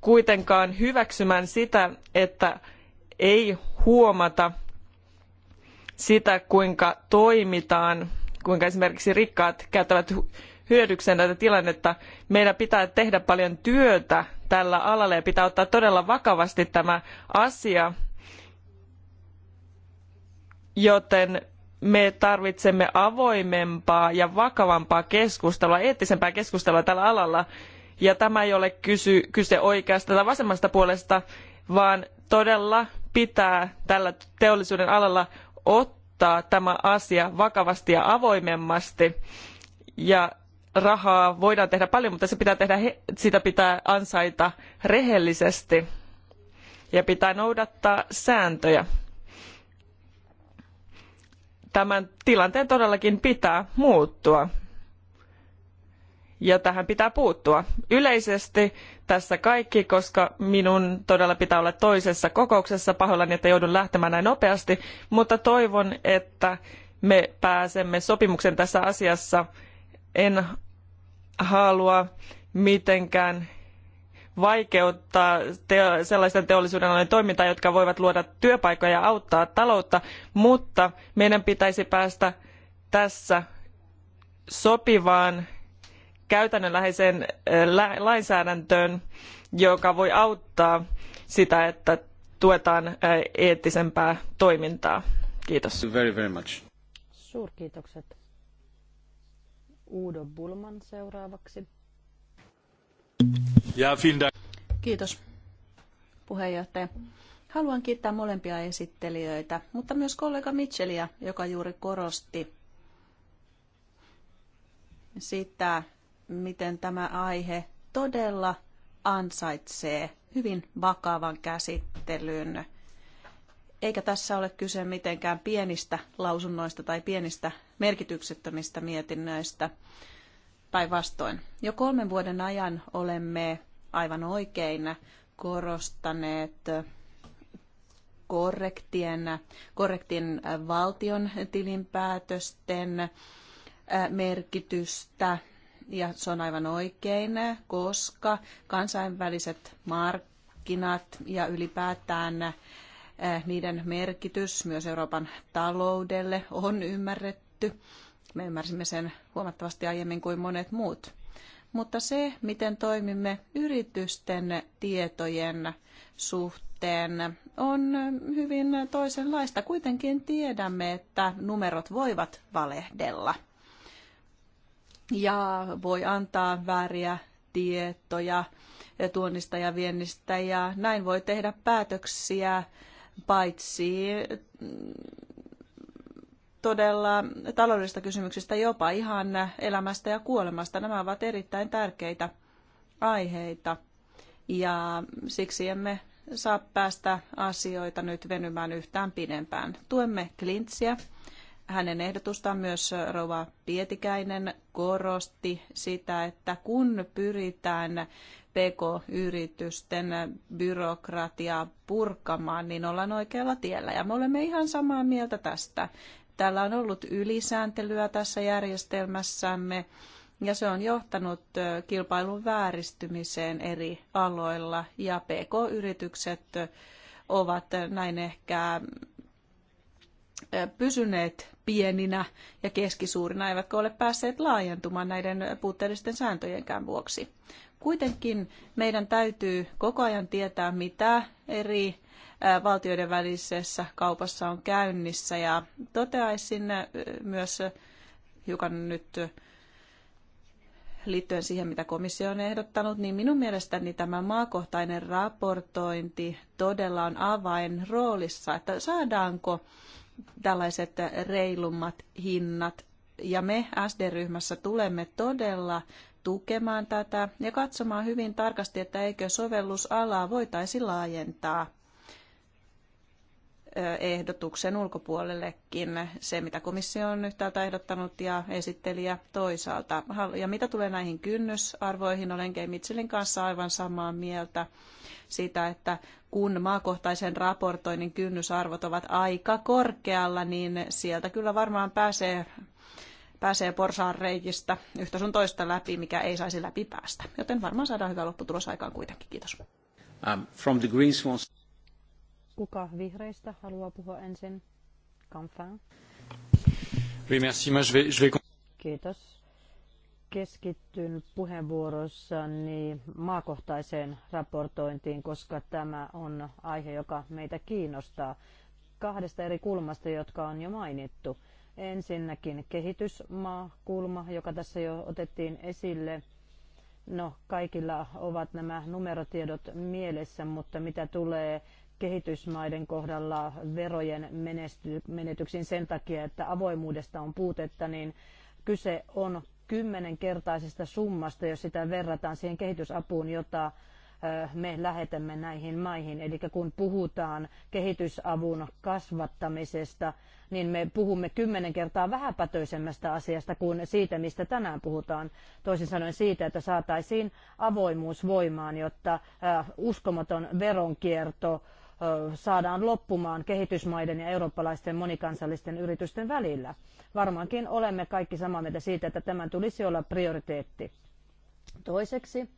kuitenkaan hyväksymään sitä, että ei huomata sitä, kuinka toimitaan, kuinka esimerkiksi rikkaat käyttävät hyödykseen tätä tilannetta. Meidän pitää tehdä paljon työtä tällä alalla ja pitää ottaa todella vakavasti tämä asia, joten me tarvitsemme avoimempaa ja vakavampaa keskustelua, eettisempää keskustelua tällä alalla. Ja tämä ei ole kysy, kyse oikeasta tai vasemmasta puolesta, vaan todella pitää tällä teollisuuden alalla ottaa tämä asia vakavasti ja avoimemmasti. Ja rahaa voidaan tehdä paljon, mutta se pitää tehdä, sitä pitää ansaita rehellisesti ja pitää noudattaa sääntöjä. Tämän tilanteen todellakin pitää muuttua ja tähän pitää puuttua. Yleisesti tässä kaikki, koska minun todella pitää olla toisessa kokouksessa. Pahoillani, että joudun lähtemään näin nopeasti, mutta toivon, että me pääsemme sopimuksen tässä asiassa. En halua mitenkään vaikeuttaa sellaisten teollisuudenalojen toimintaa, jotka voivat luoda työpaikkoja ja auttaa taloutta, mutta meidän pitäisi päästä tässä sopivaan käytännönläheiseen lainsäädäntöön, joka voi auttaa sitä, että tuetaan eettisempää toimintaa. Kiitos. Very, very much. Suurkiitokset. Udo Bulman seuraavaksi. Ja, Kiitos puheenjohtaja. Haluan kiittää molempia esittelijöitä, mutta myös kollega Mitchellia, joka juuri korosti sitä, miten tämä aihe todella ansaitsee hyvin vakavan käsittelyn eikä tässä ole kyse mitenkään pienistä lausunnoista tai pienistä merkityksettömistä mietinnöistä. Päinvastoin. Jo kolmen vuoden ajan olemme aivan oikein korostaneet korrektien, korrektien valtion tilinpäätösten merkitystä. Ja se on aivan oikein, koska kansainväliset markkinat ja ylipäätään Eh, niiden merkitys myös Euroopan taloudelle on ymmärretty. Me ymmärsimme sen huomattavasti aiemmin kuin monet muut. Mutta se, miten toimimme yritysten tietojen suhteen, on hyvin toisenlaista. Kuitenkin tiedämme, että numerot voivat valehdella ja voi antaa vääriä tietoja tuonnista ja viennistä ja näin voi tehdä päätöksiä paitsi mm, todella taloudellisista kysymyksistä, jopa ihan elämästä ja kuolemasta. Nämä ovat erittäin tärkeitä aiheita ja siksi emme saa päästä asioita nyt venymään yhtään pidempään. Tuemme Klintsiä. Hänen ehdotustaan myös rouva Pietikäinen korosti sitä, että kun pyritään PK-yritysten byrokratiaa purkamaan, niin ollaan oikealla tiellä. Ja me olemme ihan samaa mieltä tästä. Täällä on ollut ylisääntelyä tässä järjestelmässämme ja se on johtanut kilpailun vääristymiseen eri aloilla ja PK-yritykset ovat näin ehkä pysyneet pieninä ja keskisuurina, eivätkä ole päässeet laajentumaan näiden puutteellisten sääntöjenkään vuoksi. Kuitenkin meidän täytyy koko ajan tietää, mitä eri valtioiden välisessä kaupassa on käynnissä. Ja toteaisin myös hiukan nyt liittyen siihen, mitä komissio on ehdottanut, niin minun mielestäni tämä maakohtainen raportointi todella on avainroolissa, että saadaanko tällaiset reilummat hinnat. Ja me SD-ryhmässä tulemme todella tukemaan tätä ja katsomaan hyvin tarkasti, että eikö sovellusalaa voitaisi laajentaa ehdotuksen ulkopuolellekin se, mitä komissio on yhtäältä ehdottanut ja esittelijä toisaalta. Ja mitä tulee näihin kynnysarvoihin, olen Kei Mitchellin kanssa aivan samaa mieltä siitä, että kun maakohtaisen raportoinnin kynnysarvot ovat aika korkealla, niin sieltä kyllä varmaan pääsee pääsee porsaan reikistä yhtä sun toista läpi, mikä ei saisi läpi päästä. Joten varmaan saadaan hyvä lopputulos aikaan kuitenkin. Kiitos. Um, from the Greens wants... Kuka vihreistä haluaa puhua ensin? Kamfan. Oui, merci. Moi, je vais, je vais... Kiitos. Keskittyn puheenvuorossani maakohtaiseen raportointiin, koska tämä on aihe, joka meitä kiinnostaa kahdesta eri kulmasta, jotka on jo mainittu – Ensinnäkin kehitysmaakulma, joka tässä jo otettiin esille. No, kaikilla ovat nämä numerotiedot mielessä, mutta mitä tulee kehitysmaiden kohdalla verojen menetyksiin sen takia, että avoimuudesta on puutetta, niin kyse on kymmenenkertaisesta summasta, jos sitä verrataan siihen kehitysapuun, jota me lähetämme näihin maihin. Eli kun puhutaan kehitysavun kasvattamisesta, niin me puhumme kymmenen kertaa vähäpätöisemmästä asiasta kuin siitä, mistä tänään puhutaan. Toisin sanoen siitä, että saataisiin avoimuus voimaan, jotta uskomaton veronkierto saadaan loppumaan kehitysmaiden ja eurooppalaisten monikansallisten yritysten välillä. Varmaankin olemme kaikki samaa mieltä siitä, että tämän tulisi olla prioriteetti. Toiseksi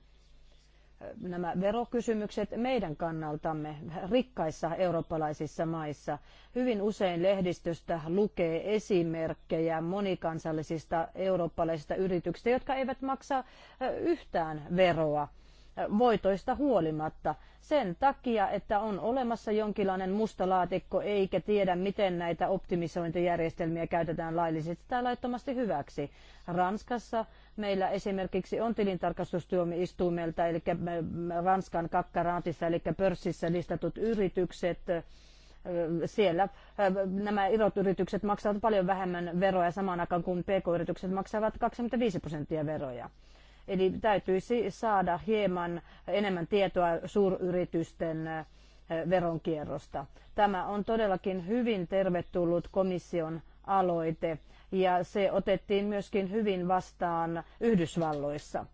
nämä verokysymykset meidän kannaltamme rikkaissa eurooppalaisissa maissa. Hyvin usein lehdistöstä lukee esimerkkejä monikansallisista eurooppalaisista yrityksistä, jotka eivät maksa yhtään veroa voitoista huolimatta sen takia, että on olemassa jonkinlainen musta laatikko eikä tiedä, miten näitä optimisointijärjestelmiä käytetään laillisesti tai laittomasti hyväksi. Ranskassa meillä esimerkiksi on tilintarkastustuomioistuimelta, eli Ranskan kakkaraatissa, eli pörssissä listatut yritykset, siellä nämä irot yritykset maksavat paljon vähemmän veroja samaan aikaan, kuin pk-yritykset maksavat 25 prosenttia veroja. Eli täytyisi saada hieman enemmän tietoa suuryritysten veronkierrosta. Tämä on todellakin hyvin tervetullut komission aloite ja se otettiin myöskin hyvin vastaan Yhdysvalloissa.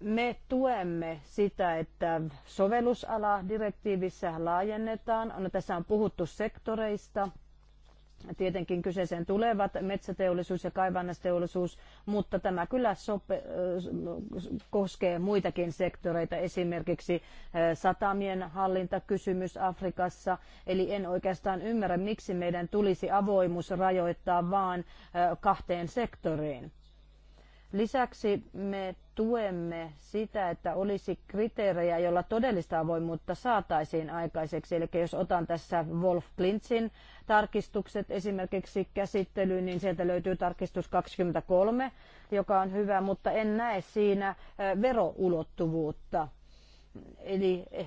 Me tuemme sitä, että sovellusala direktiivissä laajennetaan. No, tässä on puhuttu sektoreista, Tietenkin kyseeseen tulevat metsäteollisuus ja kaivannasteollisuus, mutta tämä kyllä sope, äh, koskee muitakin sektoreita, esimerkiksi äh, satamien hallintakysymys Afrikassa. Eli en oikeastaan ymmärrä, miksi meidän tulisi avoimuus rajoittaa vain äh, kahteen sektoriin. Lisäksi me tuemme sitä, että olisi kriteerejä, joilla todellista avoimuutta saataisiin aikaiseksi. Eli jos otan tässä Wolf Klintzin tarkistukset esimerkiksi käsittelyyn, niin sieltä löytyy tarkistus 23, joka on hyvä, mutta en näe siinä veroulottuvuutta. Eli eh,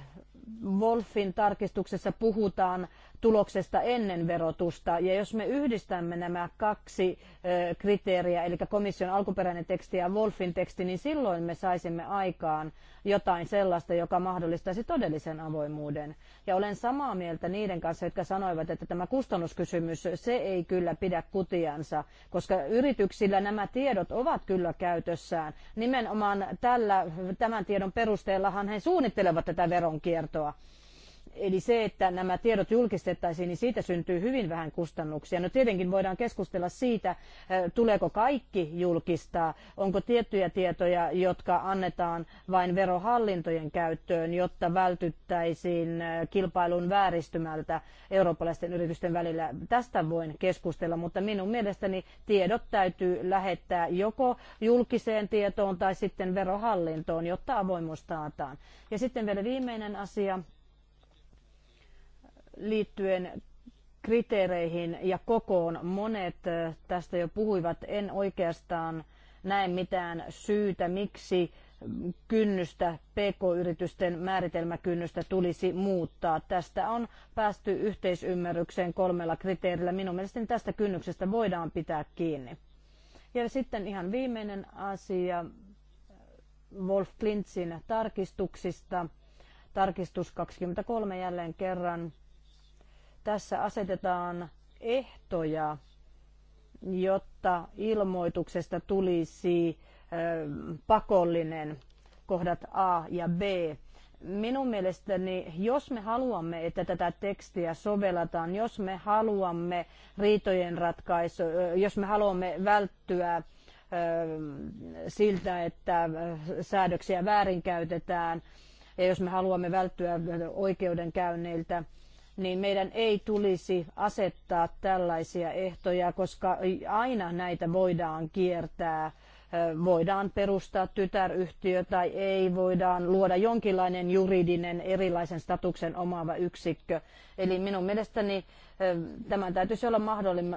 Wolfin tarkistuksessa puhutaan tuloksesta ennen verotusta. Ja jos me yhdistämme nämä kaksi kriteeriä, eli komission alkuperäinen teksti ja Wolfin teksti, niin silloin me saisimme aikaan jotain sellaista, joka mahdollistaisi todellisen avoimuuden. Ja olen samaa mieltä niiden kanssa, jotka sanoivat, että tämä kustannuskysymys, se ei kyllä pidä kutiansa, koska yrityksillä nämä tiedot ovat kyllä käytössään. Nimenomaan tällä, tämän tiedon perusteellahan he suunnittelevat tätä veronkiertoa. Eli se, että nämä tiedot julkistettaisiin, niin siitä syntyy hyvin vähän kustannuksia. No tietenkin voidaan keskustella siitä, tuleeko kaikki julkistaa, onko tiettyjä tietoja, jotka annetaan vain verohallintojen käyttöön, jotta vältyttäisiin kilpailun vääristymältä eurooppalaisten yritysten välillä. Tästä voin keskustella, mutta minun mielestäni tiedot täytyy lähettää joko julkiseen tietoon tai sitten verohallintoon, jotta avoimuus taataan. Ja sitten vielä viimeinen asia liittyen kriteereihin ja kokoon. Monet tästä jo puhuivat. En oikeastaan näe mitään syytä, miksi kynnystä, pk-yritysten määritelmäkynnystä tulisi muuttaa. Tästä on päästy yhteisymmärrykseen kolmella kriteerillä. Minun mielestäni tästä kynnyksestä voidaan pitää kiinni. Ja sitten ihan viimeinen asia Wolf Klintzin tarkistuksista. Tarkistus 23 jälleen kerran tässä asetetaan ehtoja, jotta ilmoituksesta tulisi pakollinen kohdat A ja B. Minun mielestäni, jos me haluamme, että tätä tekstiä sovelletaan, jos me haluamme riitojen ratkaisu, jos me haluamme välttyä siltä, että säädöksiä väärinkäytetään, ja jos me haluamme välttyä oikeudenkäynneiltä, niin meidän ei tulisi asettaa tällaisia ehtoja, koska aina näitä voidaan kiertää voidaan perustaa tytäryhtiö tai ei, voidaan luoda jonkinlainen juridinen erilaisen statuksen omaava yksikkö. Eli minun mielestäni tämän täytyisi olla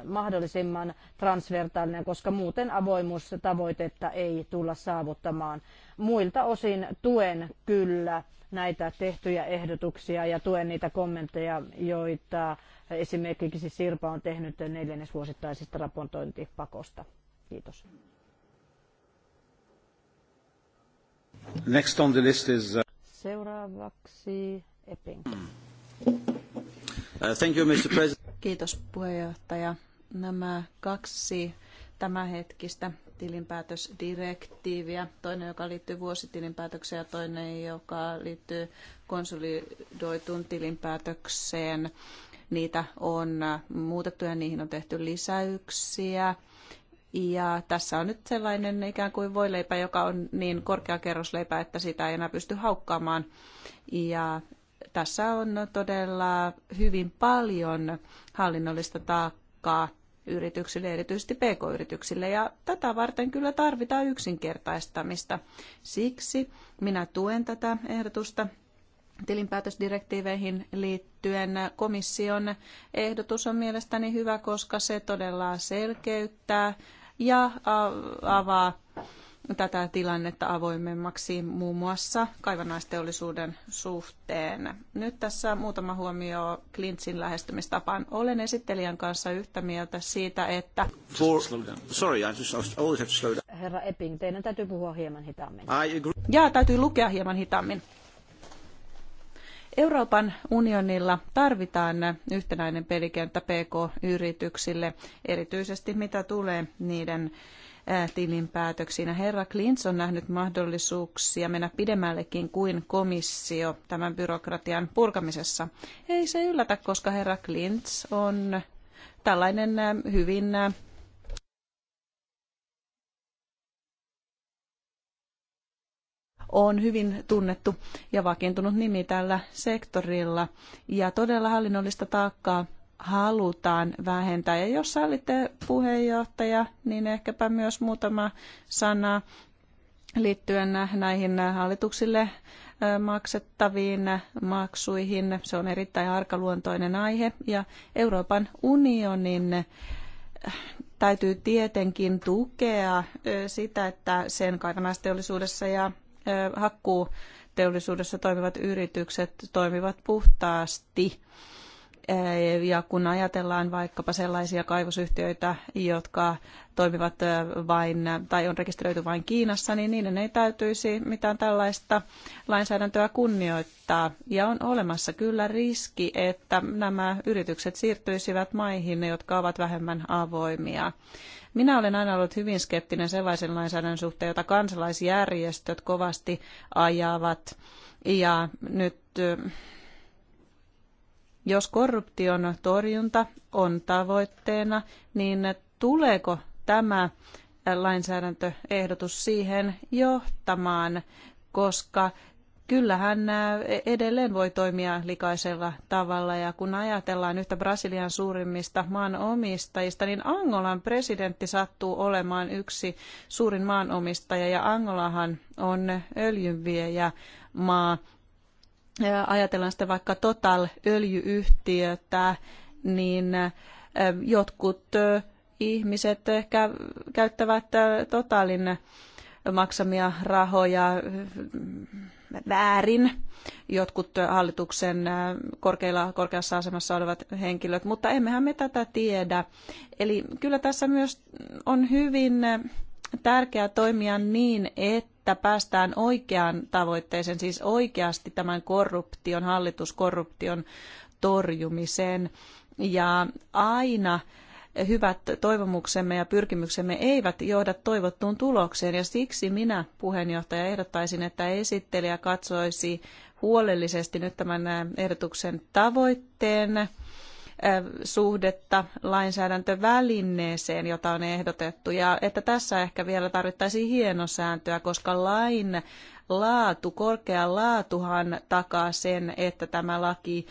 mahdollisimman transvertaalinen, koska muuten avoimuustavoitetta ei tulla saavuttamaan. Muilta osin tuen kyllä näitä tehtyjä ehdotuksia ja tuen niitä kommentteja, joita esimerkiksi Sirpa on tehnyt neljännesvuosittaisesta raportointipakosta. Kiitos. Next on the list is... Uh, Seuraavaksi Epping. Uh, thank you, Mr. President. Kiitos puheenjohtaja. Nämä kaksi tämänhetkistä tilinpäätösdirektiiviä, toinen joka liittyy vuositilinpäätökseen ja toinen joka liittyy konsolidoituun tilinpäätökseen. Niitä on muutettu ja niihin on tehty lisäyksiä. Ja tässä on nyt sellainen ikään kuin voileipä, joka on niin korkea kerrosleipä, että sitä ei enää pysty haukkaamaan. Ja tässä on todella hyvin paljon hallinnollista taakkaa yrityksille, erityisesti pk-yrityksille, ja tätä varten kyllä tarvitaan yksinkertaistamista. Siksi minä tuen tätä ehdotusta tilinpäätösdirektiiveihin liittyen. Komission ehdotus on mielestäni hyvä, koska se todella selkeyttää ja avaa tätä tilannetta avoimemmaksi muun muassa kaivannaisteollisuuden suhteen. Nyt tässä muutama huomio Klintsin lähestymistapaan. Olen esittelijän kanssa yhtä mieltä siitä, että... For... Sorry, I just always have to slow down. Herra Epping, teidän täytyy puhua hieman hitaammin. I agree. Jaa, täytyy lukea hieman hitaammin. Euroopan unionilla tarvitaan yhtenäinen pelikenttä PK-yrityksille, erityisesti mitä tulee niiden äh, tilinpäätöksiin. Herra Klinz on nähnyt mahdollisuuksia mennä pidemmällekin kuin komissio tämän byrokratian purkamisessa. Ei se yllätä, koska herra Klinz on tällainen äh, hyvin äh, on hyvin tunnettu ja vakiintunut nimi tällä sektorilla. Ja todella hallinnollista taakkaa halutaan vähentää. Ja jos sallitte puheenjohtaja, niin ehkäpä myös muutama sana liittyen näihin hallituksille maksettaviin maksuihin. Se on erittäin arkaluontoinen aihe ja Euroopan unionin täytyy tietenkin tukea sitä, että sen kaivannaisteollisuudessa ja hakkuu teollisuudessa toimivat yritykset toimivat puhtaasti Eh, ja kun ajatellaan vaikkapa sellaisia kaivosyhtiöitä, jotka toimivat eh, vain tai on rekisteröity vain Kiinassa, niin niiden ei täytyisi mitään tällaista lainsäädäntöä kunnioittaa. Ja on olemassa kyllä riski, että nämä yritykset siirtyisivät maihin, jotka ovat vähemmän avoimia. Minä olen aina ollut hyvin skeptinen sellaisen lainsäädännön suhteen, jota kansalaisjärjestöt kovasti ajavat. Ja nyt eh, jos korruption torjunta on tavoitteena, niin tuleeko tämä lainsäädäntöehdotus siihen johtamaan, koska kyllähän edelleen voi toimia likaisella tavalla. Ja kun ajatellaan yhtä Brasilian suurimmista maanomistajista, niin Angolan presidentti sattuu olemaan yksi suurin maanomistaja. Ja Angolahan on öljynviejä maa ajatellaan sitä vaikka Total öljyyhtiötä, niin jotkut ihmiset ehkä käyttävät Totalin maksamia rahoja väärin jotkut hallituksen korkeilla, korkeassa asemassa olevat henkilöt, mutta emmehän me tätä tiedä. Eli kyllä tässä myös on hyvin tärkeää toimia niin, että päästään oikeaan tavoitteeseen, siis oikeasti tämän korruption, hallituskorruption torjumiseen. Ja aina hyvät toivomuksemme ja pyrkimyksemme eivät johda toivottuun tulokseen ja siksi minä puheenjohtaja ehdottaisin, että esittelijä katsoisi huolellisesti nyt tämän ehdotuksen tavoitteen suhdetta lainsäädäntövälineeseen, jota on ehdotettu. Ja että tässä ehkä vielä tarvittaisiin hienosääntöä, koska lain laatu, korkea laatuhan takaa sen, että tämä laki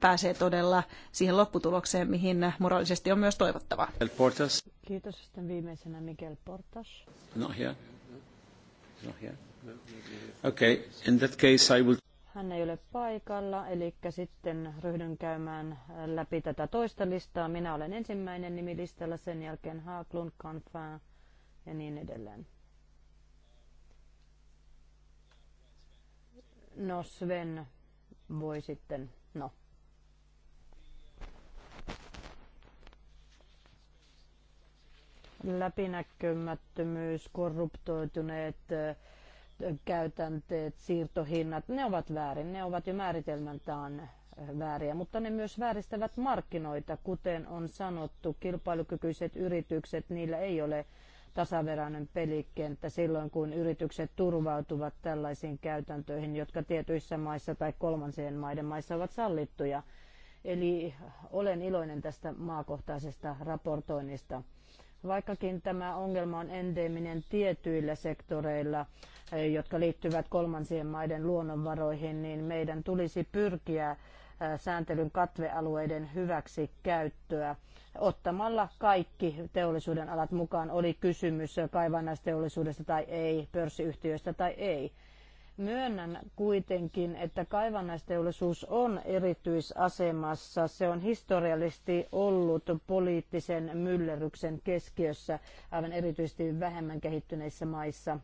pääsee todella siihen lopputulokseen, mihin moraalisesti on myös toivottavaa. Portas. Kiitos. Sitten viimeisenä Miguel Portas. No here. No here. Okay, in that case I will... Hän ei ole paikalla, eli sitten ryhdyn käymään läpi tätä toista listaa. Minä olen ensimmäinen nimilistalla, sen jälkeen Haaklund, Kanfaa ja niin edelleen. No Sven voi sitten, no. Läpinäkymättömyys, korruptoituneet, äh, käytänteet, siirtohinnat, ne ovat väärin, ne ovat jo määritelmältään vääriä, mutta ne myös vääristävät markkinoita, kuten on sanottu, kilpailukykyiset yritykset, niillä ei ole tasaverainen pelikenttä silloin, kun yritykset turvautuvat tällaisiin käytäntöihin, jotka tietyissä maissa tai kolmansien maiden maissa ovat sallittuja. Eli olen iloinen tästä maakohtaisesta raportoinnista. Vaikkakin tämä ongelma on endeminen tietyillä sektoreilla, eh, jotka liittyvät kolmansien maiden luonnonvaroihin, niin meidän tulisi pyrkiä eh, sääntelyn katvealueiden hyväksi käyttöä ottamalla kaikki teollisuuden alat mukaan, oli kysymys kaivannaisteollisuudesta tai ei, pörssiyhtiöistä tai ei. Myönnän kuitenkin, että kaivannaisteollisuus on erityisasemassa. Se on historiallisesti ollut poliittisen myllerryksen keskiössä, aivan erityisesti vähemmän kehittyneissä maissa.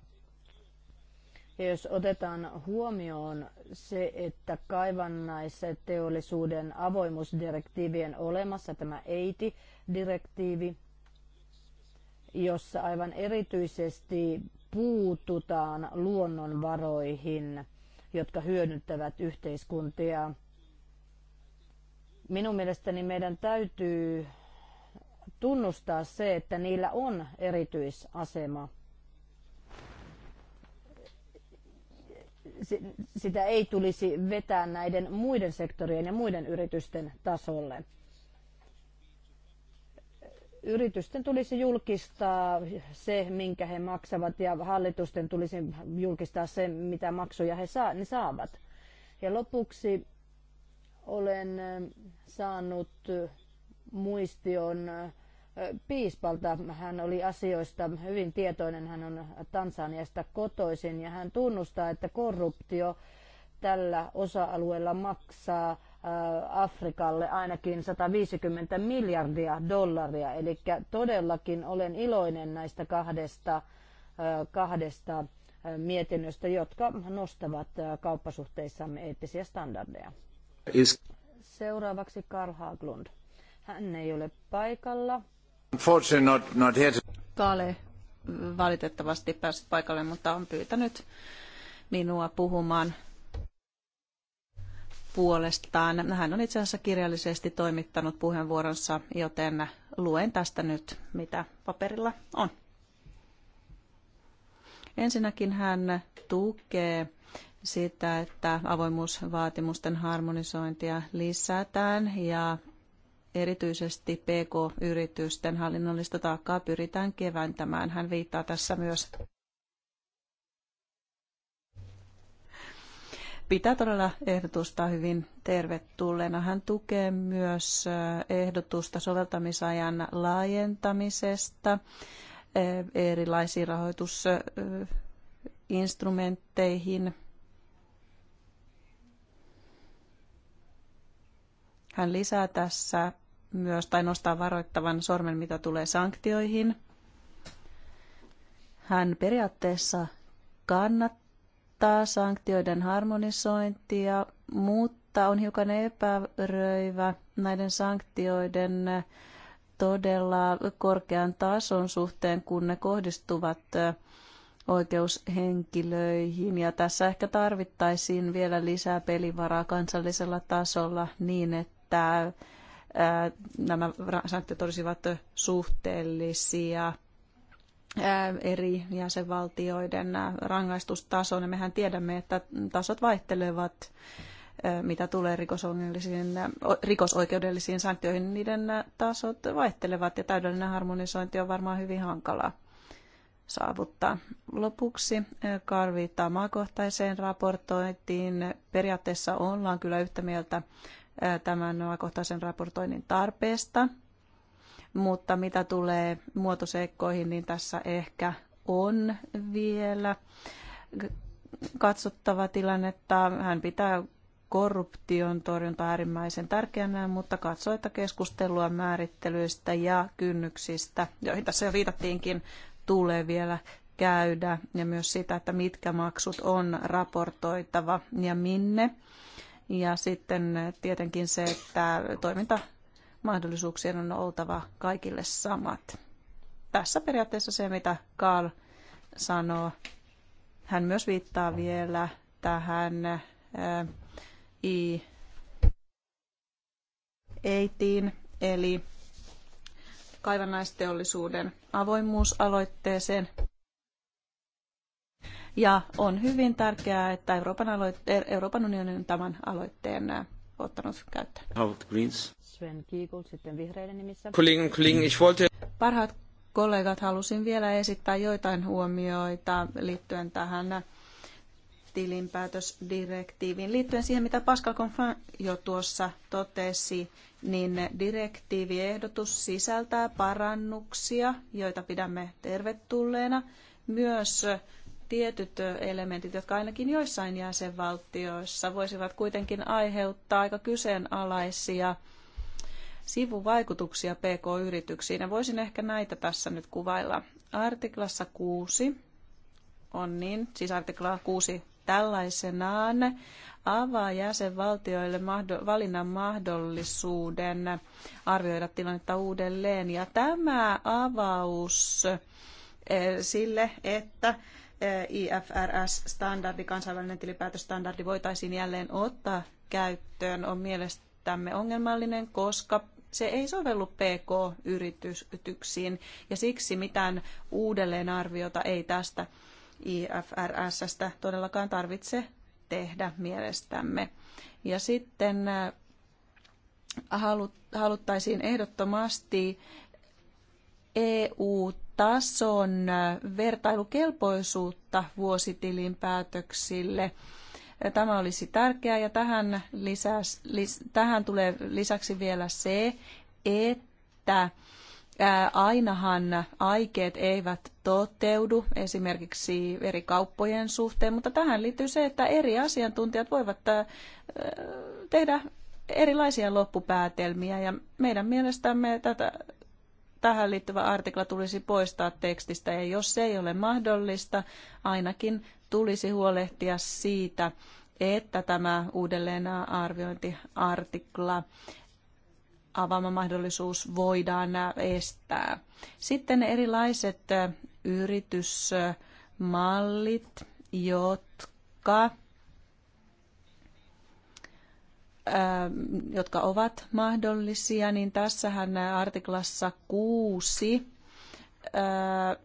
Ja jos otetaan huomioon se, että kaivannaisteollisuuden avoimuusdirektiivien olemassa tämä eit direktiivi jossa aivan erityisesti puututaan luonnonvaroihin, jotka hyödyttävät yhteiskuntia. Minun mielestäni meidän täytyy tunnustaa se, että niillä on erityisasema. Sitä ei tulisi vetää näiden muiden sektorien ja muiden yritysten tasolle yritysten tulisi julkistaa se, minkä he maksavat, ja hallitusten tulisi julkistaa se, mitä maksuja he saa, ne saavat. Ja lopuksi olen saanut muistion piispalta. Hän oli asioista hyvin tietoinen. Hän on Tansaniasta kotoisin ja hän tunnustaa, että korruptio tällä osa-alueella maksaa Äh, Afrikalle ainakin 150 miljardia dollaria. Eli todellakin olen iloinen näistä kahdesta, äh, kahdesta äh, mietinnöstä, jotka nostavat kauppasuhteissamme eettisiä standardeja. Is... Seuraavaksi Karl Haglund. Hän ei ole paikalla. Not, not here. Kale valitettavasti päässyt paikalle, mutta on pyytänyt minua puhumaan puolestaan. Hän on itse asiassa kirjallisesti toimittanut puheenvuoronsa, joten luen tästä nyt, mitä paperilla on. Ensinnäkin hän tukee sitä, että avoimuusvaatimusten harmonisointia lisätään ja erityisesti PK-yritysten hallinnollista taakkaa pyritään keventämään. Hän viittaa tässä myös pitää todella ehdotusta hyvin tervetulleena. Hän tukee myös äh, ehdotusta soveltamisajan laajentamisesta äh, erilaisiin rahoitusinstrumentteihin. Äh, Hän lisää tässä myös tai nostaa varoittavan sormen, mitä tulee sanktioihin. Hän periaatteessa kannattaa ehdottaa sanktioiden harmonisointia, mutta on hiukan epäröivä näiden sanktioiden todella korkean tason suhteen, kun ne kohdistuvat oikeushenkilöihin. Ja tässä ehkä tarvittaisiin vielä lisää pelivaraa kansallisella tasolla niin, että nämä sanktiot olisivat suhteellisia eri jäsenvaltioiden rangaistustason. Ja mehän tiedämme, että tasot vaihtelevat, mitä tulee rikosoikeudellisiin, sanktioihin. Niiden tasot vaihtelevat ja täydellinen harmonisointi on varmaan hyvin hankalaa saavuttaa. Lopuksi Karl viittaa maakohtaiseen raportointiin. Periaatteessa ollaan kyllä yhtä mieltä tämän maakohtaisen raportoinnin tarpeesta – mutta mitä tulee muotoseikkoihin, niin tässä ehkä on vielä katsottava tilannetta. Hän pitää korruption torjunta äärimmäisen tärkeänä, mutta katsoo, että keskustelua määrittelyistä ja kynnyksistä, joihin tässä jo viitattiinkin, tulee vielä käydä ja myös sitä, että mitkä maksut on raportoitava ja minne. Ja sitten tietenkin se, että toiminta mahdollisuuksien on oltava kaikille samat. Tässä periaatteessa se, mitä Karl sanoo, hän myös viittaa vielä tähän ää, eh, i Eitiin, eli kaivannaisteollisuuden avoimuusaloitteeseen. Ja on hyvin tärkeää, että Euroopan, aloitte- Euroopan unionin tämän aloitteen eh, ottanut käyttöön. Greens. Sven Kiikul sitten vihreiden nimissä. Kollegen, kollegen, ich wollte... Parhaat kollegat, halusin vielä esittää joitain huomioita liittyen tähän tilinpäätösdirektiiviin. Liittyen siihen, mitä Pascal Confin jo tuossa totesi, niin direktiiviehdotus sisältää parannuksia, joita pidämme tervetulleena. Myös tietyt elementit, jotka ainakin joissain jäsenvaltioissa voisivat kuitenkin aiheuttaa aika kyseenalaisia sivuvaikutuksia PK-yrityksiin. Ja voisin ehkä näitä tässä nyt kuvailla. Artiklassa 6 on niin, siis artikla 6 tällaisenaan avaa jäsenvaltioille mahdo- valinnan mahdollisuuden arvioida tilannetta uudelleen. Ja tämä avaus eh, sille, että eh, IFRS-standardi, kansainvälinen tilipäätösstandardi, voitaisiin jälleen ottaa käyttöön, on mielestämme ongelmallinen, koska se ei sovellu PK-yrityksiin ja siksi mitään uudelleenarviota ei tästä IFRSstä todellakaan tarvitse tehdä mielestämme. Ja sitten äh, haluttaisiin ehdottomasti EU-tason äh, vertailukelpoisuutta vuositilin päätöksille – Tämä olisi tärkeää ja tähän, lisäs, lis, tähän tulee lisäksi vielä se, että ainahan aikeet eivät toteudu esimerkiksi eri kauppojen suhteen, mutta tähän liittyy se, että eri asiantuntijat voivat tehdä erilaisia loppupäätelmiä ja meidän mielestämme tätä, tähän liittyvä artikla tulisi poistaa tekstistä ja jos se ei ole mahdollista, ainakin tulisi huolehtia siitä, että tämä uudelleenarviointiartikla avaama mahdollisuus voidaan estää. Sitten erilaiset yritysmallit, jotka ähm, jotka ovat mahdollisia, niin tässähän artiklassa kuusi äh,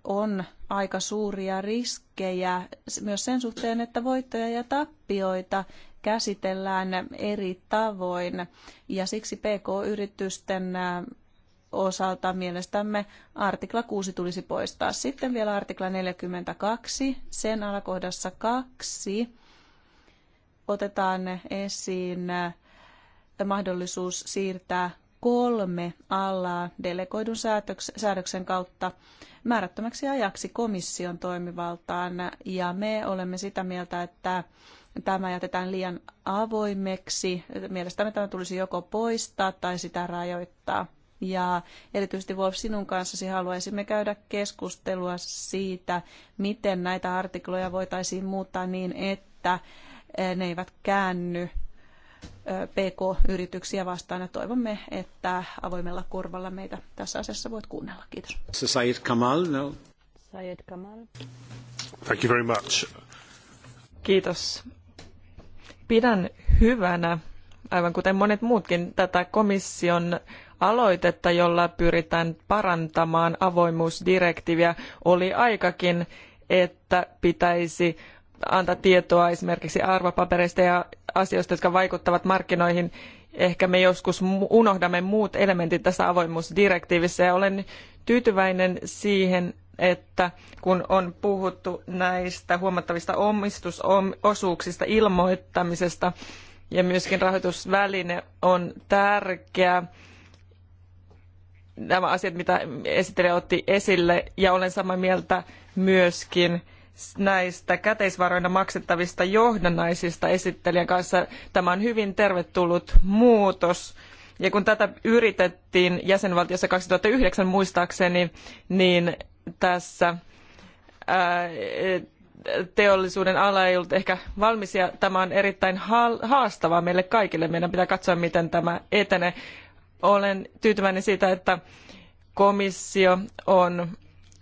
on aika suuria riskejä vinkkejä myös sen suhteen, että voittoja ja tappioita käsitellään eri tavoin. Ja siksi PK-yritysten osalta mielestämme artikla 6 tulisi poistaa. Sitten vielä artikla 42, sen alakohdassa 2 otetaan esiin mahdollisuus siirtää kolme alaa delegoidun säädöksen kautta määrättömäksi ajaksi komission toimivaltaan. Ja me olemme sitä mieltä, että tämä jätetään liian avoimeksi. Mielestämme tämä tulisi joko poistaa tai sitä rajoittaa. Ja erityisesti Wolf, sinun kanssasi haluaisimme käydä keskustelua siitä, miten näitä artikloja voitaisiin muuttaa niin, että eh, ne eivät käänny PK-yrityksiä vastaan ja toivomme, että avoimella korvalla meitä tässä asiassa voit kuunnella. Kiitos. Sayed Kamal, no. Sayed Kamal. Thank you very much. Kiitos. Pidän hyvänä, aivan kuten monet muutkin, tätä komission aloitetta, jolla pyritään parantamaan avoimuusdirektiiviä. Oli aikakin, että pitäisi antaa tietoa esimerkiksi arvopapereista ja asioista, jotka vaikuttavat markkinoihin. Ehkä me joskus unohdamme muut elementit tässä avoimuusdirektiivissä ja olen tyytyväinen siihen, että kun on puhuttu näistä huomattavista omistusosuuksista ilmoittamisesta ja myöskin rahoitusväline on tärkeä, nämä asiat, mitä esittelijä otti esille, ja olen samaa mieltä myöskin näistä käteisvaroina maksettavista johdannaisista esittelijän kanssa. Tämä on hyvin tervetullut muutos. Ja kun tätä yritettiin jäsenvaltiossa 2009 muistaakseni, niin tässä ää, teollisuuden ala ei ollut ehkä valmis ja tämä on erittäin haastavaa meille kaikille. Meidän pitää katsoa, miten tämä etenee. Olen tyytyväinen siitä, että komissio on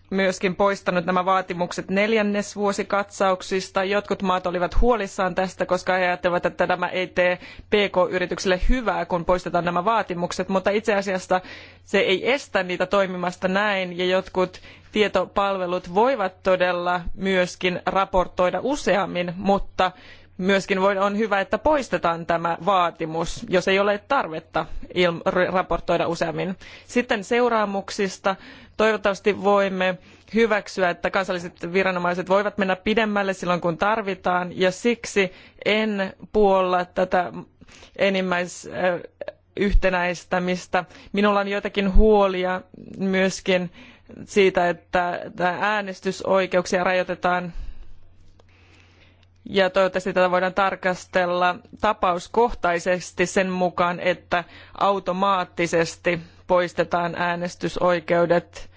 myöskin poistanut nämä vaatimukset neljännesvuosikatsauksista. Jotkut maat olivat huolissaan tästä, koska he ajattelivat, että tämä ei tee PK-yrityksille hyvää, kun poistetaan nämä vaatimukset, mutta itse asiassa se ei estä niitä toimimasta näin, ja jotkut tietopalvelut voivat todella myöskin raportoida useammin, mutta myöskin on hyvä, että poistetaan tämä vaatimus, jos ei ole tarvetta raportoida useammin. Sitten seuraamuksista Toivottavasti voimme hyväksyä, että kansalliset viranomaiset voivat mennä pidemmälle silloin, kun tarvitaan, ja siksi en puolla tätä enimmäisyhtenäistämistä. Minulla on joitakin huolia myöskin siitä, että äänestysoikeuksia rajoitetaan ja toivottavasti tätä voidaan tarkastella tapauskohtaisesti sen mukaan, että automaattisesti poistetaan äänestysoikeudet.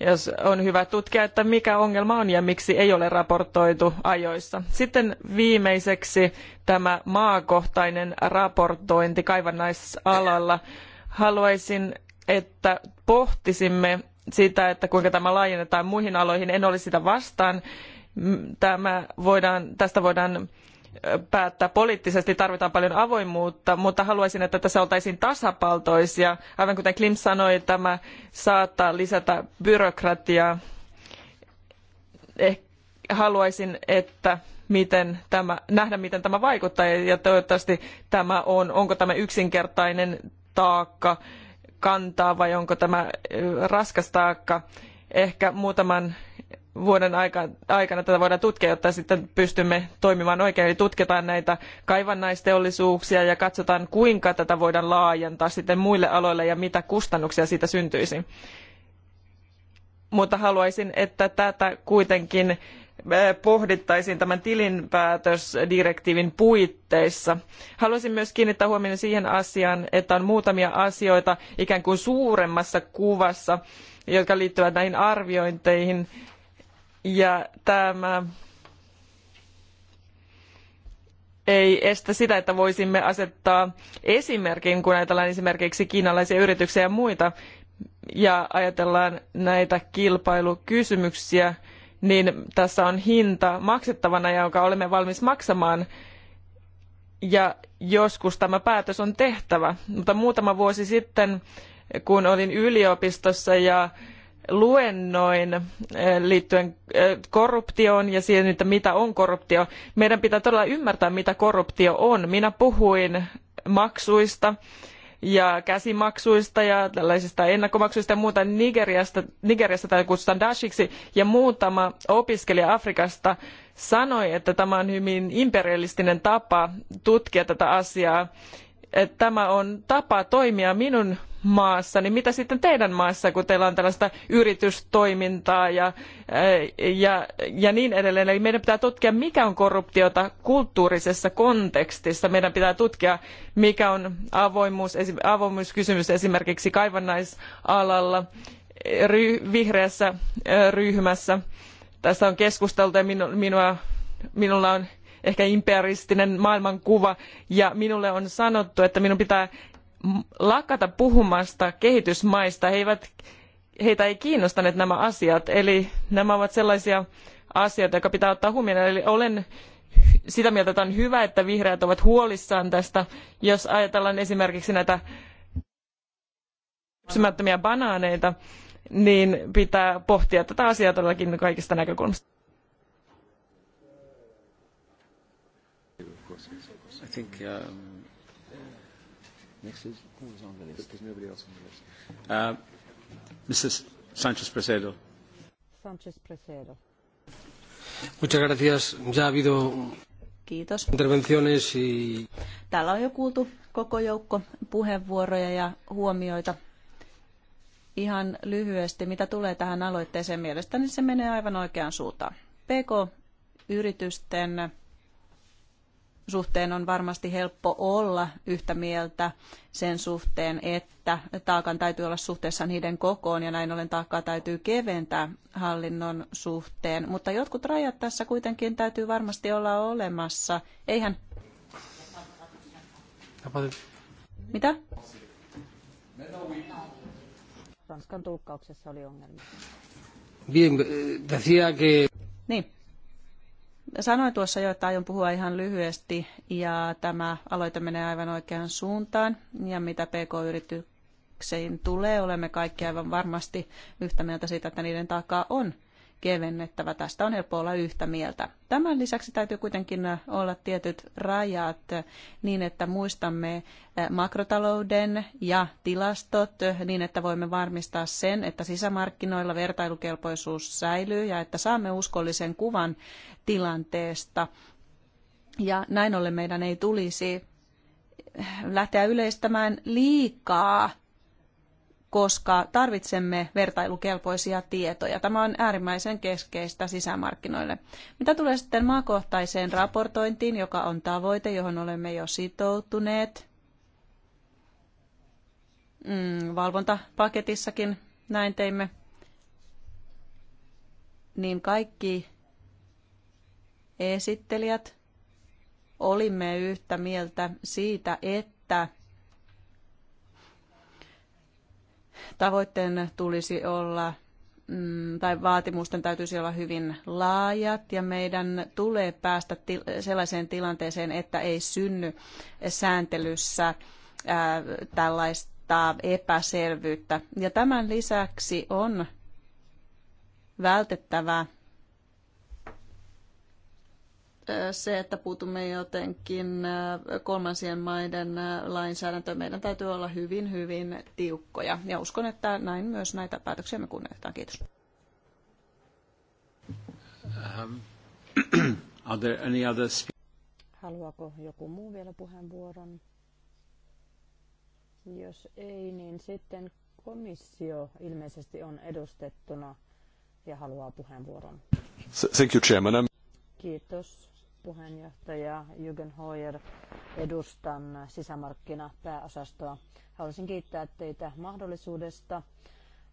Jos on hyvä tutkia, että mikä ongelma on ja miksi ei ole raportoitu ajoissa. Sitten viimeiseksi tämä maakohtainen raportointi kaivannaisalalla. Haluaisin, että pohtisimme sitä, että kuinka tämä laajennetaan muihin aloihin. En ole sitä vastaan tämä voidaan, tästä voidaan päättää poliittisesti, tarvitaan paljon avoimuutta, mutta haluaisin, että tässä oltaisiin tasapaltoisia. Aivan kuten Klim sanoi, tämä saattaa lisätä byrokratiaa. Eh, haluaisin, että miten tämä, nähdä, miten tämä vaikuttaa ja toivottavasti tämä on, onko tämä yksinkertainen taakka kantaa vai onko tämä raskas taakka. Ehkä muutaman vuoden aikana tätä voidaan tutkia, jotta sitten pystymme toimimaan oikein. Eli tutkitaan näitä kaivannaisteollisuuksia ja katsotaan, kuinka tätä voidaan laajentaa sitten muille aloille ja mitä kustannuksia siitä syntyisi. Mutta haluaisin, että tätä kuitenkin eh, pohdittaisiin tämän tilinpäätösdirektiivin puitteissa. Haluaisin myös kiinnittää huomioon siihen asiaan, että on muutamia asioita ikään kuin suuremmassa kuvassa, jotka liittyvät näihin arviointeihin ja tämä ei estä sitä, että voisimme asettaa esimerkin, kun ajatellaan esimerkiksi kiinalaisia yrityksiä ja muita, ja ajatellaan näitä kilpailukysymyksiä, niin tässä on hinta maksettavana, jonka olemme valmis maksamaan. Ja joskus tämä päätös on tehtävä. Mutta muutama vuosi sitten, kun olin yliopistossa ja luennoin eh, liittyen eh, korruptioon ja siihen, että mitä on korruptio. Meidän pitää todella ymmärtää, mitä korruptio on. Minä puhuin maksuista ja käsimaksuista ja tällaisista ennakkomaksuista ja muuta Nigeriasta, Nigeriasta tai kutsutaan dashiksi, ja muutama opiskelija Afrikasta sanoi, että tämä on hyvin imperialistinen tapa tutkia tätä asiaa. Että tämä on tapa toimia minun maassa, niin mitä sitten teidän maassa, kun teillä on tällaista yritystoimintaa ja, äh, ja, ja niin edelleen. Eli meidän pitää tutkia, mikä on korruptiota kulttuurisessa kontekstissa. Meidän pitää tutkia, mikä on avoimuus, avoimuuskysymys esimerkiksi kaivannaisalalla, ry, vihreässä äh, ryhmässä. Tästä on keskusteltu ja minua, minulla on ehkä imperialistinen maailmankuva ja minulle on sanottu, että minun pitää lakata puhumasta kehitysmaista. He eivät, heitä ei kiinnostaneet nämä asiat, eli nämä ovat sellaisia asioita, jotka pitää ottaa huomioon. Eli olen sitä mieltä, että on hyvä, että vihreät ovat huolissaan tästä. Jos ajatellaan esimerkiksi näitä kypsymättömiä banaaneita, niin pitää pohtia tätä asiaa todellakin kaikista näkökulmista. I think, um... Next is who was on the list? There's nobody else on the list. Uh, Mrs. Sánchez Presedo. Sánchez Presedo. Muchas gracias. Ya ha habido Kiitos. intervenciones y... Täällä on jo kuultu koko joukko puheenvuoroja ja huomioita. Ihan lyhyesti, mitä tulee tähän aloitteeseen mielestäni, niin se menee aivan oikeaan suuntaan. PK-yritysten suhteen on varmasti helppo olla yhtä mieltä sen suhteen, että taakan täytyy olla suhteessa niiden kokoon ja näin ollen taakkaa täytyy keventää hallinnon suhteen. Mutta jotkut rajat tässä kuitenkin täytyy varmasti olla olemassa. Eihän... Mitä? Ranskan tulkkauksessa oli ongelmia. Bien, decía que... Niin Sanoin tuossa jo, että aion puhua ihan lyhyesti ja tämä aloite menee aivan oikeaan suuntaan. Ja mitä PK-yrityksiin tulee, olemme kaikki aivan varmasti yhtä mieltä siitä, että niiden takaa on kevennettävä. Tästä on helppo olla yhtä mieltä. Tämän lisäksi täytyy kuitenkin olla tietyt rajat niin, että muistamme makrotalouden ja tilastot niin, että voimme varmistaa sen, että sisämarkkinoilla vertailukelpoisuus säilyy ja että saamme uskollisen kuvan tilanteesta. Ja näin ollen meidän ei tulisi lähteä yleistämään liikaa koska tarvitsemme vertailukelpoisia tietoja. Tämä on äärimmäisen keskeistä sisämarkkinoille. Mitä tulee sitten maakohtaiseen raportointiin, joka on tavoite, johon olemme jo sitoutuneet, mm, valvontapaketissakin näin teimme, niin kaikki esittelijät olimme yhtä mieltä siitä, että Tavoitteen tulisi olla mm, tai vaatimusten täytyisi olla hyvin laajat ja meidän tulee päästä sellaiseen tilanteeseen, että ei synny sääntelyssä tällaista epäselvyyttä. Ja tämän lisäksi on vältettävä se, että puutumme jotenkin äh, kolmansien maiden äh, lainsäädäntöön. Meidän täytyy olla hyvin, hyvin tiukkoja. Ja uskon, että näin myös näitä päätöksiä me kunnioitetaan. Kiitos. Um, are there any other Haluaako joku muu vielä puheenvuoron? Jos ei, niin sitten komissio ilmeisesti on edustettuna ja haluaa puheenvuoron. Thank you, Chairman. Um, Kiitos puheenjohtaja Jürgen Hoyer. Edustan sisämarkkinapääosastoa. Haluaisin kiittää teitä mahdollisuudesta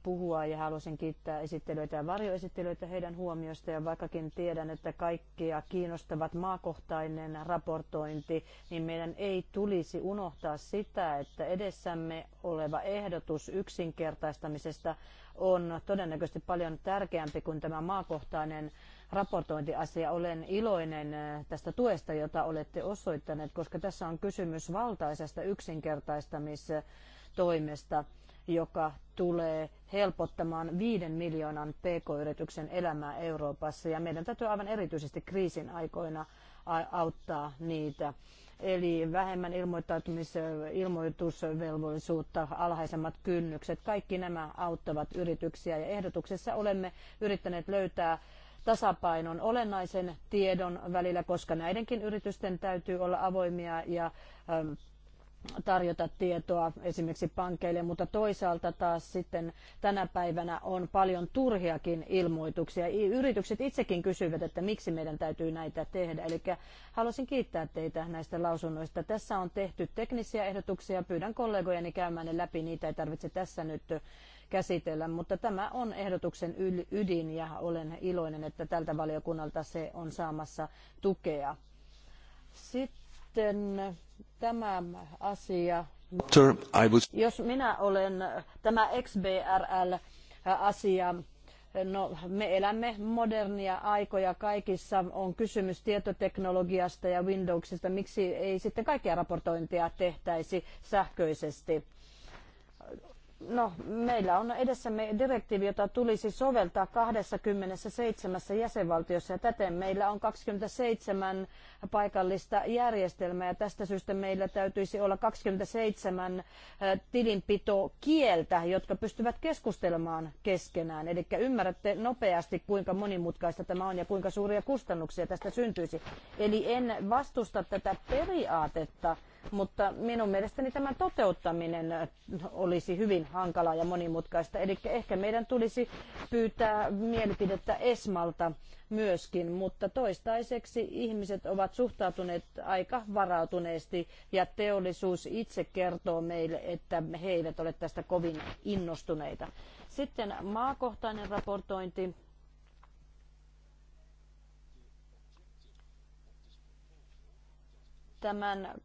puhua ja haluaisin kiittää esittelyitä ja varjoesittelyitä heidän huomiosta ja vaikkakin tiedän, että kaikkia kiinnostavat maakohtainen raportointi, niin meidän ei tulisi unohtaa sitä, että edessämme oleva ehdotus yksinkertaistamisesta on todennäköisesti paljon tärkeämpi kuin tämä maakohtainen raportointiasia. Olen iloinen äh, tästä tuesta, jota olette osoittaneet, koska tässä on kysymys valtaisesta yksinkertaistamistoimesta joka tulee helpottamaan viiden miljoonan pk-yrityksen elämää Euroopassa. Ja meidän täytyy aivan erityisesti kriisin aikoina auttaa niitä. Eli vähemmän ilmoittautumis- ilmoitusvelvollisuutta, alhaisemmat kynnykset, kaikki nämä auttavat yrityksiä. Ja ehdotuksessa olemme yrittäneet löytää tasapainon olennaisen tiedon välillä, koska näidenkin yritysten täytyy olla avoimia ja ähm, tarjota tietoa esimerkiksi pankeille, mutta toisaalta taas sitten tänä päivänä on paljon turhiakin ilmoituksia. Yritykset itsekin kysyvät, että miksi meidän täytyy näitä tehdä. Eli haluaisin kiittää teitä näistä lausunnoista. Tässä on tehty teknisiä ehdotuksia. Pyydän kollegojani käymään ne läpi. Niitä ei tarvitse tässä nyt käsitellä, mutta tämä on ehdotuksen ydin ja olen iloinen, että tältä valiokunnalta se on saamassa tukea. Sitten sitten tämä asia. Jos minä olen tämä XBRL-asia, No, me elämme modernia aikoja. Kaikissa on kysymys tietoteknologiasta ja Windowsista. Miksi ei sitten kaikkia raportointia tehtäisi sähköisesti? No, meillä on edessämme direktiivi, jota tulisi soveltaa 27 jäsenvaltiossa ja täten meillä on 27 paikallista järjestelmää. Ja tästä syystä meillä täytyisi olla 27 tilinpitokieltä, jotka pystyvät keskustelemaan keskenään. Eli ymmärrätte nopeasti, kuinka monimutkaista tämä on ja kuinka suuria kustannuksia tästä syntyisi. Eli en vastusta tätä periaatetta mutta minun mielestäni tämä toteuttaminen olisi hyvin hankalaa ja monimutkaista. Eli ehkä meidän tulisi pyytää mielipidettä Esmalta myöskin, mutta toistaiseksi ihmiset ovat suhtautuneet aika varautuneesti ja teollisuus itse kertoo meille, että he eivät ole tästä kovin innostuneita. Sitten maakohtainen raportointi. Tämän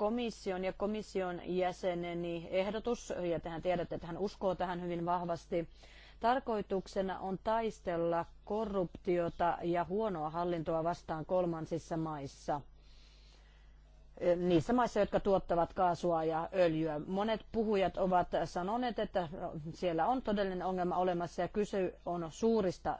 komission ja komission jäseneni ehdotus, ja tehän tiedätte, että hän uskoo tähän hyvin vahvasti. Tarkoituksena on taistella korruptiota ja huonoa hallintoa vastaan kolmansissa maissa – niissä maissa, jotka tuottavat kaasua ja öljyä. Monet puhujat ovat sanoneet, että siellä on todellinen ongelma olemassa ja kyse on suurista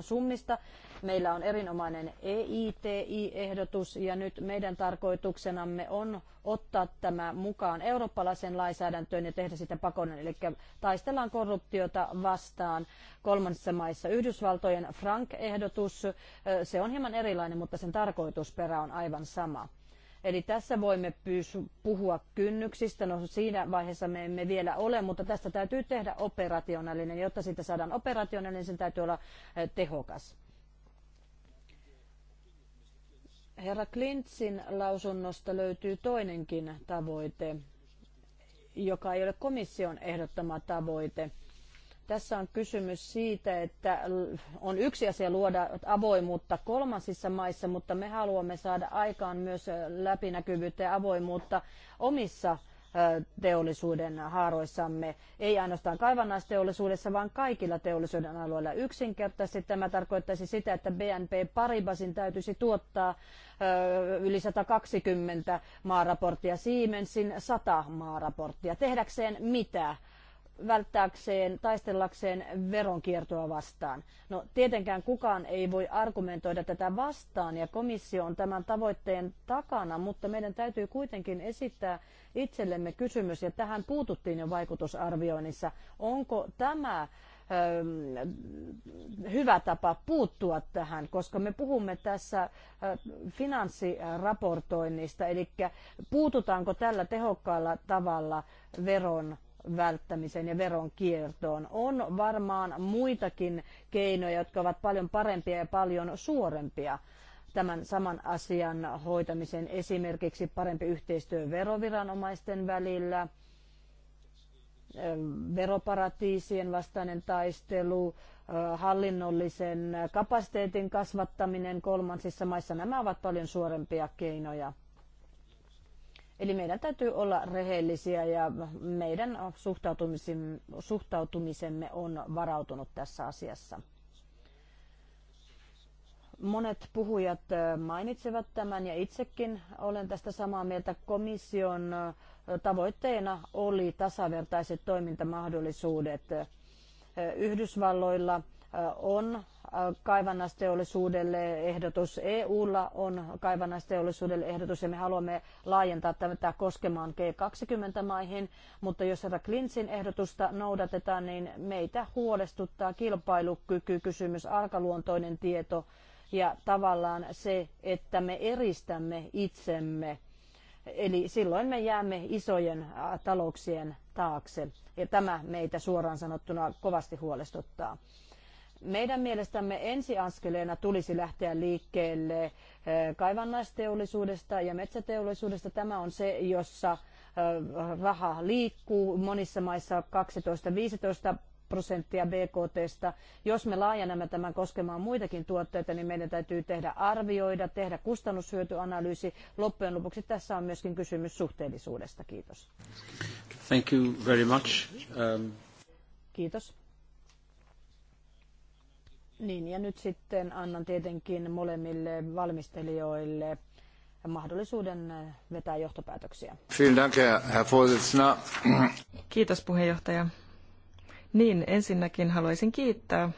summista. Meillä on erinomainen EITI-ehdotus ja nyt meidän tarkoituksenamme on ottaa tämä mukaan eurooppalaisen lainsäädäntöön ja tehdä sitä pakollinen. Eli taistellaan korruptiota vastaan kolmansissa maissa. Yhdysvaltojen Frank-ehdotus, se on hieman erilainen, mutta sen tarkoitusperä on aivan sama. Eli tässä voimme puhua kynnyksistä. No siinä vaiheessa me emme vielä ole, mutta tästä täytyy tehdä operationaalinen. Jotta siitä saadaan operationaalinen, niin sen täytyy olla eh, tehokas. Herra Klintsin lausunnosta löytyy toinenkin tavoite, joka ei ole komission ehdottama tavoite – tässä on kysymys siitä, että on yksi asia luoda avoimuutta kolmansissa maissa, mutta me haluamme saada aikaan myös läpinäkyvyyttä ja avoimuutta omissa teollisuuden haaroissamme, ei ainoastaan kaivannaisteollisuudessa, vaan kaikilla teollisuuden alueilla. Yksinkertaisesti tämä tarkoittaisi sitä, että BNP Paribasin täytyisi tuottaa yli 120 maaraporttia, Siemensin 100 maaraporttia. Tehdäkseen mitä? välttääkseen, taistellakseen veronkiertoa vastaan. No tietenkään kukaan ei voi argumentoida tätä vastaan ja komissio on tämän tavoitteen takana, mutta meidän täytyy kuitenkin esittää itsellemme kysymys ja tähän puututtiin jo vaikutusarvioinnissa. Onko tämä hyvä tapa puuttua tähän, koska me puhumme tässä finanssiraportoinnista, eli puututaanko tällä tehokkaalla tavalla veron välttämiseen ja veronkiertoon. On varmaan muitakin keinoja, jotka ovat paljon parempia ja paljon suorempia tämän saman asian hoitamisen, esimerkiksi parempi yhteistyö veroviranomaisten välillä, veroparatiisien vastainen taistelu, hallinnollisen kapasiteetin kasvattaminen kolmansissa maissa. Nämä ovat paljon suorempia keinoja Eli meidän täytyy olla rehellisiä ja meidän suhtautumisemme on varautunut tässä asiassa. Monet puhujat mainitsevat tämän ja itsekin olen tästä samaa mieltä. Komission tavoitteena oli tasavertaiset toimintamahdollisuudet. Yhdysvalloilla on kaivannasteollisuudelle ehdotus. EUlla on kaivannaisteollisuudelle ehdotus ja me haluamme laajentaa tätä koskemaan G20-maihin, mutta jos tätä Klintsin ehdotusta noudatetaan, niin meitä huolestuttaa kilpailukykykysymys, arkaluontoinen tieto ja tavallaan se, että me eristämme itsemme. Eli silloin me jäämme isojen talouksien taakse ja tämä meitä suoraan sanottuna kovasti huolestuttaa. Meidän mielestämme ensiaskeleena tulisi lähteä liikkeelle eh, kaivannaisteollisuudesta ja metsäteollisuudesta. Tämä on se, jossa eh, raha liikkuu monissa maissa 12-15 prosenttia BKTstä. Jos me laajennamme tämän koskemaan muitakin tuotteita, niin meidän täytyy tehdä arvioida, tehdä kustannushyötyanalyysi. Loppujen lopuksi tässä on myöskin kysymys suhteellisuudesta. Kiitos. Thank you very much. Um... Kiitos. Niin, ja nyt sitten annan tietenkin molemmille valmistelijoille mahdollisuuden vetää johtopäätöksiä. Kiitos puheenjohtaja. Niin, ensinnäkin haluaisin kiittää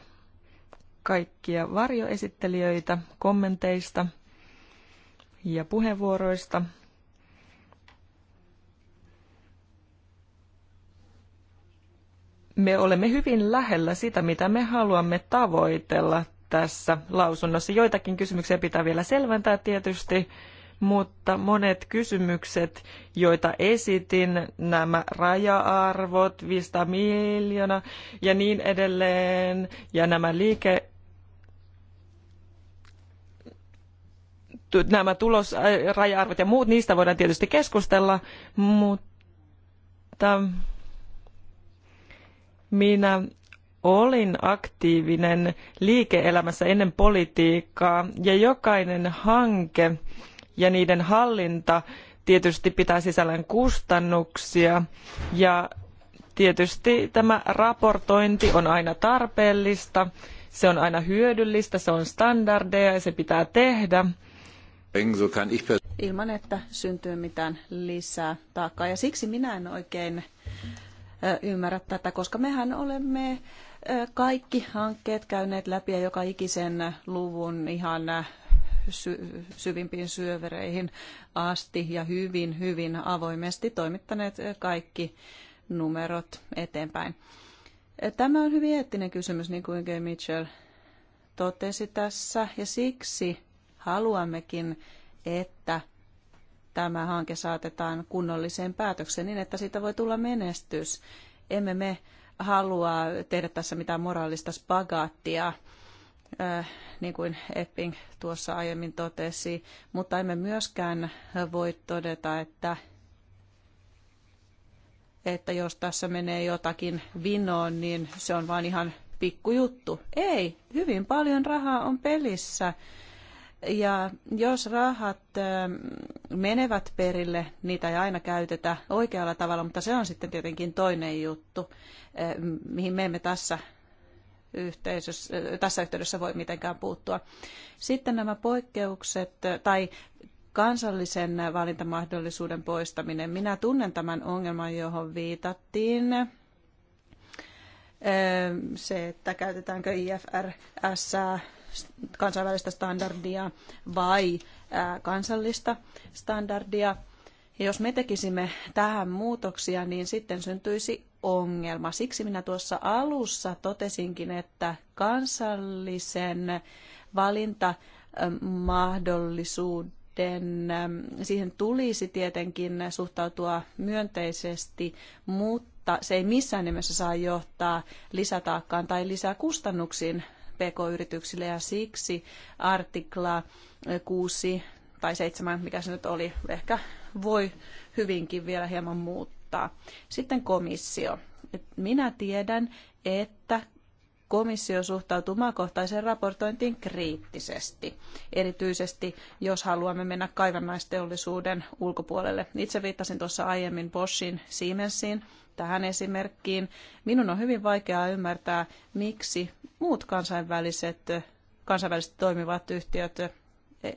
kaikkia varjoesittelijöitä kommenteista ja puheenvuoroista. me olemme hyvin lähellä sitä, mitä me haluamme tavoitella tässä lausunnossa. Joitakin kysymyksiä pitää vielä selventää tietysti, mutta monet kysymykset, joita esitin, nämä raja-arvot, 500 miljoonaa ja niin edelleen, ja nämä liike nämä tulosraja-arvot äh, ja muut, niistä voidaan tietysti keskustella, mutta minä olin aktiivinen liike-elämässä ennen politiikkaa ja jokainen hanke ja niiden hallinta tietysti pitää sisällään kustannuksia ja tietysti tämä raportointi on aina tarpeellista, se on aina hyödyllistä, se on standardeja ja se pitää tehdä. Ilman, että syntyy mitään lisää taakkaa. Ja siksi minä en oikein ymmärrä tätä, koska mehän olemme kaikki hankkeet käyneet läpi ja joka ikisen luvun ihan sy- syvimpiin syövereihin asti ja hyvin, hyvin avoimesti toimittaneet kaikki numerot eteenpäin. Tämä on hyvin eettinen kysymys, niin kuin Gay Mitchell totesi tässä, ja siksi haluammekin, että tämä hanke saatetaan kunnolliseen päätökseen niin, että siitä voi tulla menestys. Emme me halua tehdä tässä mitään moraalista spagaattia, äh, niin kuin Epping tuossa aiemmin totesi, mutta emme myöskään voi todeta, että että jos tässä menee jotakin vinoon, niin se on vain ihan pikkujuttu. Ei, hyvin paljon rahaa on pelissä ja jos rahat menevät perille, niitä ei aina käytetä oikealla tavalla, mutta se on sitten tietenkin toinen juttu, mihin me emme tässä, yhteisössä, tässä yhteydessä voi mitenkään puuttua. Sitten nämä poikkeukset tai kansallisen valintamahdollisuuden poistaminen. Minä tunnen tämän ongelman, johon viitattiin se, että käytetäänkö IFRS kansainvälistä standardia vai kansallista standardia. Ja jos me tekisimme tähän muutoksia, niin sitten syntyisi ongelma. Siksi minä tuossa alussa totesinkin, että kansallisen valintamahdollisuuden, siihen tulisi tietenkin suhtautua myönteisesti, mutta se ei missään nimessä saa johtaa lisätaakkaan tai lisää kustannuksiin. PK-yrityksille ja siksi artikla 6 tai 7, mikä se nyt oli, ehkä voi hyvinkin vielä hieman muuttaa. Sitten komissio. Minä tiedän, että komissio suhtautuu maakohtaiseen raportointiin kriittisesti, erityisesti jos haluamme mennä kaivannaisteollisuuden ulkopuolelle. Itse viittasin tuossa aiemmin Boschin Siemensiin, tähän esimerkkiin. Minun on hyvin vaikeaa ymmärtää, miksi muut kansainväliset, kansainväliset toimivat yhtiöt e-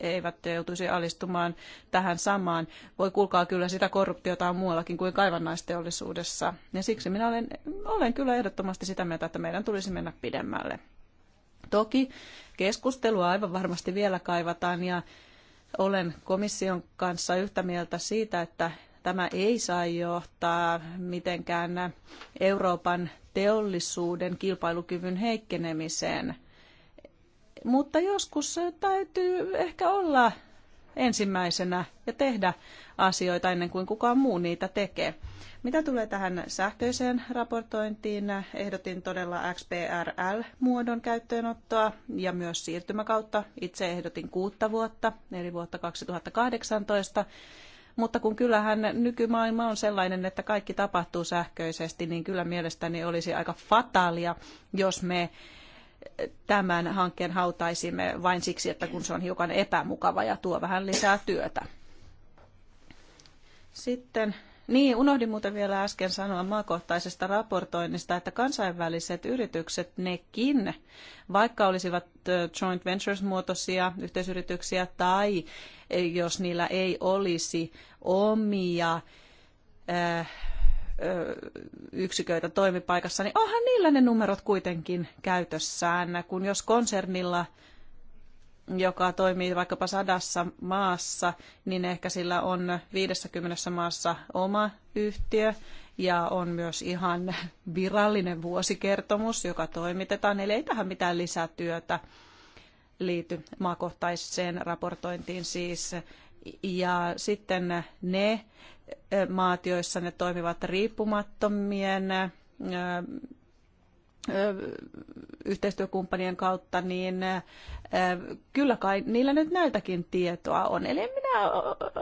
eivät joutuisi alistumaan tähän samaan. Voi kuulkaa kyllä sitä korruptiota on muuallakin kuin kaivannaisteollisuudessa. Ja siksi minä olen, olen kyllä ehdottomasti sitä mieltä, että meidän tulisi mennä pidemmälle. Toki keskustelua aivan varmasti vielä kaivataan ja olen komission kanssa yhtä mieltä siitä, että tämä ei saa johtaa mitenkään Euroopan teollisuuden kilpailukyvyn heikkenemiseen. Mutta joskus täytyy ehkä olla ensimmäisenä ja tehdä asioita ennen kuin kukaan muu niitä tekee. Mitä tulee tähän sähköiseen raportointiin, ehdotin todella XPRL-muodon käyttöönottoa ja myös siirtymäkautta. Itse ehdotin kuutta vuotta, eli vuotta 2018. Mutta kun kyllähän nykymaailma on sellainen, että kaikki tapahtuu sähköisesti, niin kyllä mielestäni olisi aika fataalia, jos me tämän hankkeen hautaisimme vain siksi, että kun se on hiukan epämukava ja tuo vähän lisää työtä. Sitten niin, unohdin muuten vielä äsken sanoa maakohtaisesta raportoinnista, että kansainväliset yritykset, nekin, vaikka olisivat joint ventures-muotoisia yhteisyrityksiä tai e, jos niillä ei olisi omia yksiköitä toimipaikassa, niin onhan niillä ne numerot kuitenkin käytössään, kun jos konsernilla joka toimii vaikkapa sadassa maassa, niin ehkä sillä on 50 maassa oma yhtiö ja on myös ihan virallinen vuosikertomus, joka toimitetaan. Eli ei tähän mitään lisätyötä liity maakohtaiseen raportointiin siis. Ja sitten ne eh, maat, joissa ne toimivat riippumattomien eh, yhteistyökumppanien kautta, niin kyllä kai niillä nyt näiltäkin tietoa on. Eli en minä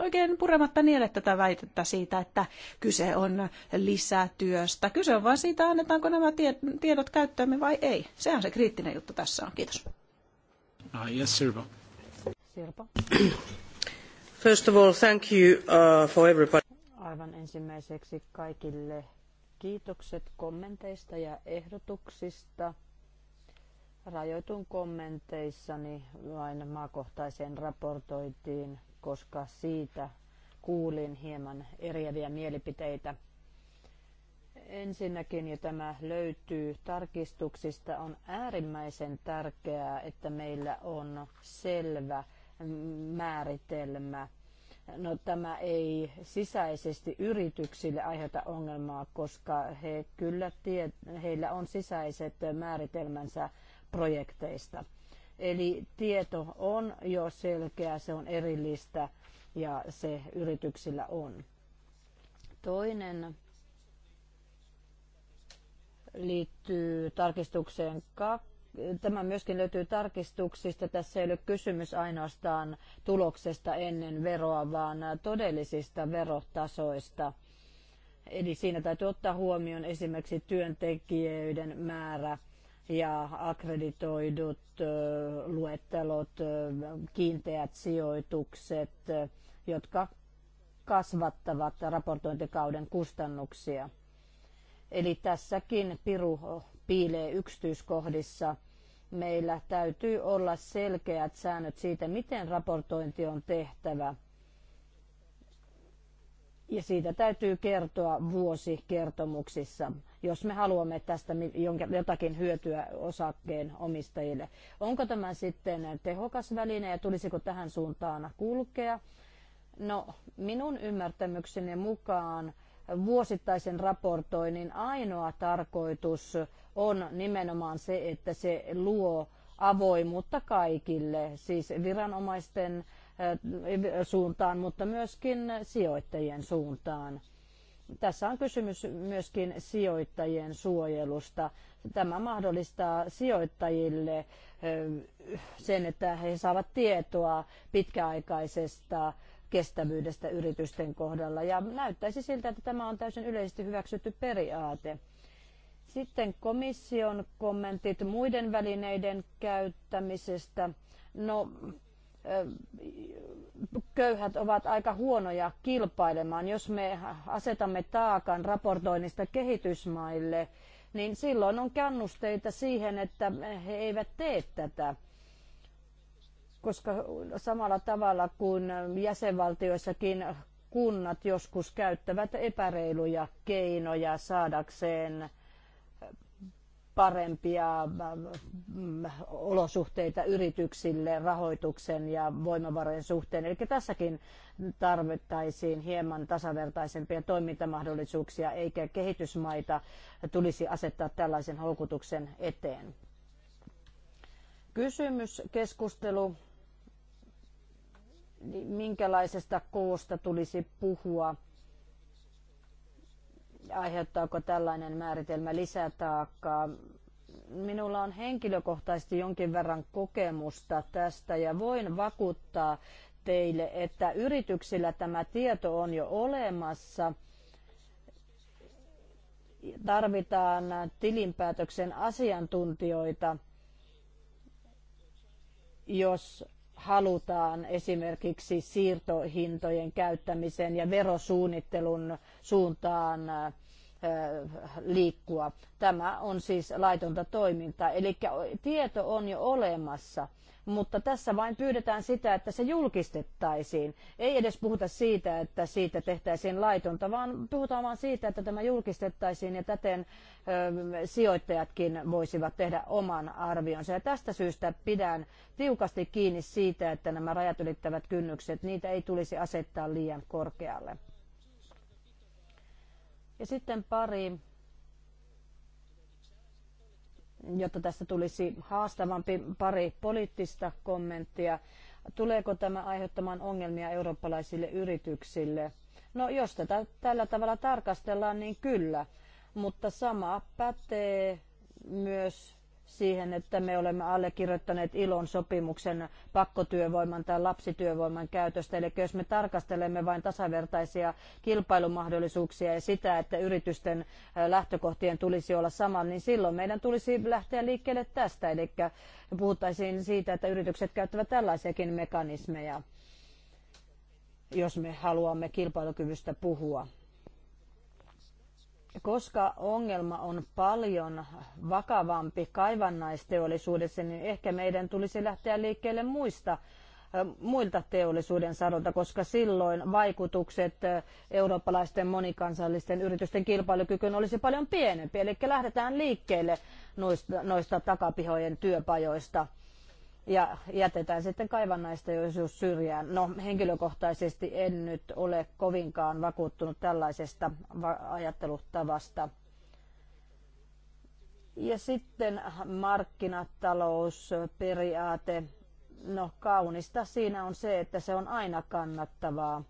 oikein purematta niele tätä väitettä siitä, että kyse on lisätyöstä. Kyse on vain siitä, annetaanko nämä tiedot käyttöömme vai ei. Sehän se kriittinen juttu tässä on. Kiitos. Uh, yes, Sirpa. Sirpa. First of all, thank you uh, for everybody. Aivan ensimmäiseksi kaikille Kiitokset kommenteista ja ehdotuksista. Rajoitun kommenteissani vain maakohtaiseen raportoitiin, koska siitä kuulin hieman eriäviä mielipiteitä. Ensinnäkin, ja tämä löytyy tarkistuksista, on äärimmäisen tärkeää, että meillä on selvä määritelmä No tämä ei sisäisesti yrityksille aiheuta ongelmaa, koska he kyllä tie, heillä on sisäiset määritelmänsä projekteista. Eli tieto on jo selkeä, se on erillistä ja se yrityksillä on. Toinen liittyy tarkistukseen 2 tämä myöskin löytyy tarkistuksista. Tässä ei ole kysymys ainoastaan tuloksesta ennen veroa, vaan todellisista verotasoista. Eli siinä täytyy ottaa huomioon esimerkiksi työntekijöiden määrä ja akkreditoidut luettelot, kiinteät sijoitukset, jotka kasvattavat raportointikauden kustannuksia. Eli tässäkin Piru piilee yksityiskohdissa. Meillä täytyy olla selkeät säännöt siitä, miten raportointi on tehtävä. Ja siitä täytyy kertoa vuosikertomuksissa, jos me haluamme tästä jotakin hyötyä osakkeen omistajille. Onko tämä sitten tehokas väline ja tulisiko tähän suuntaan kulkea? No, minun ymmärtämykseni mukaan vuosittaisen raportoinnin ainoa tarkoitus on nimenomaan se, että se luo avoimuutta kaikille, siis viranomaisten eh, suuntaan, mutta myöskin sijoittajien suuntaan. Tässä on kysymys myöskin sijoittajien suojelusta. Tämä mahdollistaa sijoittajille eh, sen, että he saavat tietoa pitkäaikaisesta kestävyydestä yritysten kohdalla. Ja näyttäisi siltä, että tämä on täysin yleisesti hyväksytty periaate. Sitten komission kommentit muiden välineiden käyttämisestä. No, köyhät ovat aika huonoja kilpailemaan. Jos me asetamme taakan raportoinnista kehitysmaille, niin silloin on kannusteita siihen, että he eivät tee tätä koska samalla tavalla kuin jäsenvaltioissakin kunnat joskus käyttävät epäreiluja keinoja saadakseen parempia mm, olosuhteita yrityksille rahoituksen ja voimavarojen suhteen. Eli tässäkin tarvittaisiin hieman tasavertaisempia toimintamahdollisuuksia, eikä kehitysmaita tulisi asettaa tällaisen houkutuksen eteen. Kysymys, keskustelu niin minkälaisesta koosta tulisi puhua? Aiheuttaako tällainen määritelmä lisätaakkaa? Minulla on henkilökohtaisesti jonkin verran kokemusta tästä ja voin vakuuttaa teille, että yrityksillä tämä tieto on jo olemassa – tarvitaan tilinpäätöksen asiantuntijoita, jos halutaan esimerkiksi siirtohintojen käyttämisen ja verosuunnittelun suuntaan liikkua. Tämä on siis laitonta toimintaa. Eli tieto on jo olemassa mutta tässä vain pyydetään sitä, että se julkistettaisiin. Ei edes puhuta siitä, että siitä tehtäisiin laitonta, vaan puhutaan vain siitä, että tämä julkistettaisiin ja täten ö, sijoittajatkin voisivat tehdä oman arvionsa. Ja tästä syystä pidän tiukasti kiinni siitä, että nämä rajat ylittävät kynnykset, niitä ei tulisi asettaa liian korkealle. Ja sitten pari jotta tästä tulisi haastavampi pari poliittista kommenttia. Tuleeko tämä aiheuttamaan ongelmia eurooppalaisille yrityksille? No jos tätä tällä tavalla tarkastellaan, niin kyllä. Mutta sama pätee myös siihen, että me olemme allekirjoittaneet ilon sopimuksen pakkotyövoiman tai lapsityövoiman käytöstä. Eli jos me tarkastelemme vain tasavertaisia kilpailumahdollisuuksia ja sitä, että yritysten lähtökohtien tulisi olla sama, niin silloin meidän tulisi lähteä liikkeelle tästä. Eli puhuttaisiin siitä, että yritykset käyttävät tällaisiakin mekanismeja, jos me haluamme kilpailukyvystä puhua koska ongelma on paljon vakavampi kaivannaisteollisuudessa, niin ehkä meidän tulisi lähteä liikkeelle muista muilta teollisuuden saralta, koska silloin vaikutukset eurooppalaisten monikansallisten yritysten kilpailukykyyn olisi paljon pienempi. Eli lähdetään liikkeelle noista, noista takapihojen työpajoista ja jätetään sitten kaivannaisteollisuus syrjään. No henkilökohtaisesti en nyt ole kovinkaan vakuuttunut tällaisesta ajattelutavasta. Ja sitten markkinatalousperiaate. No kaunista siinä on se, että se on aina kannattavaa.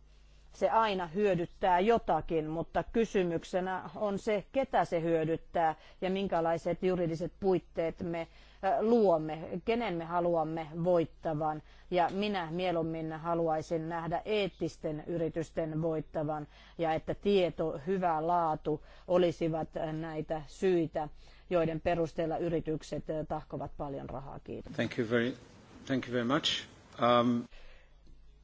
Se aina hyödyttää jotakin, mutta kysymyksenä on se, ketä se hyödyttää ja minkälaiset juridiset puitteet me luomme, kenen me haluamme voittavan. Ja minä mieluummin haluaisin nähdä eettisten yritysten voittavan ja että tieto, hyvä laatu olisivat näitä syitä, joiden perusteella yritykset tahkovat paljon rahaa. Kiitos. Thank you very, thank you very much. Um...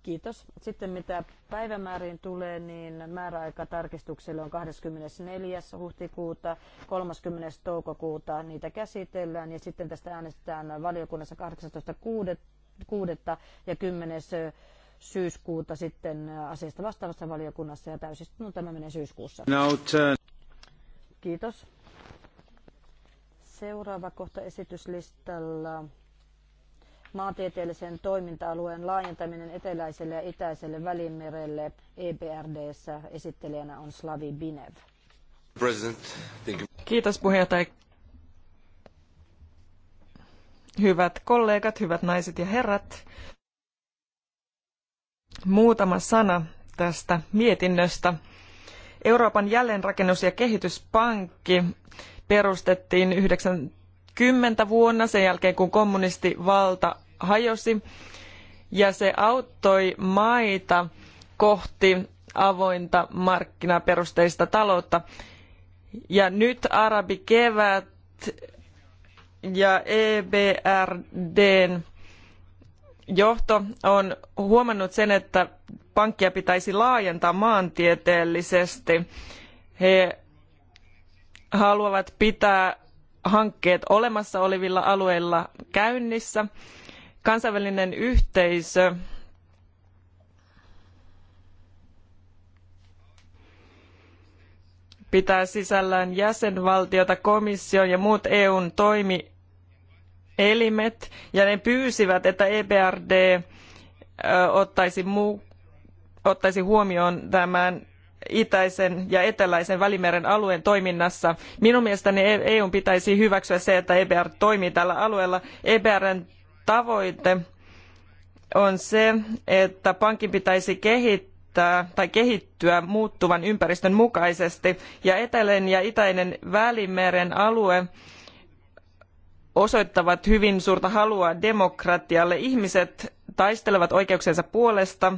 Kiitos. Sitten mitä päivämääriin tulee, niin määräaika tarkistukselle on 24. huhtikuuta, 30. toukokuuta niitä käsitellään ja sitten tästä äänestetään valiokunnassa 18.6. ja 10. syyskuuta sitten asiasta vastaavassa valiokunnassa ja täysistunut no, tämä menee syyskuussa. Kiitos. Seuraava kohta esityslistalla maantieteellisen toiminta-alueen laajentaminen eteläiselle ja itäiselle välimerelle EBRDssä esittelijänä on Slavi Binev. Kiitos puheenjohtaja. Hyvät kollegat, hyvät naiset ja herrat. Muutama sana tästä mietinnöstä. Euroopan jälleenrakennus- ja kehityspankki perustettiin 90 vuonna sen jälkeen, kun kommunistivalta hajosi ja se auttoi maita kohti avointa markkinaperusteista taloutta. Ja nyt arabikevät ja EBRDn johto on huomannut sen, että pankkia pitäisi laajentaa maantieteellisesti. He haluavat pitää hankkeet olemassa olevilla alueilla käynnissä kansainvälinen yhteisö pitää sisällään jäsenvaltiota, komission ja muut EUn toimielimet, ja ne pyysivät, että EBRD ottaisi, muu, ottaisi huomioon tämän itäisen ja eteläisen välimeren alueen toiminnassa. Minun mielestäni e- EU pitäisi hyväksyä se, että EBR toimii tällä alueella. EBRn tavoite on se, että pankin pitäisi kehittää tai kehittyä muuttuvan ympäristön mukaisesti ja etelän ja itäinen välimeren alue osoittavat hyvin suurta halua demokratialle. Ihmiset taistelevat oikeuksiensa puolesta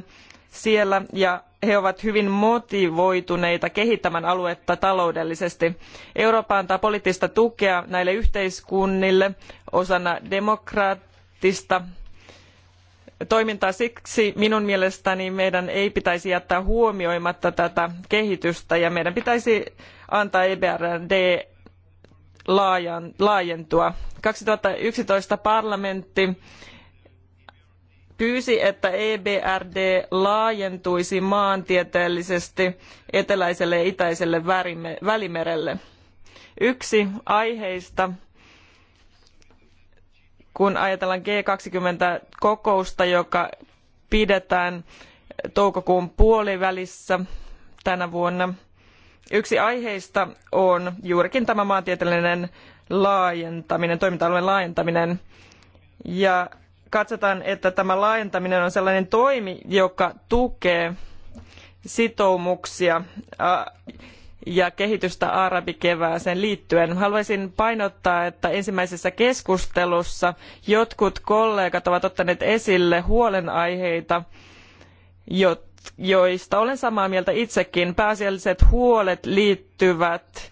siellä ja he ovat hyvin motivoituneita kehittämään aluetta taloudellisesti. eurooppa antaa poliittista tukea näille yhteiskunnille osana demokratiaa poliittista toimintaa. Siksi minun mielestäni meidän ei pitäisi jättää huomioimatta tätä kehitystä ja meidän pitäisi antaa EBRD laajentua. 2011 parlamentti pyysi, että EBRD laajentuisi maantieteellisesti eteläiselle ja itäiselle välimerelle. Yksi aiheista, kun ajatellaan G20-kokousta, joka pidetään toukokuun puolivälissä tänä vuonna. Yksi aiheista on juurikin tämä maantieteellinen laajentaminen, toiminta-alueen laajentaminen. Ja katsotaan, että tämä laajentaminen on sellainen toimi, joka tukee sitoumuksia ja kehitystä arabikevääseen liittyen. Haluaisin painottaa, että ensimmäisessä keskustelussa jotkut kollegat ovat ottaneet esille huolenaiheita, joista olen samaa mieltä itsekin. Pääasialliset huolet liittyvät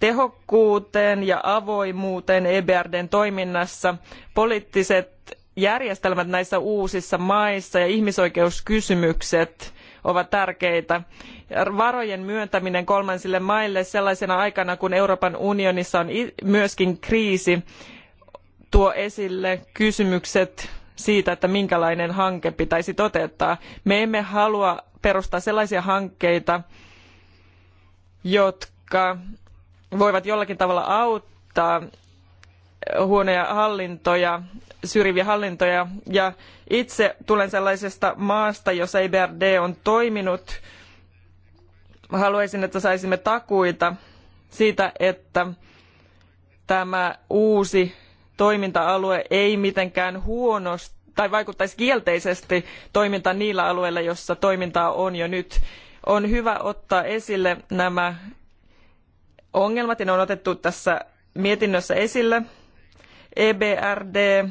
tehokkuuteen ja avoimuuteen EBRDn toiminnassa. Poliittiset järjestelmät näissä uusissa maissa ja ihmisoikeuskysymykset – ovat tärkeitä. Varojen myöntäminen kolmansille maille sellaisena aikana, kun Euroopan unionissa on myöskin kriisi, tuo esille kysymykset siitä, että minkälainen hanke pitäisi toteuttaa. Me emme halua perustaa sellaisia hankkeita, jotka voivat jollakin tavalla auttaa huonoja hallintoja, syrjiviä hallintoja. Ja itse tulen sellaisesta maasta, jossa EBRD on toiminut. Haluaisin, että saisimme takuita siitä, että tämä uusi toiminta-alue ei mitenkään huonosti tai vaikuttaisi kielteisesti toimintaan niillä alueilla, joissa toimintaa on jo nyt. On hyvä ottaa esille nämä ongelmat, ja ne on otettu tässä mietinnössä esille EBRD,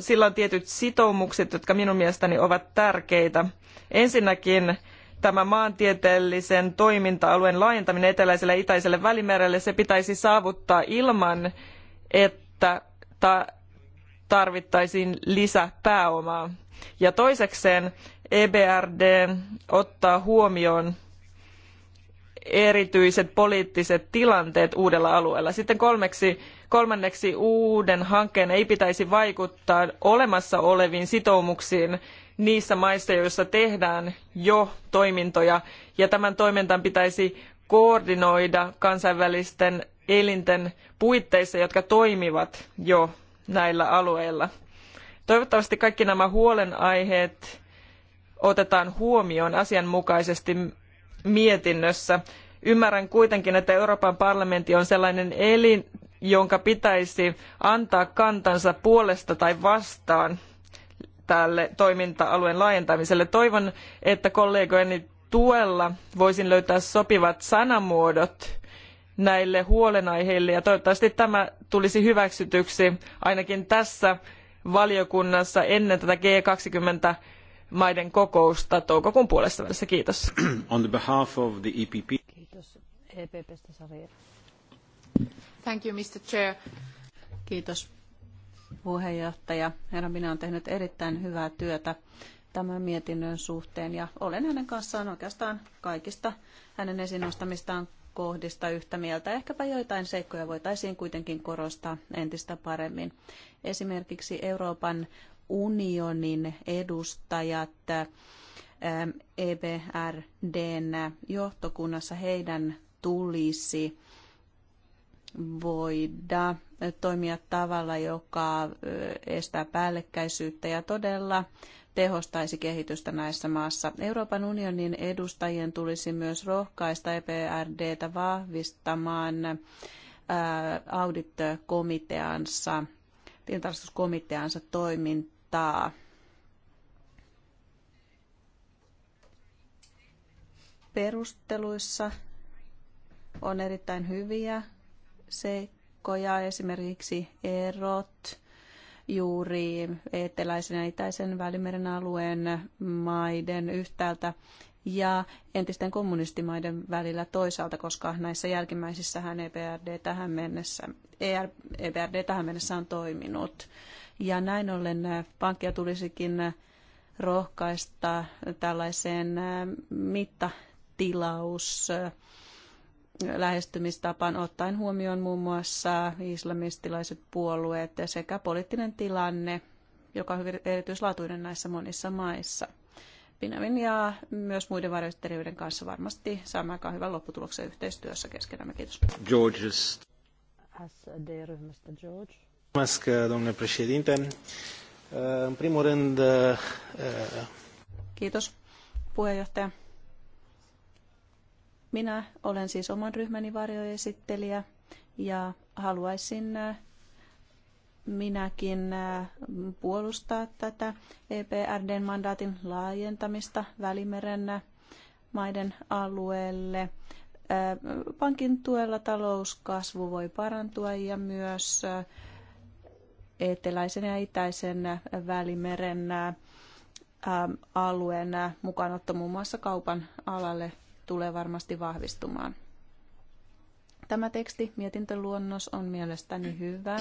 sillä on tietyt sitoumukset, jotka minun mielestäni ovat tärkeitä. Ensinnäkin tämä maantieteellisen toiminta-alueen laajentaminen eteläiselle ja itäiselle välimerelle, se pitäisi saavuttaa ilman, että tarvittaisiin lisäpääomaa. Ja toisekseen EBRD ottaa huomioon erityiset poliittiset tilanteet uudella alueella. Sitten kolmeksi, kolmanneksi uuden hankkeen ei pitäisi vaikuttaa olemassa oleviin sitoumuksiin niissä maissa, joissa tehdään jo toimintoja, ja tämän toimintan pitäisi koordinoida kansainvälisten elinten puitteissa, jotka toimivat jo näillä alueilla. Toivottavasti kaikki nämä huolenaiheet otetaan huomioon asianmukaisesti mietinnössä. Ymmärrän kuitenkin, että Euroopan parlamentti on sellainen elin, jonka pitäisi antaa kantansa puolesta tai vastaan tälle toiminta-alueen laajentamiselle. Toivon, että kollegojeni tuella voisin löytää sopivat sanamuodot näille huolenaiheille ja toivottavasti tämä tulisi hyväksytyksi ainakin tässä valiokunnassa ennen tätä G20 maiden kokousta toukokuun puolessa välissä. Kiitos. On the behalf of the EPP. Kiitos. EPPstä Sari. Thank you, Mr. Chair. Kiitos puheenjohtaja. Herra, minä on tehnyt erittäin hyvää työtä tämän mietinnön suhteen ja olen hänen kanssaan oikeastaan kaikista hänen esiin nostamistaan kohdista yhtä mieltä. Ehkäpä joitain seikkoja voitaisiin kuitenkin korostaa entistä paremmin. Esimerkiksi Euroopan unionin edustajat ähm, EBRDn johtokunnassa heidän tulisi voida toimia tavalla, joka äh, estää päällekkäisyyttä ja todella tehostaisi kehitystä näissä maissa. Euroopan unionin edustajien tulisi myös rohkaista EBRD:tä vahvistamaan äh, audit-komiteansa, tilintarkastuskomiteansa toimintaa kohtaa. Perusteluissa on erittäin hyviä seikkoja, esimerkiksi erot juuri eteläisen ja itäisen välimeren alueen maiden yhtäältä ja entisten kommunistimaiden välillä toisaalta, koska näissä jälkimmäisissähän EBRD tähän mennessä, EBRD e tähän mennessä on toiminut. Ja näin ollen äh, pankkia tulisikin äh, rohkaista tällaiseen äh, mittatilaus lähestymistapaan ottaen huomioon muun muassa islamistilaiset puolueet sekä poliittinen tilanne, joka on hyvin erityislaatuinen näissä monissa maissa. Pinavin ja myös muiden varjostelijoiden kanssa varmasti saamme aika hyvän lopputuloksen yhteistyössä keskenämme. Kiitos. Georges. SD-ryhmästä George. În primul rând... Eh, Kiitos, puheenjohtaja. Minä olen siis oman ryhmäni varjoesittelijä ja haluaisin eh, minäkin eh, puolustaa tätä EPRDn mandaatin laajentamista Välimeren maiden alueelle. Pankin tuella talouskasvu voi parantua ja myös eteläisen ja itäisen välimeren alueen mukaanotto muun muassa kaupan alalle tulee varmasti vahvistumaan. Tämä teksti, mietintöluonnos, on mielestäni hyvä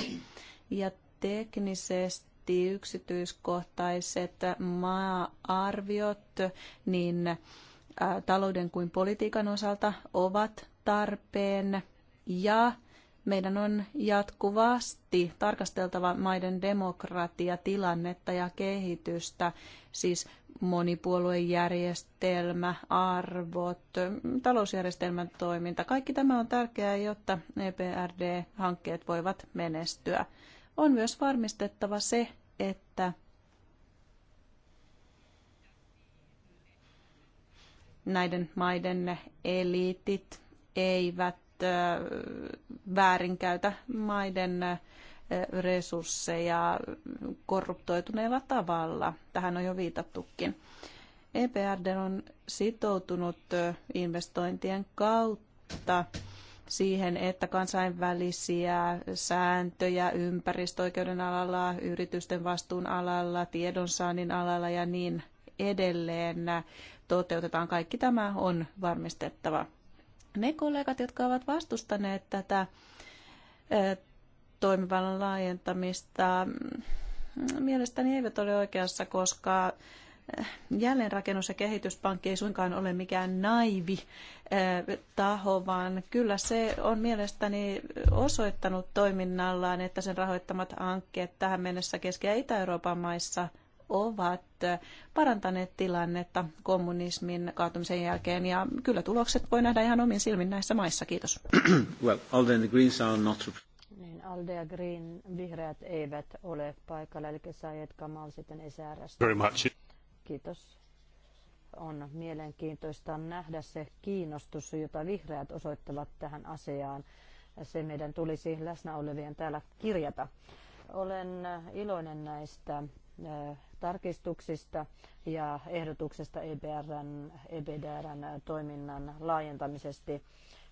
ja teknisesti yksityiskohtaiset maa-arviot niin talouden kuin politiikan osalta ovat tarpeen ja meidän on jatkuvasti tarkasteltava maiden demokratiatilannetta ja kehitystä, siis monipuoluejärjestelmä, arvot, talousjärjestelmän toiminta. Kaikki tämä on tärkeää, jotta EPRD-hankkeet voivat menestyä. On myös varmistettava se, että näiden maiden eliitit eivät väärinkäytä maiden resursseja korruptoituneella tavalla. Tähän on jo viitattukin. EPRD on sitoutunut investointien kautta siihen, että kansainvälisiä sääntöjä ympäristöoikeuden alalla, yritysten vastuun alalla, tiedonsaannin alalla ja niin edelleen toteutetaan. Kaikki tämä on varmistettava. Ne kollegat, jotka ovat vastustaneet tätä toimivallan laajentamista, mm, mielestäni eivät ole oikeassa, koska jälleenrakennus- ja kehityspankki ei suinkaan ole mikään naivi taho, vaan kyllä se on mielestäni osoittanut toiminnallaan, että sen rahoittamat hankkeet tähän mennessä Keski- ja Itä-Euroopan maissa – ovat parantaneet tilannetta kommunismin kaatumisen jälkeen ja kyllä tulokset voi nähdä ihan omin silmin näissä maissa. Kiitos. well, Alde and the Greens are not... Niin, Alde ja Green, vihreät eivät ole paikalla, eli saa jatkamaan sitten Very much. Kiitos. On mielenkiintoista nähdä se kiinnostus, jota vihreät osoittavat tähän asiaan. Se meidän tulisi läsnä olevien täällä kirjata. Olen iloinen näistä äh, tarkistuksista ja ehdotuksesta EBRn, EBDRn toiminnan laajentamisesti.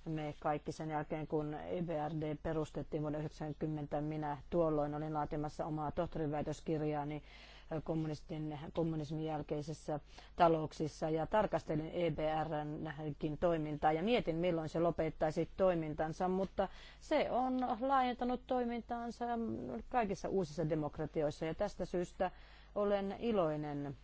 Me kaikki sen jälkeen, kun EBRD perustettiin vuonna 1990, minä tuolloin olin laatimassa omaa tohtoriväitöskirjaani eh, kommunistin, kommunismin jälkeisissä talouksissa ja tarkastelin EBRnkin toimintaa ja mietin milloin se lopettaisi toimintansa, mutta se on laajentanut toimintaansa kaikissa uusissa demokratioissa ja tästä syystä olen iloinen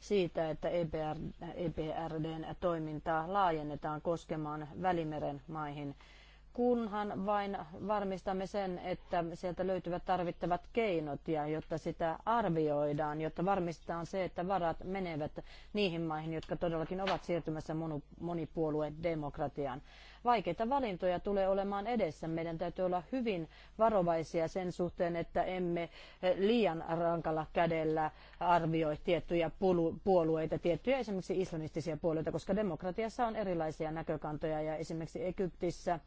siitä, että EBR, EBRDn toimintaa laajennetaan koskemaan Välimeren maihin – kunhan vain varmistamme sen, että sieltä löytyvät tarvittavat keinot ja jotta sitä arvioidaan, jotta varmistetaan se, että varat menevät niihin maihin, jotka todellakin ovat siirtymässä monipuolueen demokratiaan. Vaikeita valintoja tulee olemaan edessä. Meidän täytyy olla hyvin varovaisia sen suhteen, että emme liian rankalla kädellä arvioi tiettyjä puolueita, tiettyjä esimerkiksi islamistisia puolueita, koska demokratiassa on erilaisia näkökantoja ja esimerkiksi Egyptissä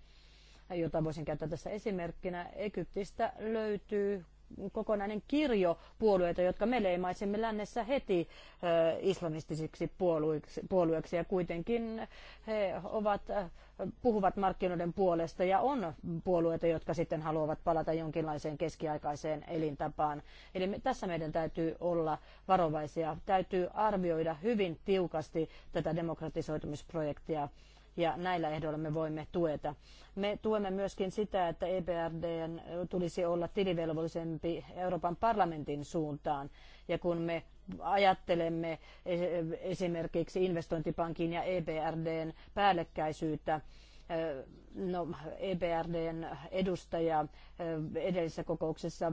jota voisin käyttää tässä esimerkkinä. Egyptistä löytyy kokonainen kirjo puolueita, jotka me leimaisimme lännessä heti islamistisiksi puolueiksi, puolueiksi ja kuitenkin he ovat, puhuvat markkinoiden puolesta ja on puolueita, jotka sitten haluavat palata jonkinlaiseen keskiaikaiseen elintapaan. Eli me, tässä meidän täytyy olla varovaisia, täytyy arvioida hyvin tiukasti tätä demokratisoitumisprojektia ja näillä ehdoilla me voimme tueta. Me tuemme myöskin sitä, että EBRDn tulisi olla tilivelvollisempi Euroopan parlamentin suuntaan ja kun me ajattelemme e- esimerkiksi investointipankin ja EBRDn päällekkäisyyttä, no, EBRDn edustaja edellisessä kokouksessa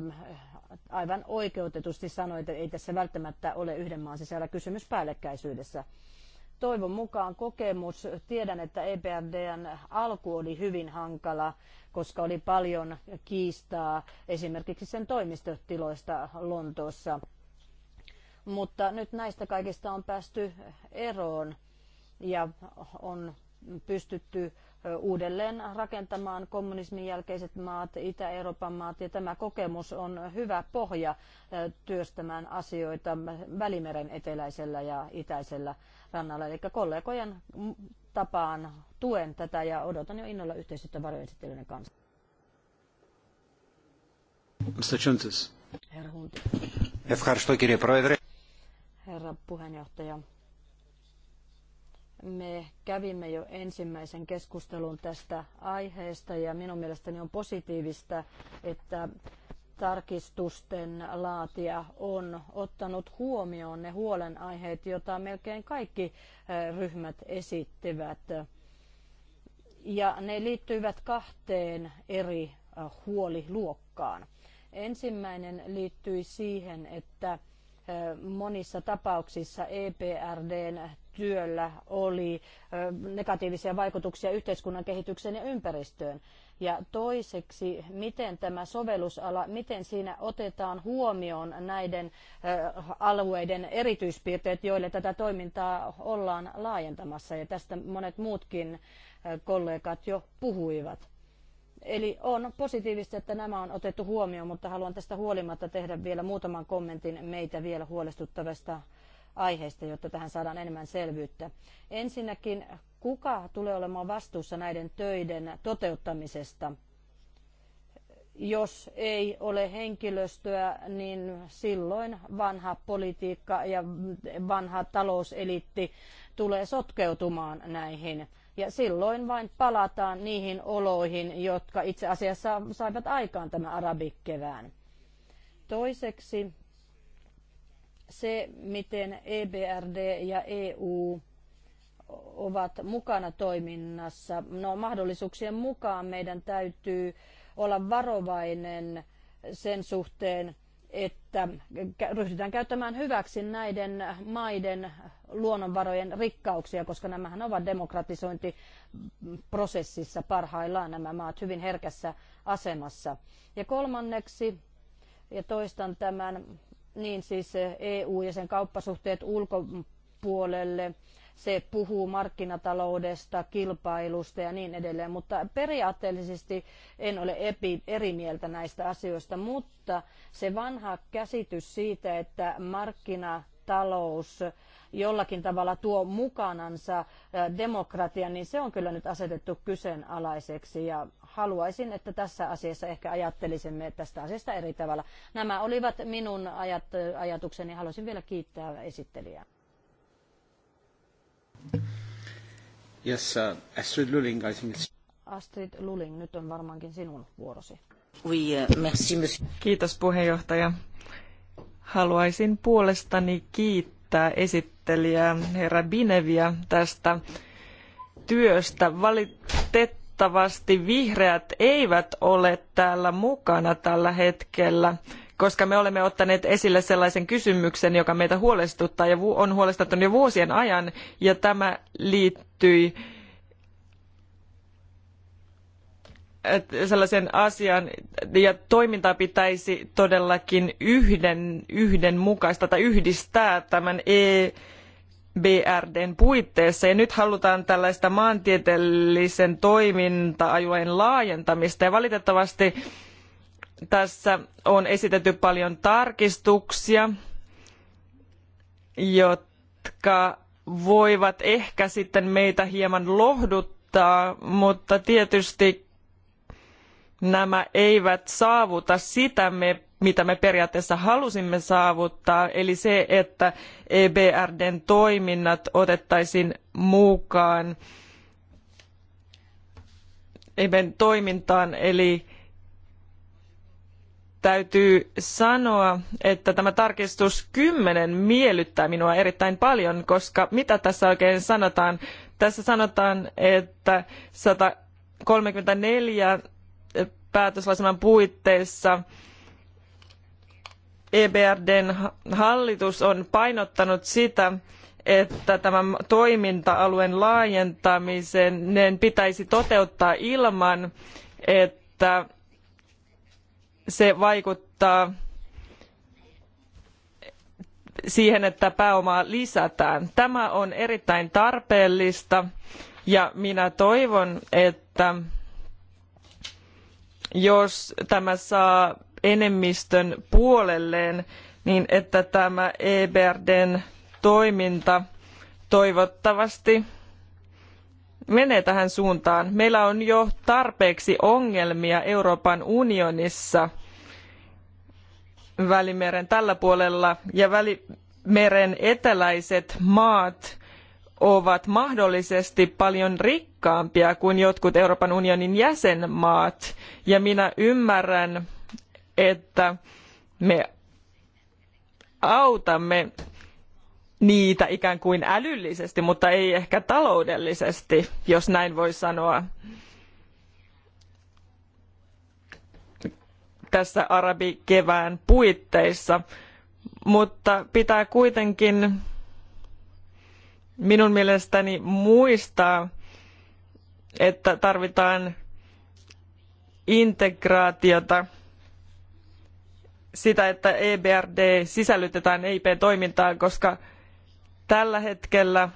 aivan oikeutetusti sanoi, että ei tässä välttämättä ole yhden maan sisällä kysymys päällekkäisyydessä toivon mukaan kokemus. Tiedän, että EBRDn alku oli hyvin hankala, koska oli paljon kiistaa esimerkiksi sen toimistotiloista Lontoossa. Mutta nyt näistä kaikista on päästy eroon ja on pystytty uudelleen rakentamaan kommunismin jälkeiset maat, Itä-Euroopan maat, ja tämä kokemus on hyvä pohja työstämään asioita Välimeren eteläisellä ja itäisellä rannalla. Eli kollegojen tapaan tuen tätä ja odotan jo innolla yhteistyötä varjoesittelyiden kanssa. Herra puheenjohtaja, me kävimme jo ensimmäisen keskustelun tästä aiheesta ja minun mielestäni on positiivista, että tarkistusten laatija on ottanut huomioon ne huolenaiheet, joita melkein kaikki eh, ryhmät esittivät. Ja ne liittyvät kahteen eri eh, huoliluokkaan. Ensimmäinen liittyi siihen, että eh, monissa tapauksissa EPRDn työllä oli negatiivisia vaikutuksia yhteiskunnan kehitykseen ja ympäristöön. Ja toiseksi, miten tämä sovellusala, miten siinä otetaan huomioon näiden alueiden erityispiirteet, joille tätä toimintaa ollaan laajentamassa. Ja tästä monet muutkin kollegat jo puhuivat. Eli on positiivista, että nämä on otettu huomioon, mutta haluan tästä huolimatta tehdä vielä muutaman kommentin meitä vielä huolestuttavasta aiheesta, jotta tähän saadaan enemmän selvyyttä. Ensinnäkin, kuka tulee olemaan vastuussa näiden töiden toteuttamisesta? Jos ei ole henkilöstöä, niin silloin vanha politiikka ja vanha talouselitti tulee sotkeutumaan näihin ja silloin vain palataan niihin oloihin, jotka itse asiassa saivat aikaan tämän arabikevään. Toiseksi se, miten EBRD ja EU ovat mukana toiminnassa. No, mahdollisuuksien mukaan meidän täytyy olla varovainen sen suhteen, että ryhdytään käyttämään hyväksi näiden maiden luonnonvarojen rikkauksia, koska nämähän ovat demokratisointiprosessissa parhaillaan nämä maat hyvin herkässä asemassa. Ja kolmanneksi, ja toistan tämän, niin siis EU eh, e ja sen kauppasuhteet ulkopuolelle, se puhuu markkinataloudesta, kilpailusta ja niin edelleen, mutta periaatteellisesti en ole epi, eri mieltä näistä asioista, mutta se vanha käsitys siitä, että markkina talous jollakin tavalla tuo mukanansa äh, demokratian, niin se on kyllä nyt asetettu kyseenalaiseksi ja haluaisin, että tässä asiassa ehkä ajattelisimme tästä asiasta eri tavalla. Nämä olivat minun ajat, ajatukseni. Haluaisin vielä kiittää esittelijää. Yes, uh, Astrid Luling, I think it's... Astrid Luling, nyt on varmaankin sinun vuorosi. Oui, euh, merci, Kiitos puheenjohtaja. Haluaisin puolestani kiittää esittelijää herra Bineviä tästä työstä. Valitettavasti vihreät eivät ole täällä mukana tällä hetkellä koska me olemme ottaneet esille sellaisen kysymyksen, joka meitä huolestuttaa ja on huolestuttanut jo vuosien ajan, ja tämä liittyi sellaisen asian ja toimintaa pitäisi todellakin yhden, yhdenmukaista tai yhdistää tämän e BRDn puitteissa ja nyt halutaan tällaista maantieteellisen toiminta-alueen laajentamista ja valitettavasti tässä on esitetty paljon tarkistuksia, jotka voivat ehkä sitten meitä hieman lohduttaa, mutta tietysti nämä eivät saavuta sitä, mitä me periaatteessa halusimme saavuttaa, eli se, että EBRDn toiminnat otettaisiin mukaan EBRDn toimintaan, eli täytyy sanoa, että tämä tarkistus kymmenen miellyttää minua erittäin paljon, koska mitä tässä oikein sanotaan? Tässä sanotaan, että 134 päätöslauselman puitteissa EBRDn hallitus on painottanut sitä, että tämän toiminta-alueen laajentamisen pitäisi toteuttaa ilman, että se vaikuttaa siihen, että pääomaa lisätään. Tämä on erittäin tarpeellista ja minä toivon, että jos tämä saa enemmistön puolelleen, niin että tämä EBRDn toiminta toivottavasti menee tähän suuntaan. Meillä on jo tarpeeksi ongelmia Euroopan unionissa Välimeren tällä puolella ja Välimeren eteläiset maat ovat mahdollisesti paljon rikkaampia kuin jotkut Euroopan unionin jäsenmaat. Ja minä ymmärrän, että me autamme niitä ikään kuin älyllisesti, mutta ei ehkä taloudellisesti, jos näin voi sanoa. tässä arabikevään puitteissa, mutta pitää kuitenkin minun mielestäni muistaa, että tarvitaan integraatiota sitä, että EBRD sisällytetään EIP-toimintaan, koska tällä hetkellä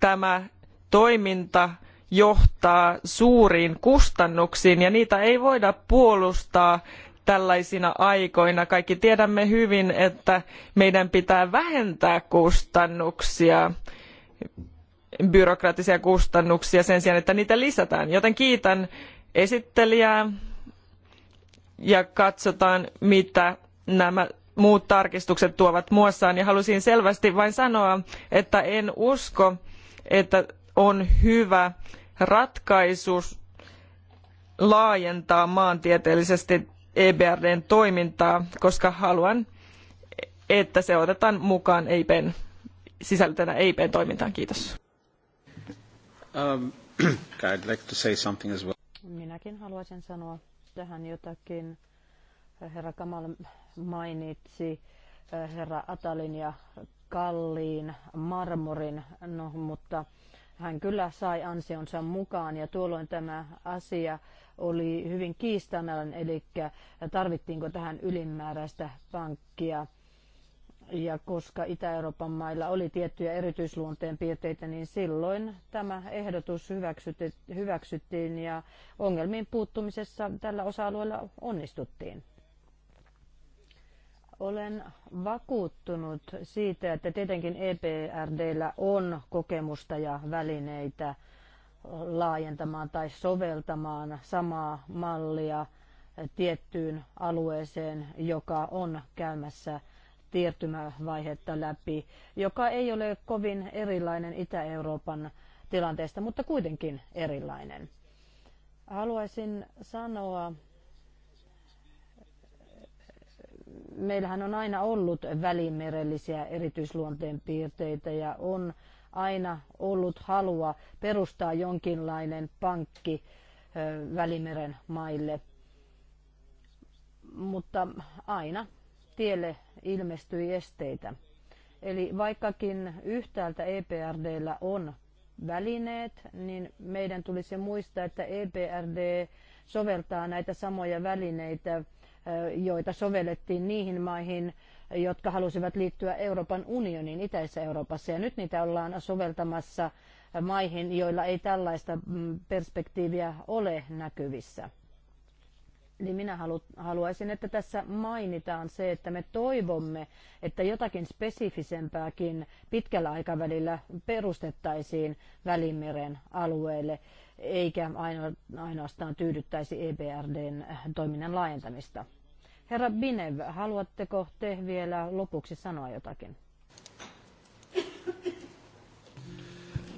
tämä toiminta johtaa suuriin kustannuksiin ja niitä ei voida puolustaa tällaisina aikoina. Kaikki tiedämme hyvin, että meidän pitää vähentää kustannuksia byrokraattisia kustannuksia sen sijaan, että niitä lisätään. Joten kiitän esittelijää ja katsotaan, mitä nämä muut tarkistukset tuovat muassaan. Ja halusin selvästi vain sanoa, että en usko, että on hyvä ratkaisu laajentaa maantieteellisesti EBRDn toimintaa, koska haluan, että se otetaan mukaan EIPen sisällytetä EIPn toimintaan. Kiitos. Um, I'd like to say something as well. Minäkin haluaisin sanoa tähän jotakin. Herra Kamal mainitsi eh, herra Atalin ja kalliin marmorin, no, mutta hän kyllä sai ansionsa mukaan ja tuolloin tämä asia oli hyvin kiistanalainen, eli tarvittiinko tähän ylimääräistä pankkia. Ja koska Itä-Euroopan mailla oli tiettyjä erityisluonteen piirteitä, niin silloin tämä ehdotus hyväksyttiin ja ongelmiin puuttumisessa tällä osa-alueella onnistuttiin. Olen vakuuttunut siitä, että tietenkin EPRDllä on kokemusta ja välineitä laajentamaan tai soveltamaan samaa mallia tiettyyn alueeseen, joka on käymässä – siirtymävaihetta läpi, joka ei ole kovin erilainen Itä-Euroopan tilanteesta, mutta kuitenkin erilainen. Haluaisin sanoa, meillähän on aina ollut välimerellisiä erityisluonteen piirteitä ja on aina ollut halua perustaa jonkinlainen pankki Välimeren maille. Mutta aina tielle ilmestyi esteitä. Eli vaikkakin yhtäältä EPRDllä on välineet, niin meidän tulisi muistaa, että EPRD soveltaa näitä samoja välineitä, joita sovellettiin niihin maihin, jotka halusivat liittyä Euroopan unioniin Itäisessä Euroopassa. Ja nyt niitä ollaan soveltamassa maihin, joilla ei tällaista mm, perspektiiviä ole näkyvissä niin minä haluaisin, että tässä mainitaan se, että me toivomme, että jotakin spesifisempääkin pitkällä aikavälillä perustettaisiin Välimeren alueelle, eikä ainoastaan tyydyttäisi EBRDn äh, toiminnan laajentamista. Herra Binev, haluatteko te vielä lopuksi sanoa jotakin?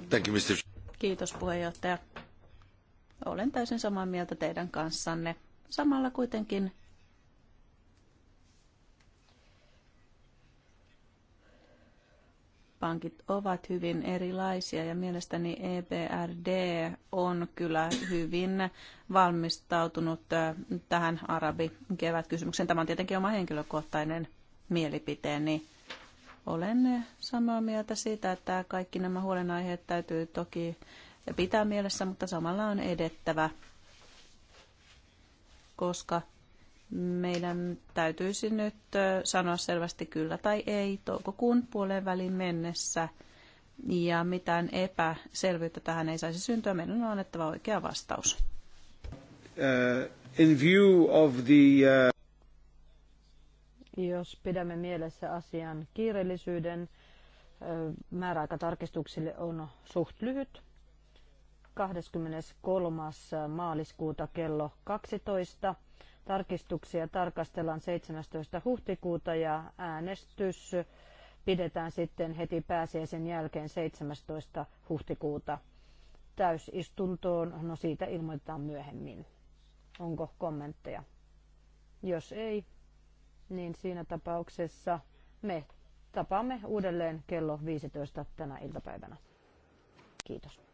Thank you, Mr. Kiitos puheenjohtaja. Olen täysin samaa mieltä teidän kanssanne samalla kuitenkin pankit ovat hyvin erilaisia ja mielestäni EBRD on kyllä hyvin valmistautunut tähän kevätkysymykseen. Tämä on tietenkin oma henkilökohtainen mielipiteeni. Olen samaa mieltä siitä, että kaikki nämä huolenaiheet täytyy toki pitää mielessä, mutta samalla on edettävä koska meidän täytyisi nyt sanoa selvästi kyllä tai ei toukokuun puolen välin mennessä. Ja mitään epäselvyyttä tähän ei saisi syntyä. Meidän on annettava oikea vastaus. Uh, in view of the, uh... Jos pidämme mielessä asian kiireellisyyden, määräaikatarkistuksille on suht lyhyt, 23. maaliskuuta kello 12. Tarkistuksia tarkastellaan 17. huhtikuuta ja äänestys pidetään sitten heti pääsiäisen jälkeen 17. huhtikuuta täysistuntoon. No siitä ilmoitetaan myöhemmin. Onko kommentteja? Jos ei, niin siinä tapauksessa me tapaamme uudelleen kello 15 tänä iltapäivänä. Kiitos.